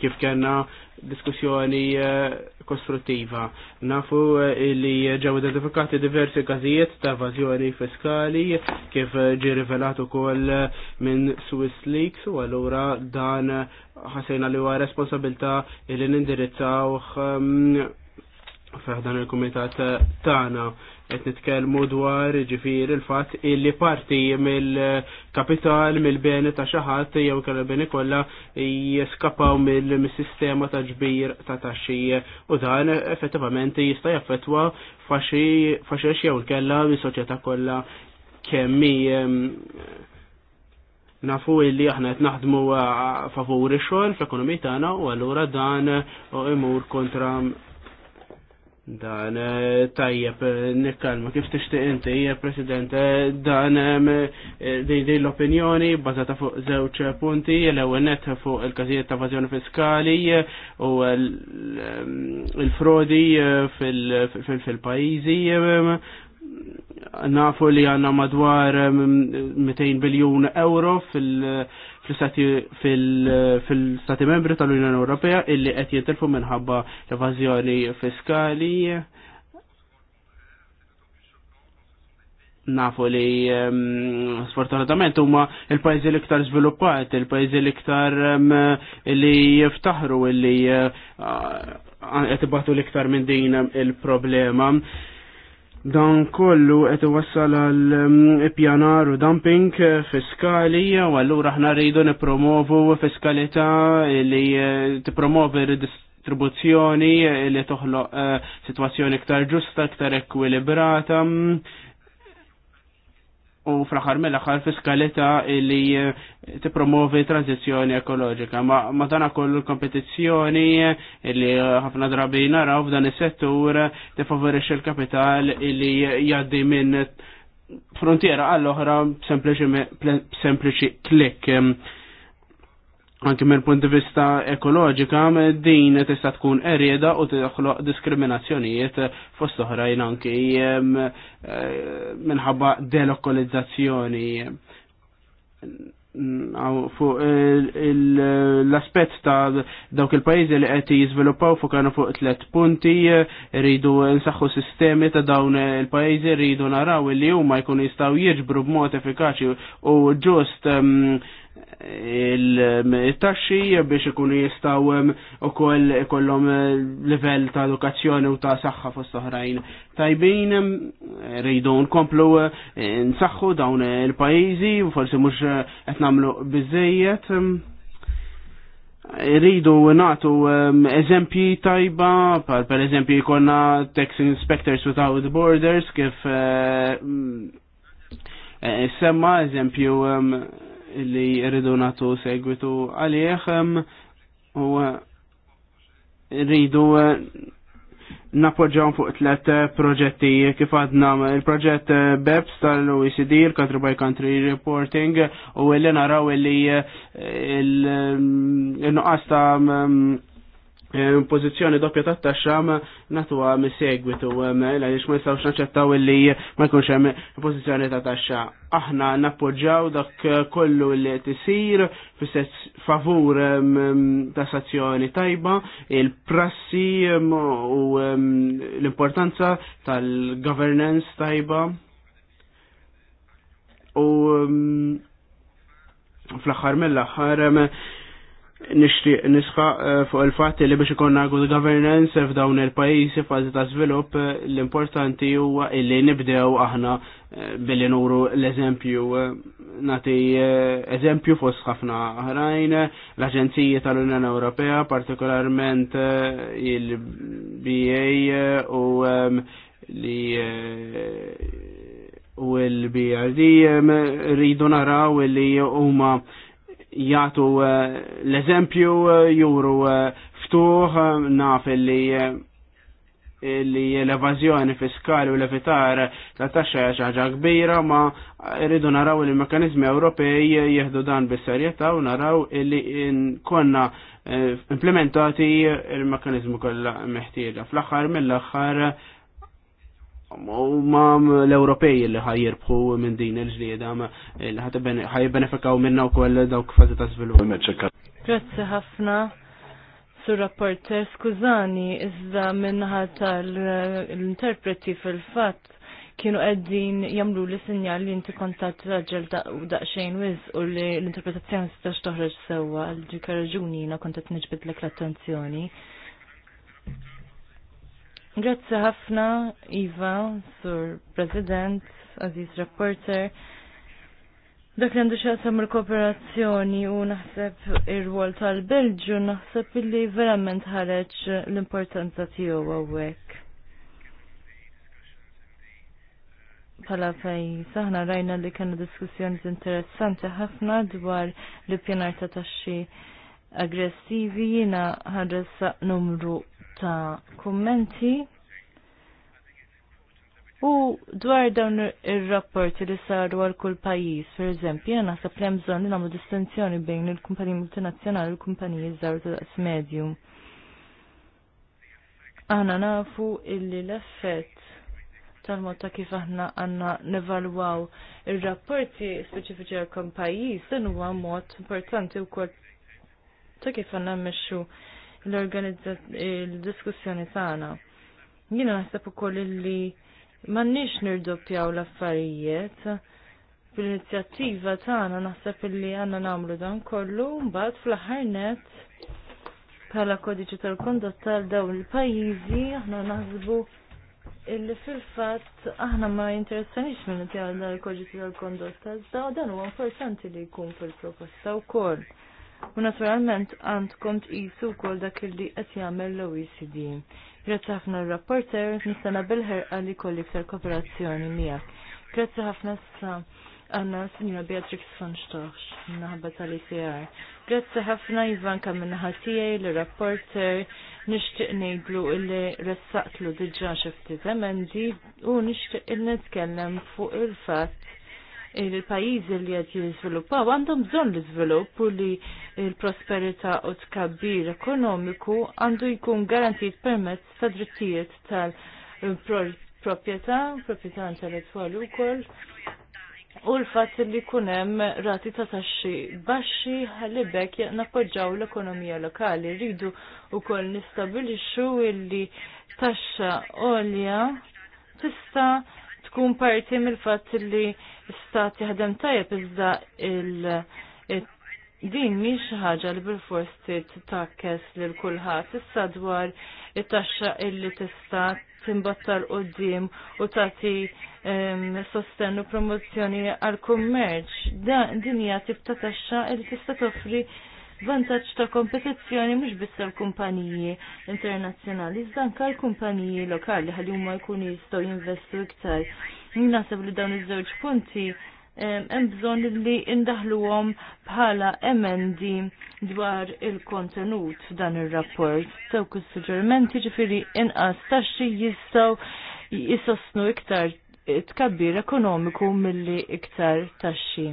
kif kena diskussjoni eh, kostruttiva. Nafu eh, li ġew identifikati diversi każijiet ta' evażjoni fiskali kif ġi rivelat ukoll eh, minn Swiss Leaks u allura dan ħasejna li huwa responsabilità li nindirizzaw ehm, f'dan il-kumitat tagħna. Ta qed nitkellmu dwar ġifir il-fatt illi parti mill-kapital mill-beni ta' xi ħadd jew kalla beni kollha jeskapaw mill-sistema ta' ġbir ta' taxxi u dan effettivament jista' jaffettwa faxex jew kella mis-soċjetà kollha kemm nafu illi aħna qed naħdmu favuri xogħol fl-ekonomija tagħna u allura dan imur kontra Dan, eh, tajjeb, eh, nikkalma, kif tixtieq inti, hija eh, President, dan dej l-opinjoni bbażata fuq żewġ punti, l-ewwel nett fuq il-każijiet ta' evażjoni fiskali u l-frodi fil-pajjiżi. Nafu li għanna madwar 200 biljun euro fil- fil-stati membri tal-Unjoni Ewropea illi qed jitilfu minħabba evażjoni fiskali. nafu li ehm, sfortunatament huma il-pajjiżi l-iktar żviluppat, il-pajjiżi l-iktar ehm, li jiftaħru illi eh, qed ibatu l-iktar minn din il-problema. Dan kollu qed iwassal għal mm, pjanar u dumping eh, fiskali u allura aħna rridu nippromovu fiskalità li eh, tippromovi redistribuzzjoni eh, li toħloq sitwazzjoni iktar ġusta, iktar ekwilibrata mm, u fl-axar mill-axar fiskalità li eh, tipromovi tranzizjoni ekoloġika. Ma, ma dana kollu kompetizzjoni li eh, ħafna drabi naraw f'dan is-settur tifavorixxi l-kapital li jgħaddi minn frontiera għall-oħra sempliċi klik anke mill punt di vista ekoloġika din tista' tkun erjeda u toħloq diskriminazzjonijiet fost oħrajn anki eh, minħabba delokalizzazzjoni fuq eh, l-aspett ta' dawk il-pajjiżi li qed jiżviluppaw fuq kienu fuq tliet punti rridu nsaħħu sistemi ta' dawn il-pajjiżi rridu naraw li huma jkunu jistgħu jiġbru b'mod effikaċi u ġust il-taxxi biex ikunu jistaw u koll kollom level ta' edukazzjoni u ta' saħħa fost oħrajn. Tajbin rridu nkomplu eh, nsaħħu dawn il pajjiżi u forsi mhux qed nagħmlu biżejjed. Rridu natu eżempji tajba, per eżempju jkollna Tax Inspectors Without Borders kif eh, mm, eh, semma eżempju li rridu nagħtu segwitu għalih u rridu eh, nappoġġaw fuq tlet eh, proġetti kif għadna eh, il-proġett BEPS tal-OECD, il-Country by Country Reporting, u li naraw li il-nuqqas ta' mm, E, pozizjoni doppja ta' taxxa natuha mis-segwitu e, mela, għaliex ma jistgħux naċċettaw illi ma jkunx hemm pożizzjoni ta' taxxa. Aħna nappoġġaw dak kollu li tisir favur e, tas-sazzjoni tajba, il-prassi u l-importanza tal-governance tajba. U fl-aħħar mill-aħħar nixtieq nisħa eh, fuq il-fatt li biex ikonna good governance f'dawn il-pajjiżi fażi ta' żvilupp eh, l-importanti huwa illi nibdew aħna eh, billi nuru l-eżempju nagħti eżempju fost ħafna ħrajn l-Aġenziji tal-Unjoni Ewropea partikolarment il-BA u ehm, li u l-BRD rridu naraw li huma jgħatu eh, l-eżempju eh, juru eh, ftuħ naf li li l-evazjoni fiskali u l-evitar ta' taxxa ħaġa kbira ma rridu naraw li l-mekanizmi Ewropej jieħdu dan bis-serjetà u naraw li konna implementati il-mekanizmu kollha meħtieġa. Fl-aħħar mill-aħħar ma l-Ewropej li ħajjirbħu minn din il-ġlieda li ħajbenefikaw minna u koll dawk fazi ta' svilup. Grazzi ħafna. Sur rapporter, skużani, iżda minnaħa tal-interpreti fil-fat kienu għeddin jamlu li sinjal li inti kontat raġel daqxejn wiz u li l-interpretazzjoni stax toħroġ sewa l ġika raġuni na kontat nġbid l-attenzjoni. Grazzi ħafna, Iva, Sur President, Aziz Rapporter. Dak li għandu xaqsam il-kooperazzjoni u naħseb ir-rwol tal-Belġu naħseb illi verament ħareġ l-importanza tiegħu hawnhekk. Pala fej, saħna rajna li kena diskussjoni interessanti ħafna dwar l-pjanar ta' taxxi aggressivi jina ħadressa numru ta' kummenti. U dwar dawn ir-rapporti li saru għal kull pajjiż, per eżempju, jena naħseb li hemm bżonn nagħmlu distinzjoni bejn il-kumpaniji multinazzjonali u l-kumpaniji zaru ta' daqs medju. Aħna nafu illi l-effett tal-mod ta' kif aħna għandna nevalwaw ir-rapporti speċifiċi għal kull pajjiż dan huwa mod importanti wkoll ta' kif għandna mmexxu l-diskussjoni tagħna. Jiena naħseb ukoll li m'għandniex nirdoppjaw l-affarijiet fl-inizjattiva tagħna naħseb illi għandna nagħmlu dan kollu mbagħad fl-aħħar net bħala kodiċi tal-kondotta għal dawn il-pajjiżi aħna naħsbu illi fil-fatt aħna ma jinteressanix minn tjaħna l kodiċi tal-kondotta, dan huwa importanti li jkun fil-proposta wkoll. U naturalment għandkom tqisu wkoll dak li qed jagħmel l-OECD. Grazzi ħafna r-rapporter, nistana bil-ħerqa li kolli iktar kooperazzjoni miegħek. Grazzi ħafna sa għanna signora Beatrix von Stoch, naħba tal-ICR. E Grazzi ħafna Ivan kam minnaħatijaj l-rapporter, nishtiq nejdlu illi ressaqtlu xi ftit emendi u nishtiq il-netkellem fuq il-fat il-pajizi li għed jizviluppaw għandhom bżon l-izvilupp u li il-prosperita u tkabbir ekonomiku għandu jkun garantit permezz ta' drittijiet tal-propieta, propieta intellettuali u koll. U l-fat li kunem rati ta' taxxi baxxi ħalibek nappoġġaw l-ekonomija lokali. Ridu u koll nistabilixu illi taxxa olja tista' tkun parti mill-fat li l jaħdem tajjeb iżda il- din miex ħaġa li bil-fors titakkes lil kulħadd issa dwar it-taxxa illi tista' timbattar qudiem u tagħti sostenu promozzjoni għal kummerċ. Din hija tip ta' taxxa li tista' toffri vantaġġ ta' kompetizzjoni mhux biss l-kumpaniji internazzjonali, iżda anke l-kumpaniji lokali ħalli huma jkunu jistgħu jinvestu iktar Naħseb li dawn iż-żewġ punti hemm bżonn li indaħluhom bħala emendi dwar il-kontenut f'dan ir-rapport. Dawk is-suġġerimenti ġifieri inqas taxxi jistgħu jisostnu iktar tkabbir ekonomiku milli iktar taxxi.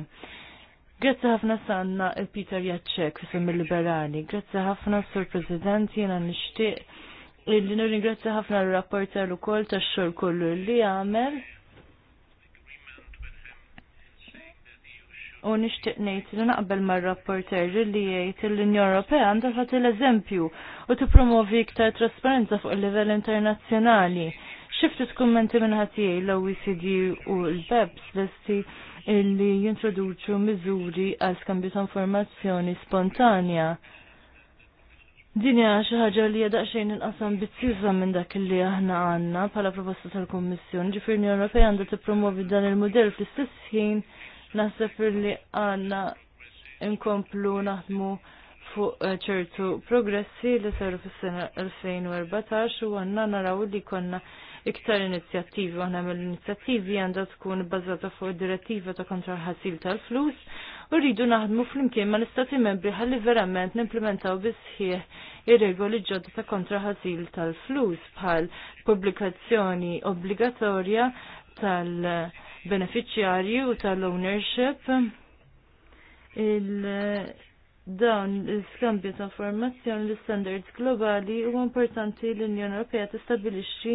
Grazzi ħafna sanna il-Peter Jaċċek il liberali. Grazzi ħafna sur President jiena nixtieq li nirringrazzja ħafna l-rapporter ukoll tax-xogħol kollu li għamel u nixtieq ngħid li naqbel mar-rapporter li jgħid l-Unjoni Ewropea għandha tagħti l-eżempju u tippromovi iktar trasparenza fuq il-livell internazzjonali. Xifti tkummenti minn ħatijaj l-OECD u l-BEPS l-esti illi jintroduċu miżuri għal skambju ta' informazzjoni spontanja. Dinja xi ħaġa li daqsxejn inqas ambizzjuża minn dak li aħna għandna bħala proposta tal-Kummissjoni, ġifier l-Unjoni Ewropea għandha tippromovi dan il-mudell fl-istess ħin Naħseb li għanna inkomplu naħdmu fuq eh, ċertu progressi li saru fis-sena 2014 u għanna naraw li konna iktar inizjattivi għanna mill-inizjattivi għanda tkun bazzata fuq direttiva ta' kontra ħasil tal-flus u rridu naħdmu fl-imkien ma' l-istati membri ħalli verament nimplementaw bisħieħ ir-regoli ġodda ta' kontra ħasil tal-flus bħal pubblikazzjoni obbligatorja tal- beneficjarji u tal-ownership. Il-dawn l-skambju ta' informazzjoni l-standards globali u importanti l-Unjoni Ewropea tistabilixxi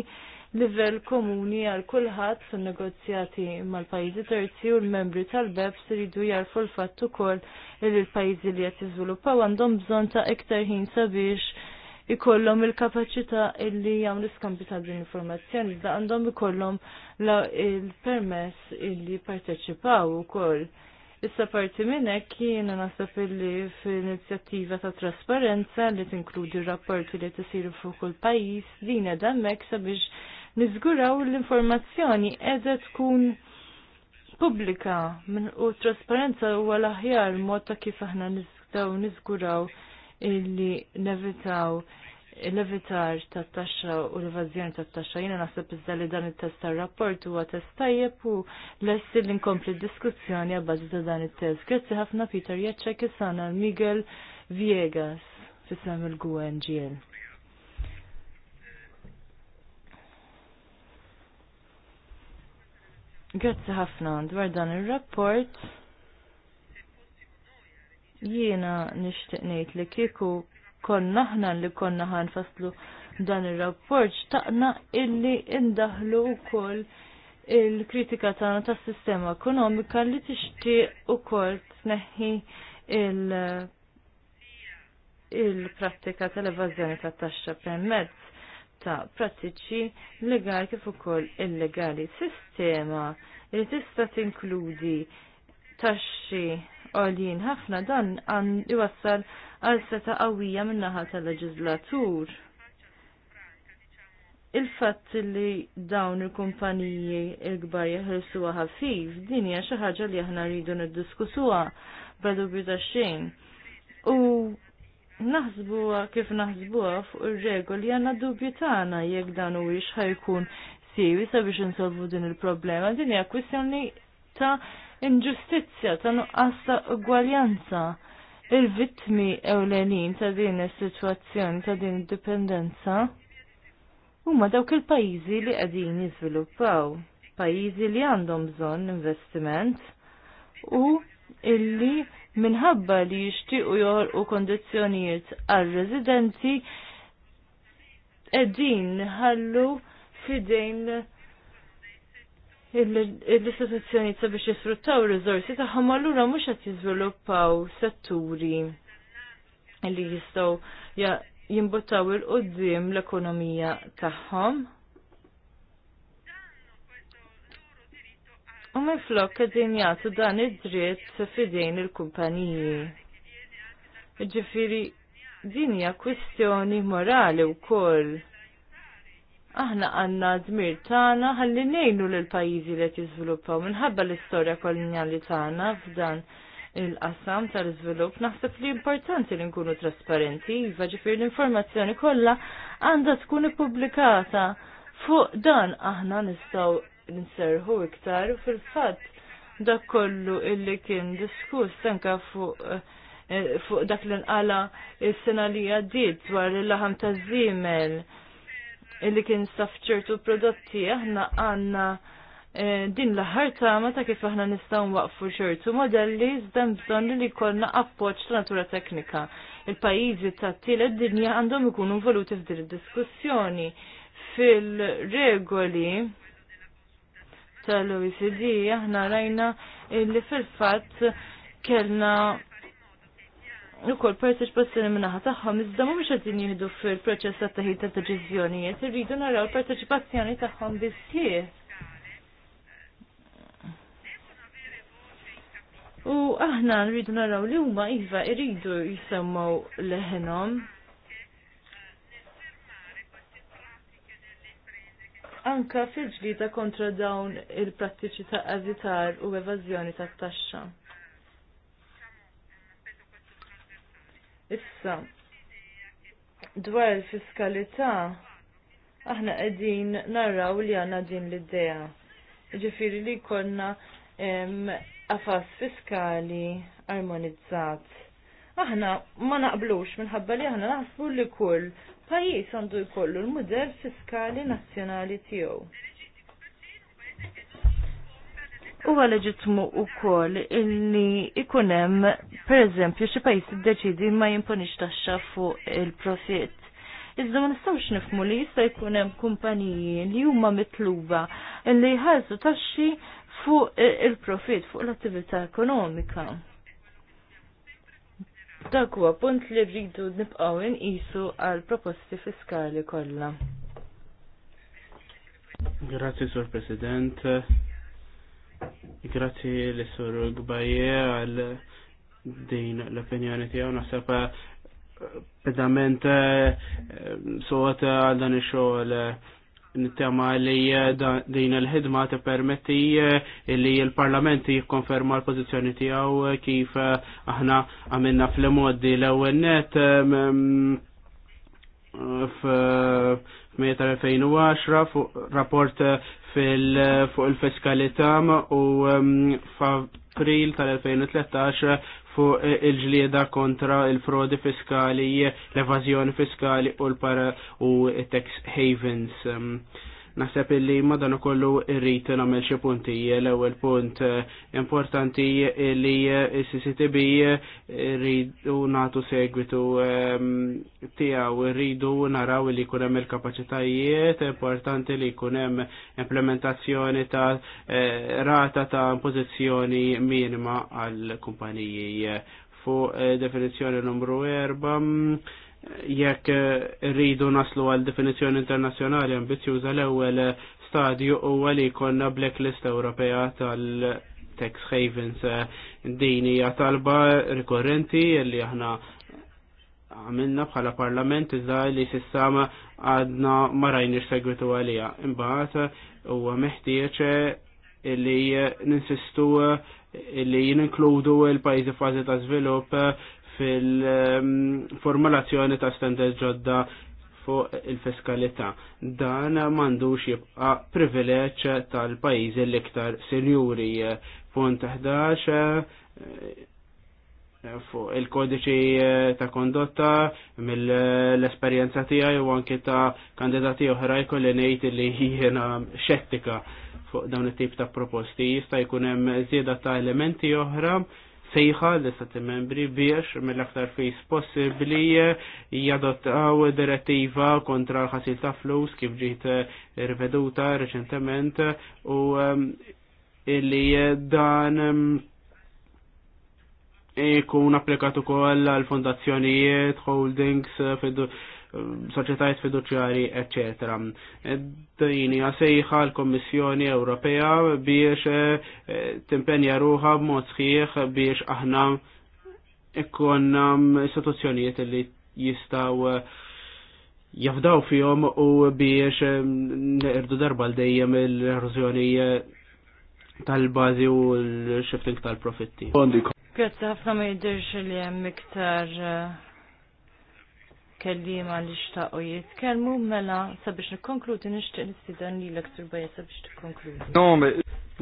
livell komuni għal kulħadd fin negozjati mal-pajjiżi terzi u l-membri tal-BEPS ridu jarfu l-fatt ukoll li l-pajjiżi li qed jiżviluppaw għandhom bżonn ta' iktar ħin sabiex ikollhom il-kapaċità illi jagħmlu skampi ta' din informazzjoni, iżda għandhom ikollhom il-permess illi jipparteċipaw ukoll. Issa parti minn hekk jiena naħseb illi f'inizjattiva ta' trasparenza li tinkludi rapporti li tisiru fuq kull pajjiż din qiegħda hemmhekk sabiex niżguraw l-informazzjoni qiegħda tkun pubblika u trasparenza huwa l-aħjar mod ta' kif aħna nizguraw niżguraw illi nevitaw l-evitar ta' taxxa u l-evazjoni ta' taxxa jina naħseb iżda li dan it-test tar-rapport huwa test tajjeb u l-essi li nkompli diskussjoni għabbażi ta' dan it-test. Grazzi ħafna Peter Jeċċek is-sana Miguel Viegas fissam il-GUNGL. Grazzi ħafna dwar dan ir-rapport. Jiena nixtieq ngħid li kieku konna ħna li konna ħanfaslu dan ir-rapport xtaqna illi indaħlu wkoll il-kritika tagħna tas-sistema ekonomika li tixtieq ukoll tneħħi il- il-prattika tal evazjoni tat-taxxa permezz ta' prattiċi legali kif ukoll illegali. Sistema li tista' tinkludi taxxi għaljien ħafna dan għan iwassal għal seta qawwija minnaħa tal-leġizlatur. Il-fatt li dawn il-kumpaniji il-gbar jeħilsuha ħafif din hija xi ħaġa li aħna rridu niddiskutuha bla dubju ta' xejn. U naħsbuha kif naħsbuha fuq ir-regoli għandna dubju tagħna jekk dan huwiex ħajkun siwi sabiex insolvu din il-problema. Din hija kwistjoni ta' inġustizzja, ta' nuqqas ta' ugwaljanza. Il-vittmi ewlenin ta' din is-sitwazzjoni ta' din id-dipendenza huma dawk il-pajjiżi li qegħdin jiżviluppaw, pajjiżi li għandhom bżonn investiment u illi minħabba li jixtiequ joħolqu kondizzjonijiet għal-residenti qegħdin ħallu fidejn l-istituzzjoni sabiex jisfruttaw rizorsi tagħhom allura mhux qed jiżviluppaw setturi li jistgħu jimbuttaw il qoddim l-ekonomija tagħhom. U minflok għedin jagħtu dan id-dritt f'idejn il-kumpaniji. Ġifiri, din hija kwistjoni morali wkoll aħna għanna dmir tagħna ħalli nejnu l pajjiżi li qed jiżviluppaw minħabba l-istorja koloniali tagħna f'dan il-qasam tal-iżvilupp naħseb li importanti li nkunu trasparenti, iva ġifier l-informazzjoni kollha għandha tkun ippubblikata. Fuq dan aħna nistgħu nserħu iktar u fil-fatt dak kollu illi kien diskuss anke fuq eh, fuq dak li nqala is-sena li għaddiet dwar il-laħam taż-żiemel illi kien saf ċertu prodotti aħna għanna eh, din l-aħħar tama ta' kif aħna nistgħu waqfu ċertu modelli żdan bżonn li jkollna appoġġ ta' natura teknika. Il-pajjiżi ta' tielet dinja għandhom ikunu involuti f'din id-diskussjoni. Fil-regoli tal-OECD aħna rajna li fil-fatt kellna ukoll parti x'possili minnaħa tagħhom iżda mhumiex qegħdin jieħdu fil-proċess ta' taħid ta' deċiżjonijiet, irridu naraw l-parteċipazzjoni taħħa biss U aħna rridu naraw li huma iva irridu jisammaw leħenhom. Anka fil-ġlida kontra dawn il-prattiċi ta' azitar u evażjoni tat-taxxa. Issa, dwar il-fiskalità, aħna qegħdin narraw li għandna din l-idea. Ġifieri li konna qafas fiskali armonizzat. Aħna ma naqblux minħabba li aħna naħsbu li kull pajjiż għandu jkollu l-mudell fiskali nazzjonali tiegħu huwa leġitmu wkoll illi ikun hemm pereżempju xi pajjiż iddeċidi ma jimponix taxxa fuq il-profitt. Iżda ma nistgħux nifmu li jista' jkun hemm kumpaniji li huma mitluba li jħarsu taxxi fuq il-profitt, fuq l-attività ekonomika. Dak huwa punt li rridu nibqgħu inqisu għal proposti fiskali kollha. Grazzi, Sur President. Grazzi l-sur Gbaje għal din l-opinjoni tiegħu naħseb eh, pedament eh, sot għal dan ix-xogħol nittema li eh, din l-ħidma te permetti li l-parlament jikkonferma l-pozizjoni tijaw kif aħna għamilna fl-modi l net ta' 2010 fuq rapport eh, fil eh, fuq il-fiskalità u ehm, f'April tal-2013 fuq eh, il-ġlieda kontra il-frodi fiskali, l-evażjoni fiskali u l-para u tax havens. Ehm. Naħseb illi madan kollu irrit nagħmel xi punti. L-ewwel punt eh, importanti li s-CCTB rridu nagħtu segwitu eh, tiegħu rridu naraw li jkun hemm il-kapaċitajiet, importanti li jkun hemm implementazzjoni ta' eh, rata ta' impożizzjoni minima għall kumpaniji fuq definizzjoni numru erba' jekk eh, rridu naslu għal definizjoni internazzjonali ambizjuża l-ewwel eh, stadju huwa li jkollna blacklist Ewropea tal-tax havens eh, din hija talba rikorrenti li aħna għamilna bħala parlament iżda li sissama għadna ma segwitu għalija. Imbagħad huwa meħtieġ li ninsistu li jinkludu l-pajjiżi fażi ta' żvilupp fil-formulazzjoni ta' standard ġodda fuq il-fiskalità. Dan m'għandux jibqa' privileġġ tal-pajjiżi l-iktar sinjuri. Punt 11 eh, fuq il-kodiċi eh, ta' kondotta mill-esperjenza tiegħi u anke ta' kandidati oħra jkolli ngħid li jiena xettika fuq dawn it-tip ta' proposti jista' jkun hemm żieda ta' elementi oħra sejħa l-istati membri biex mill-aktar fejs possibli jadottaw direttiva kontra l-ħasil ta' flus kif ġiet rveduta reċentement u um, illi dan um, ikun applikat ukoll għal fondazzjonijiet, holdings, soċjetajiet fiduċjari, etc. E, Dini għasejħa l-Kommissjoni Ewropea biex e, e, timpenja ruħa b'mod sħiħ biex aħna ikkonna istituzzjonijiet li jistaw jafdaw fihom u biex irdu darba l-dejjem l-erżjoni tal-bazi u l-shifting tal-profitti. Grazzi ħafna ma jidirx li hemm iktar kellima li xtaqo jitkellmu mela sabiex nikkonkludi nixtieq li lilek aktur bajja sabiex tikkonkludi. No,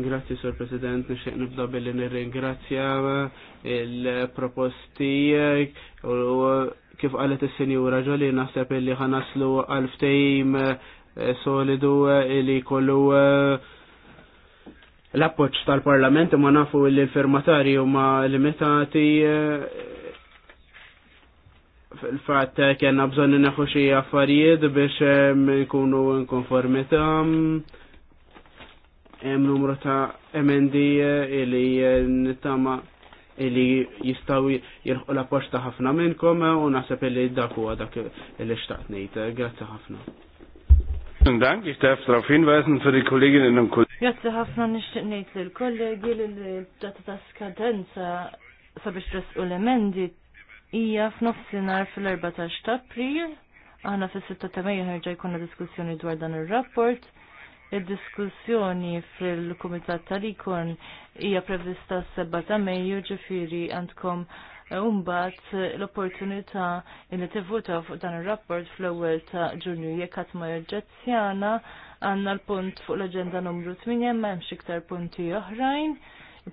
Grazzi, Sor President, nixtieq nibda billi nirringrazzja il-proposti u kif qalet is-senjura ġoli naħseb illi ħanaslu għalftejm eh, solidu eh, li kollu eh, l-appoċ tal-parlament ma nafu l-firmatari huma limitati fil-fat kena bżon neħu xie affarijiet biex nkunu nkonformita. Hemm numru ta' emendi eh, li eh, nittama li jistaw jirħu la posta ħafna minnkom eh, u naħseb li dak huwa dak li xtaqt ngħid. Grazzi ħafna. Vielen Dank. Ich darf darauf hinweisen für die Kolleginnen und Kollegen. Grazie ħafna nixtieq ngħid lill-kollegi li data ta' skadenza sabiex tresqu l-emendi hija f'nofsinhar fil-14 ta' April. Aħna fis-6 ta' Mejja ħerġa' jkunna diskussjoni dwar dan ir-rapport. il diskussjoni fil-Kumitat tal-Ikon hija prevista s-7 ta' Mejju ġifieri għandkom Umbat eh, l-opportunità li tivvuta fuq dan ir-rapport fl-ewwel ta' Ġunju jekk qatt ma jerġezzjana għandna l-punt fuq l-aġenda numru 8 m'hemmx iktar punti oħrajn.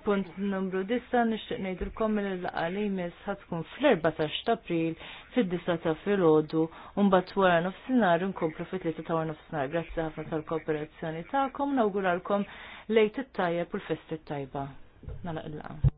Punt numru 9 nixtieq ngħidilkom li l laqa li jmiss ħad tkun fl-14 ta' April fid-9 ta' filgħodu u mbagħad wara nofsinhar inkomplu fit-3 ta' wara nofsinhar. Grazzi ħafna tal-kooperazzjoni tagħkom, nawguralkom lejt it-tajjeb u l-festi tajba. Nalaq il-laqgħa.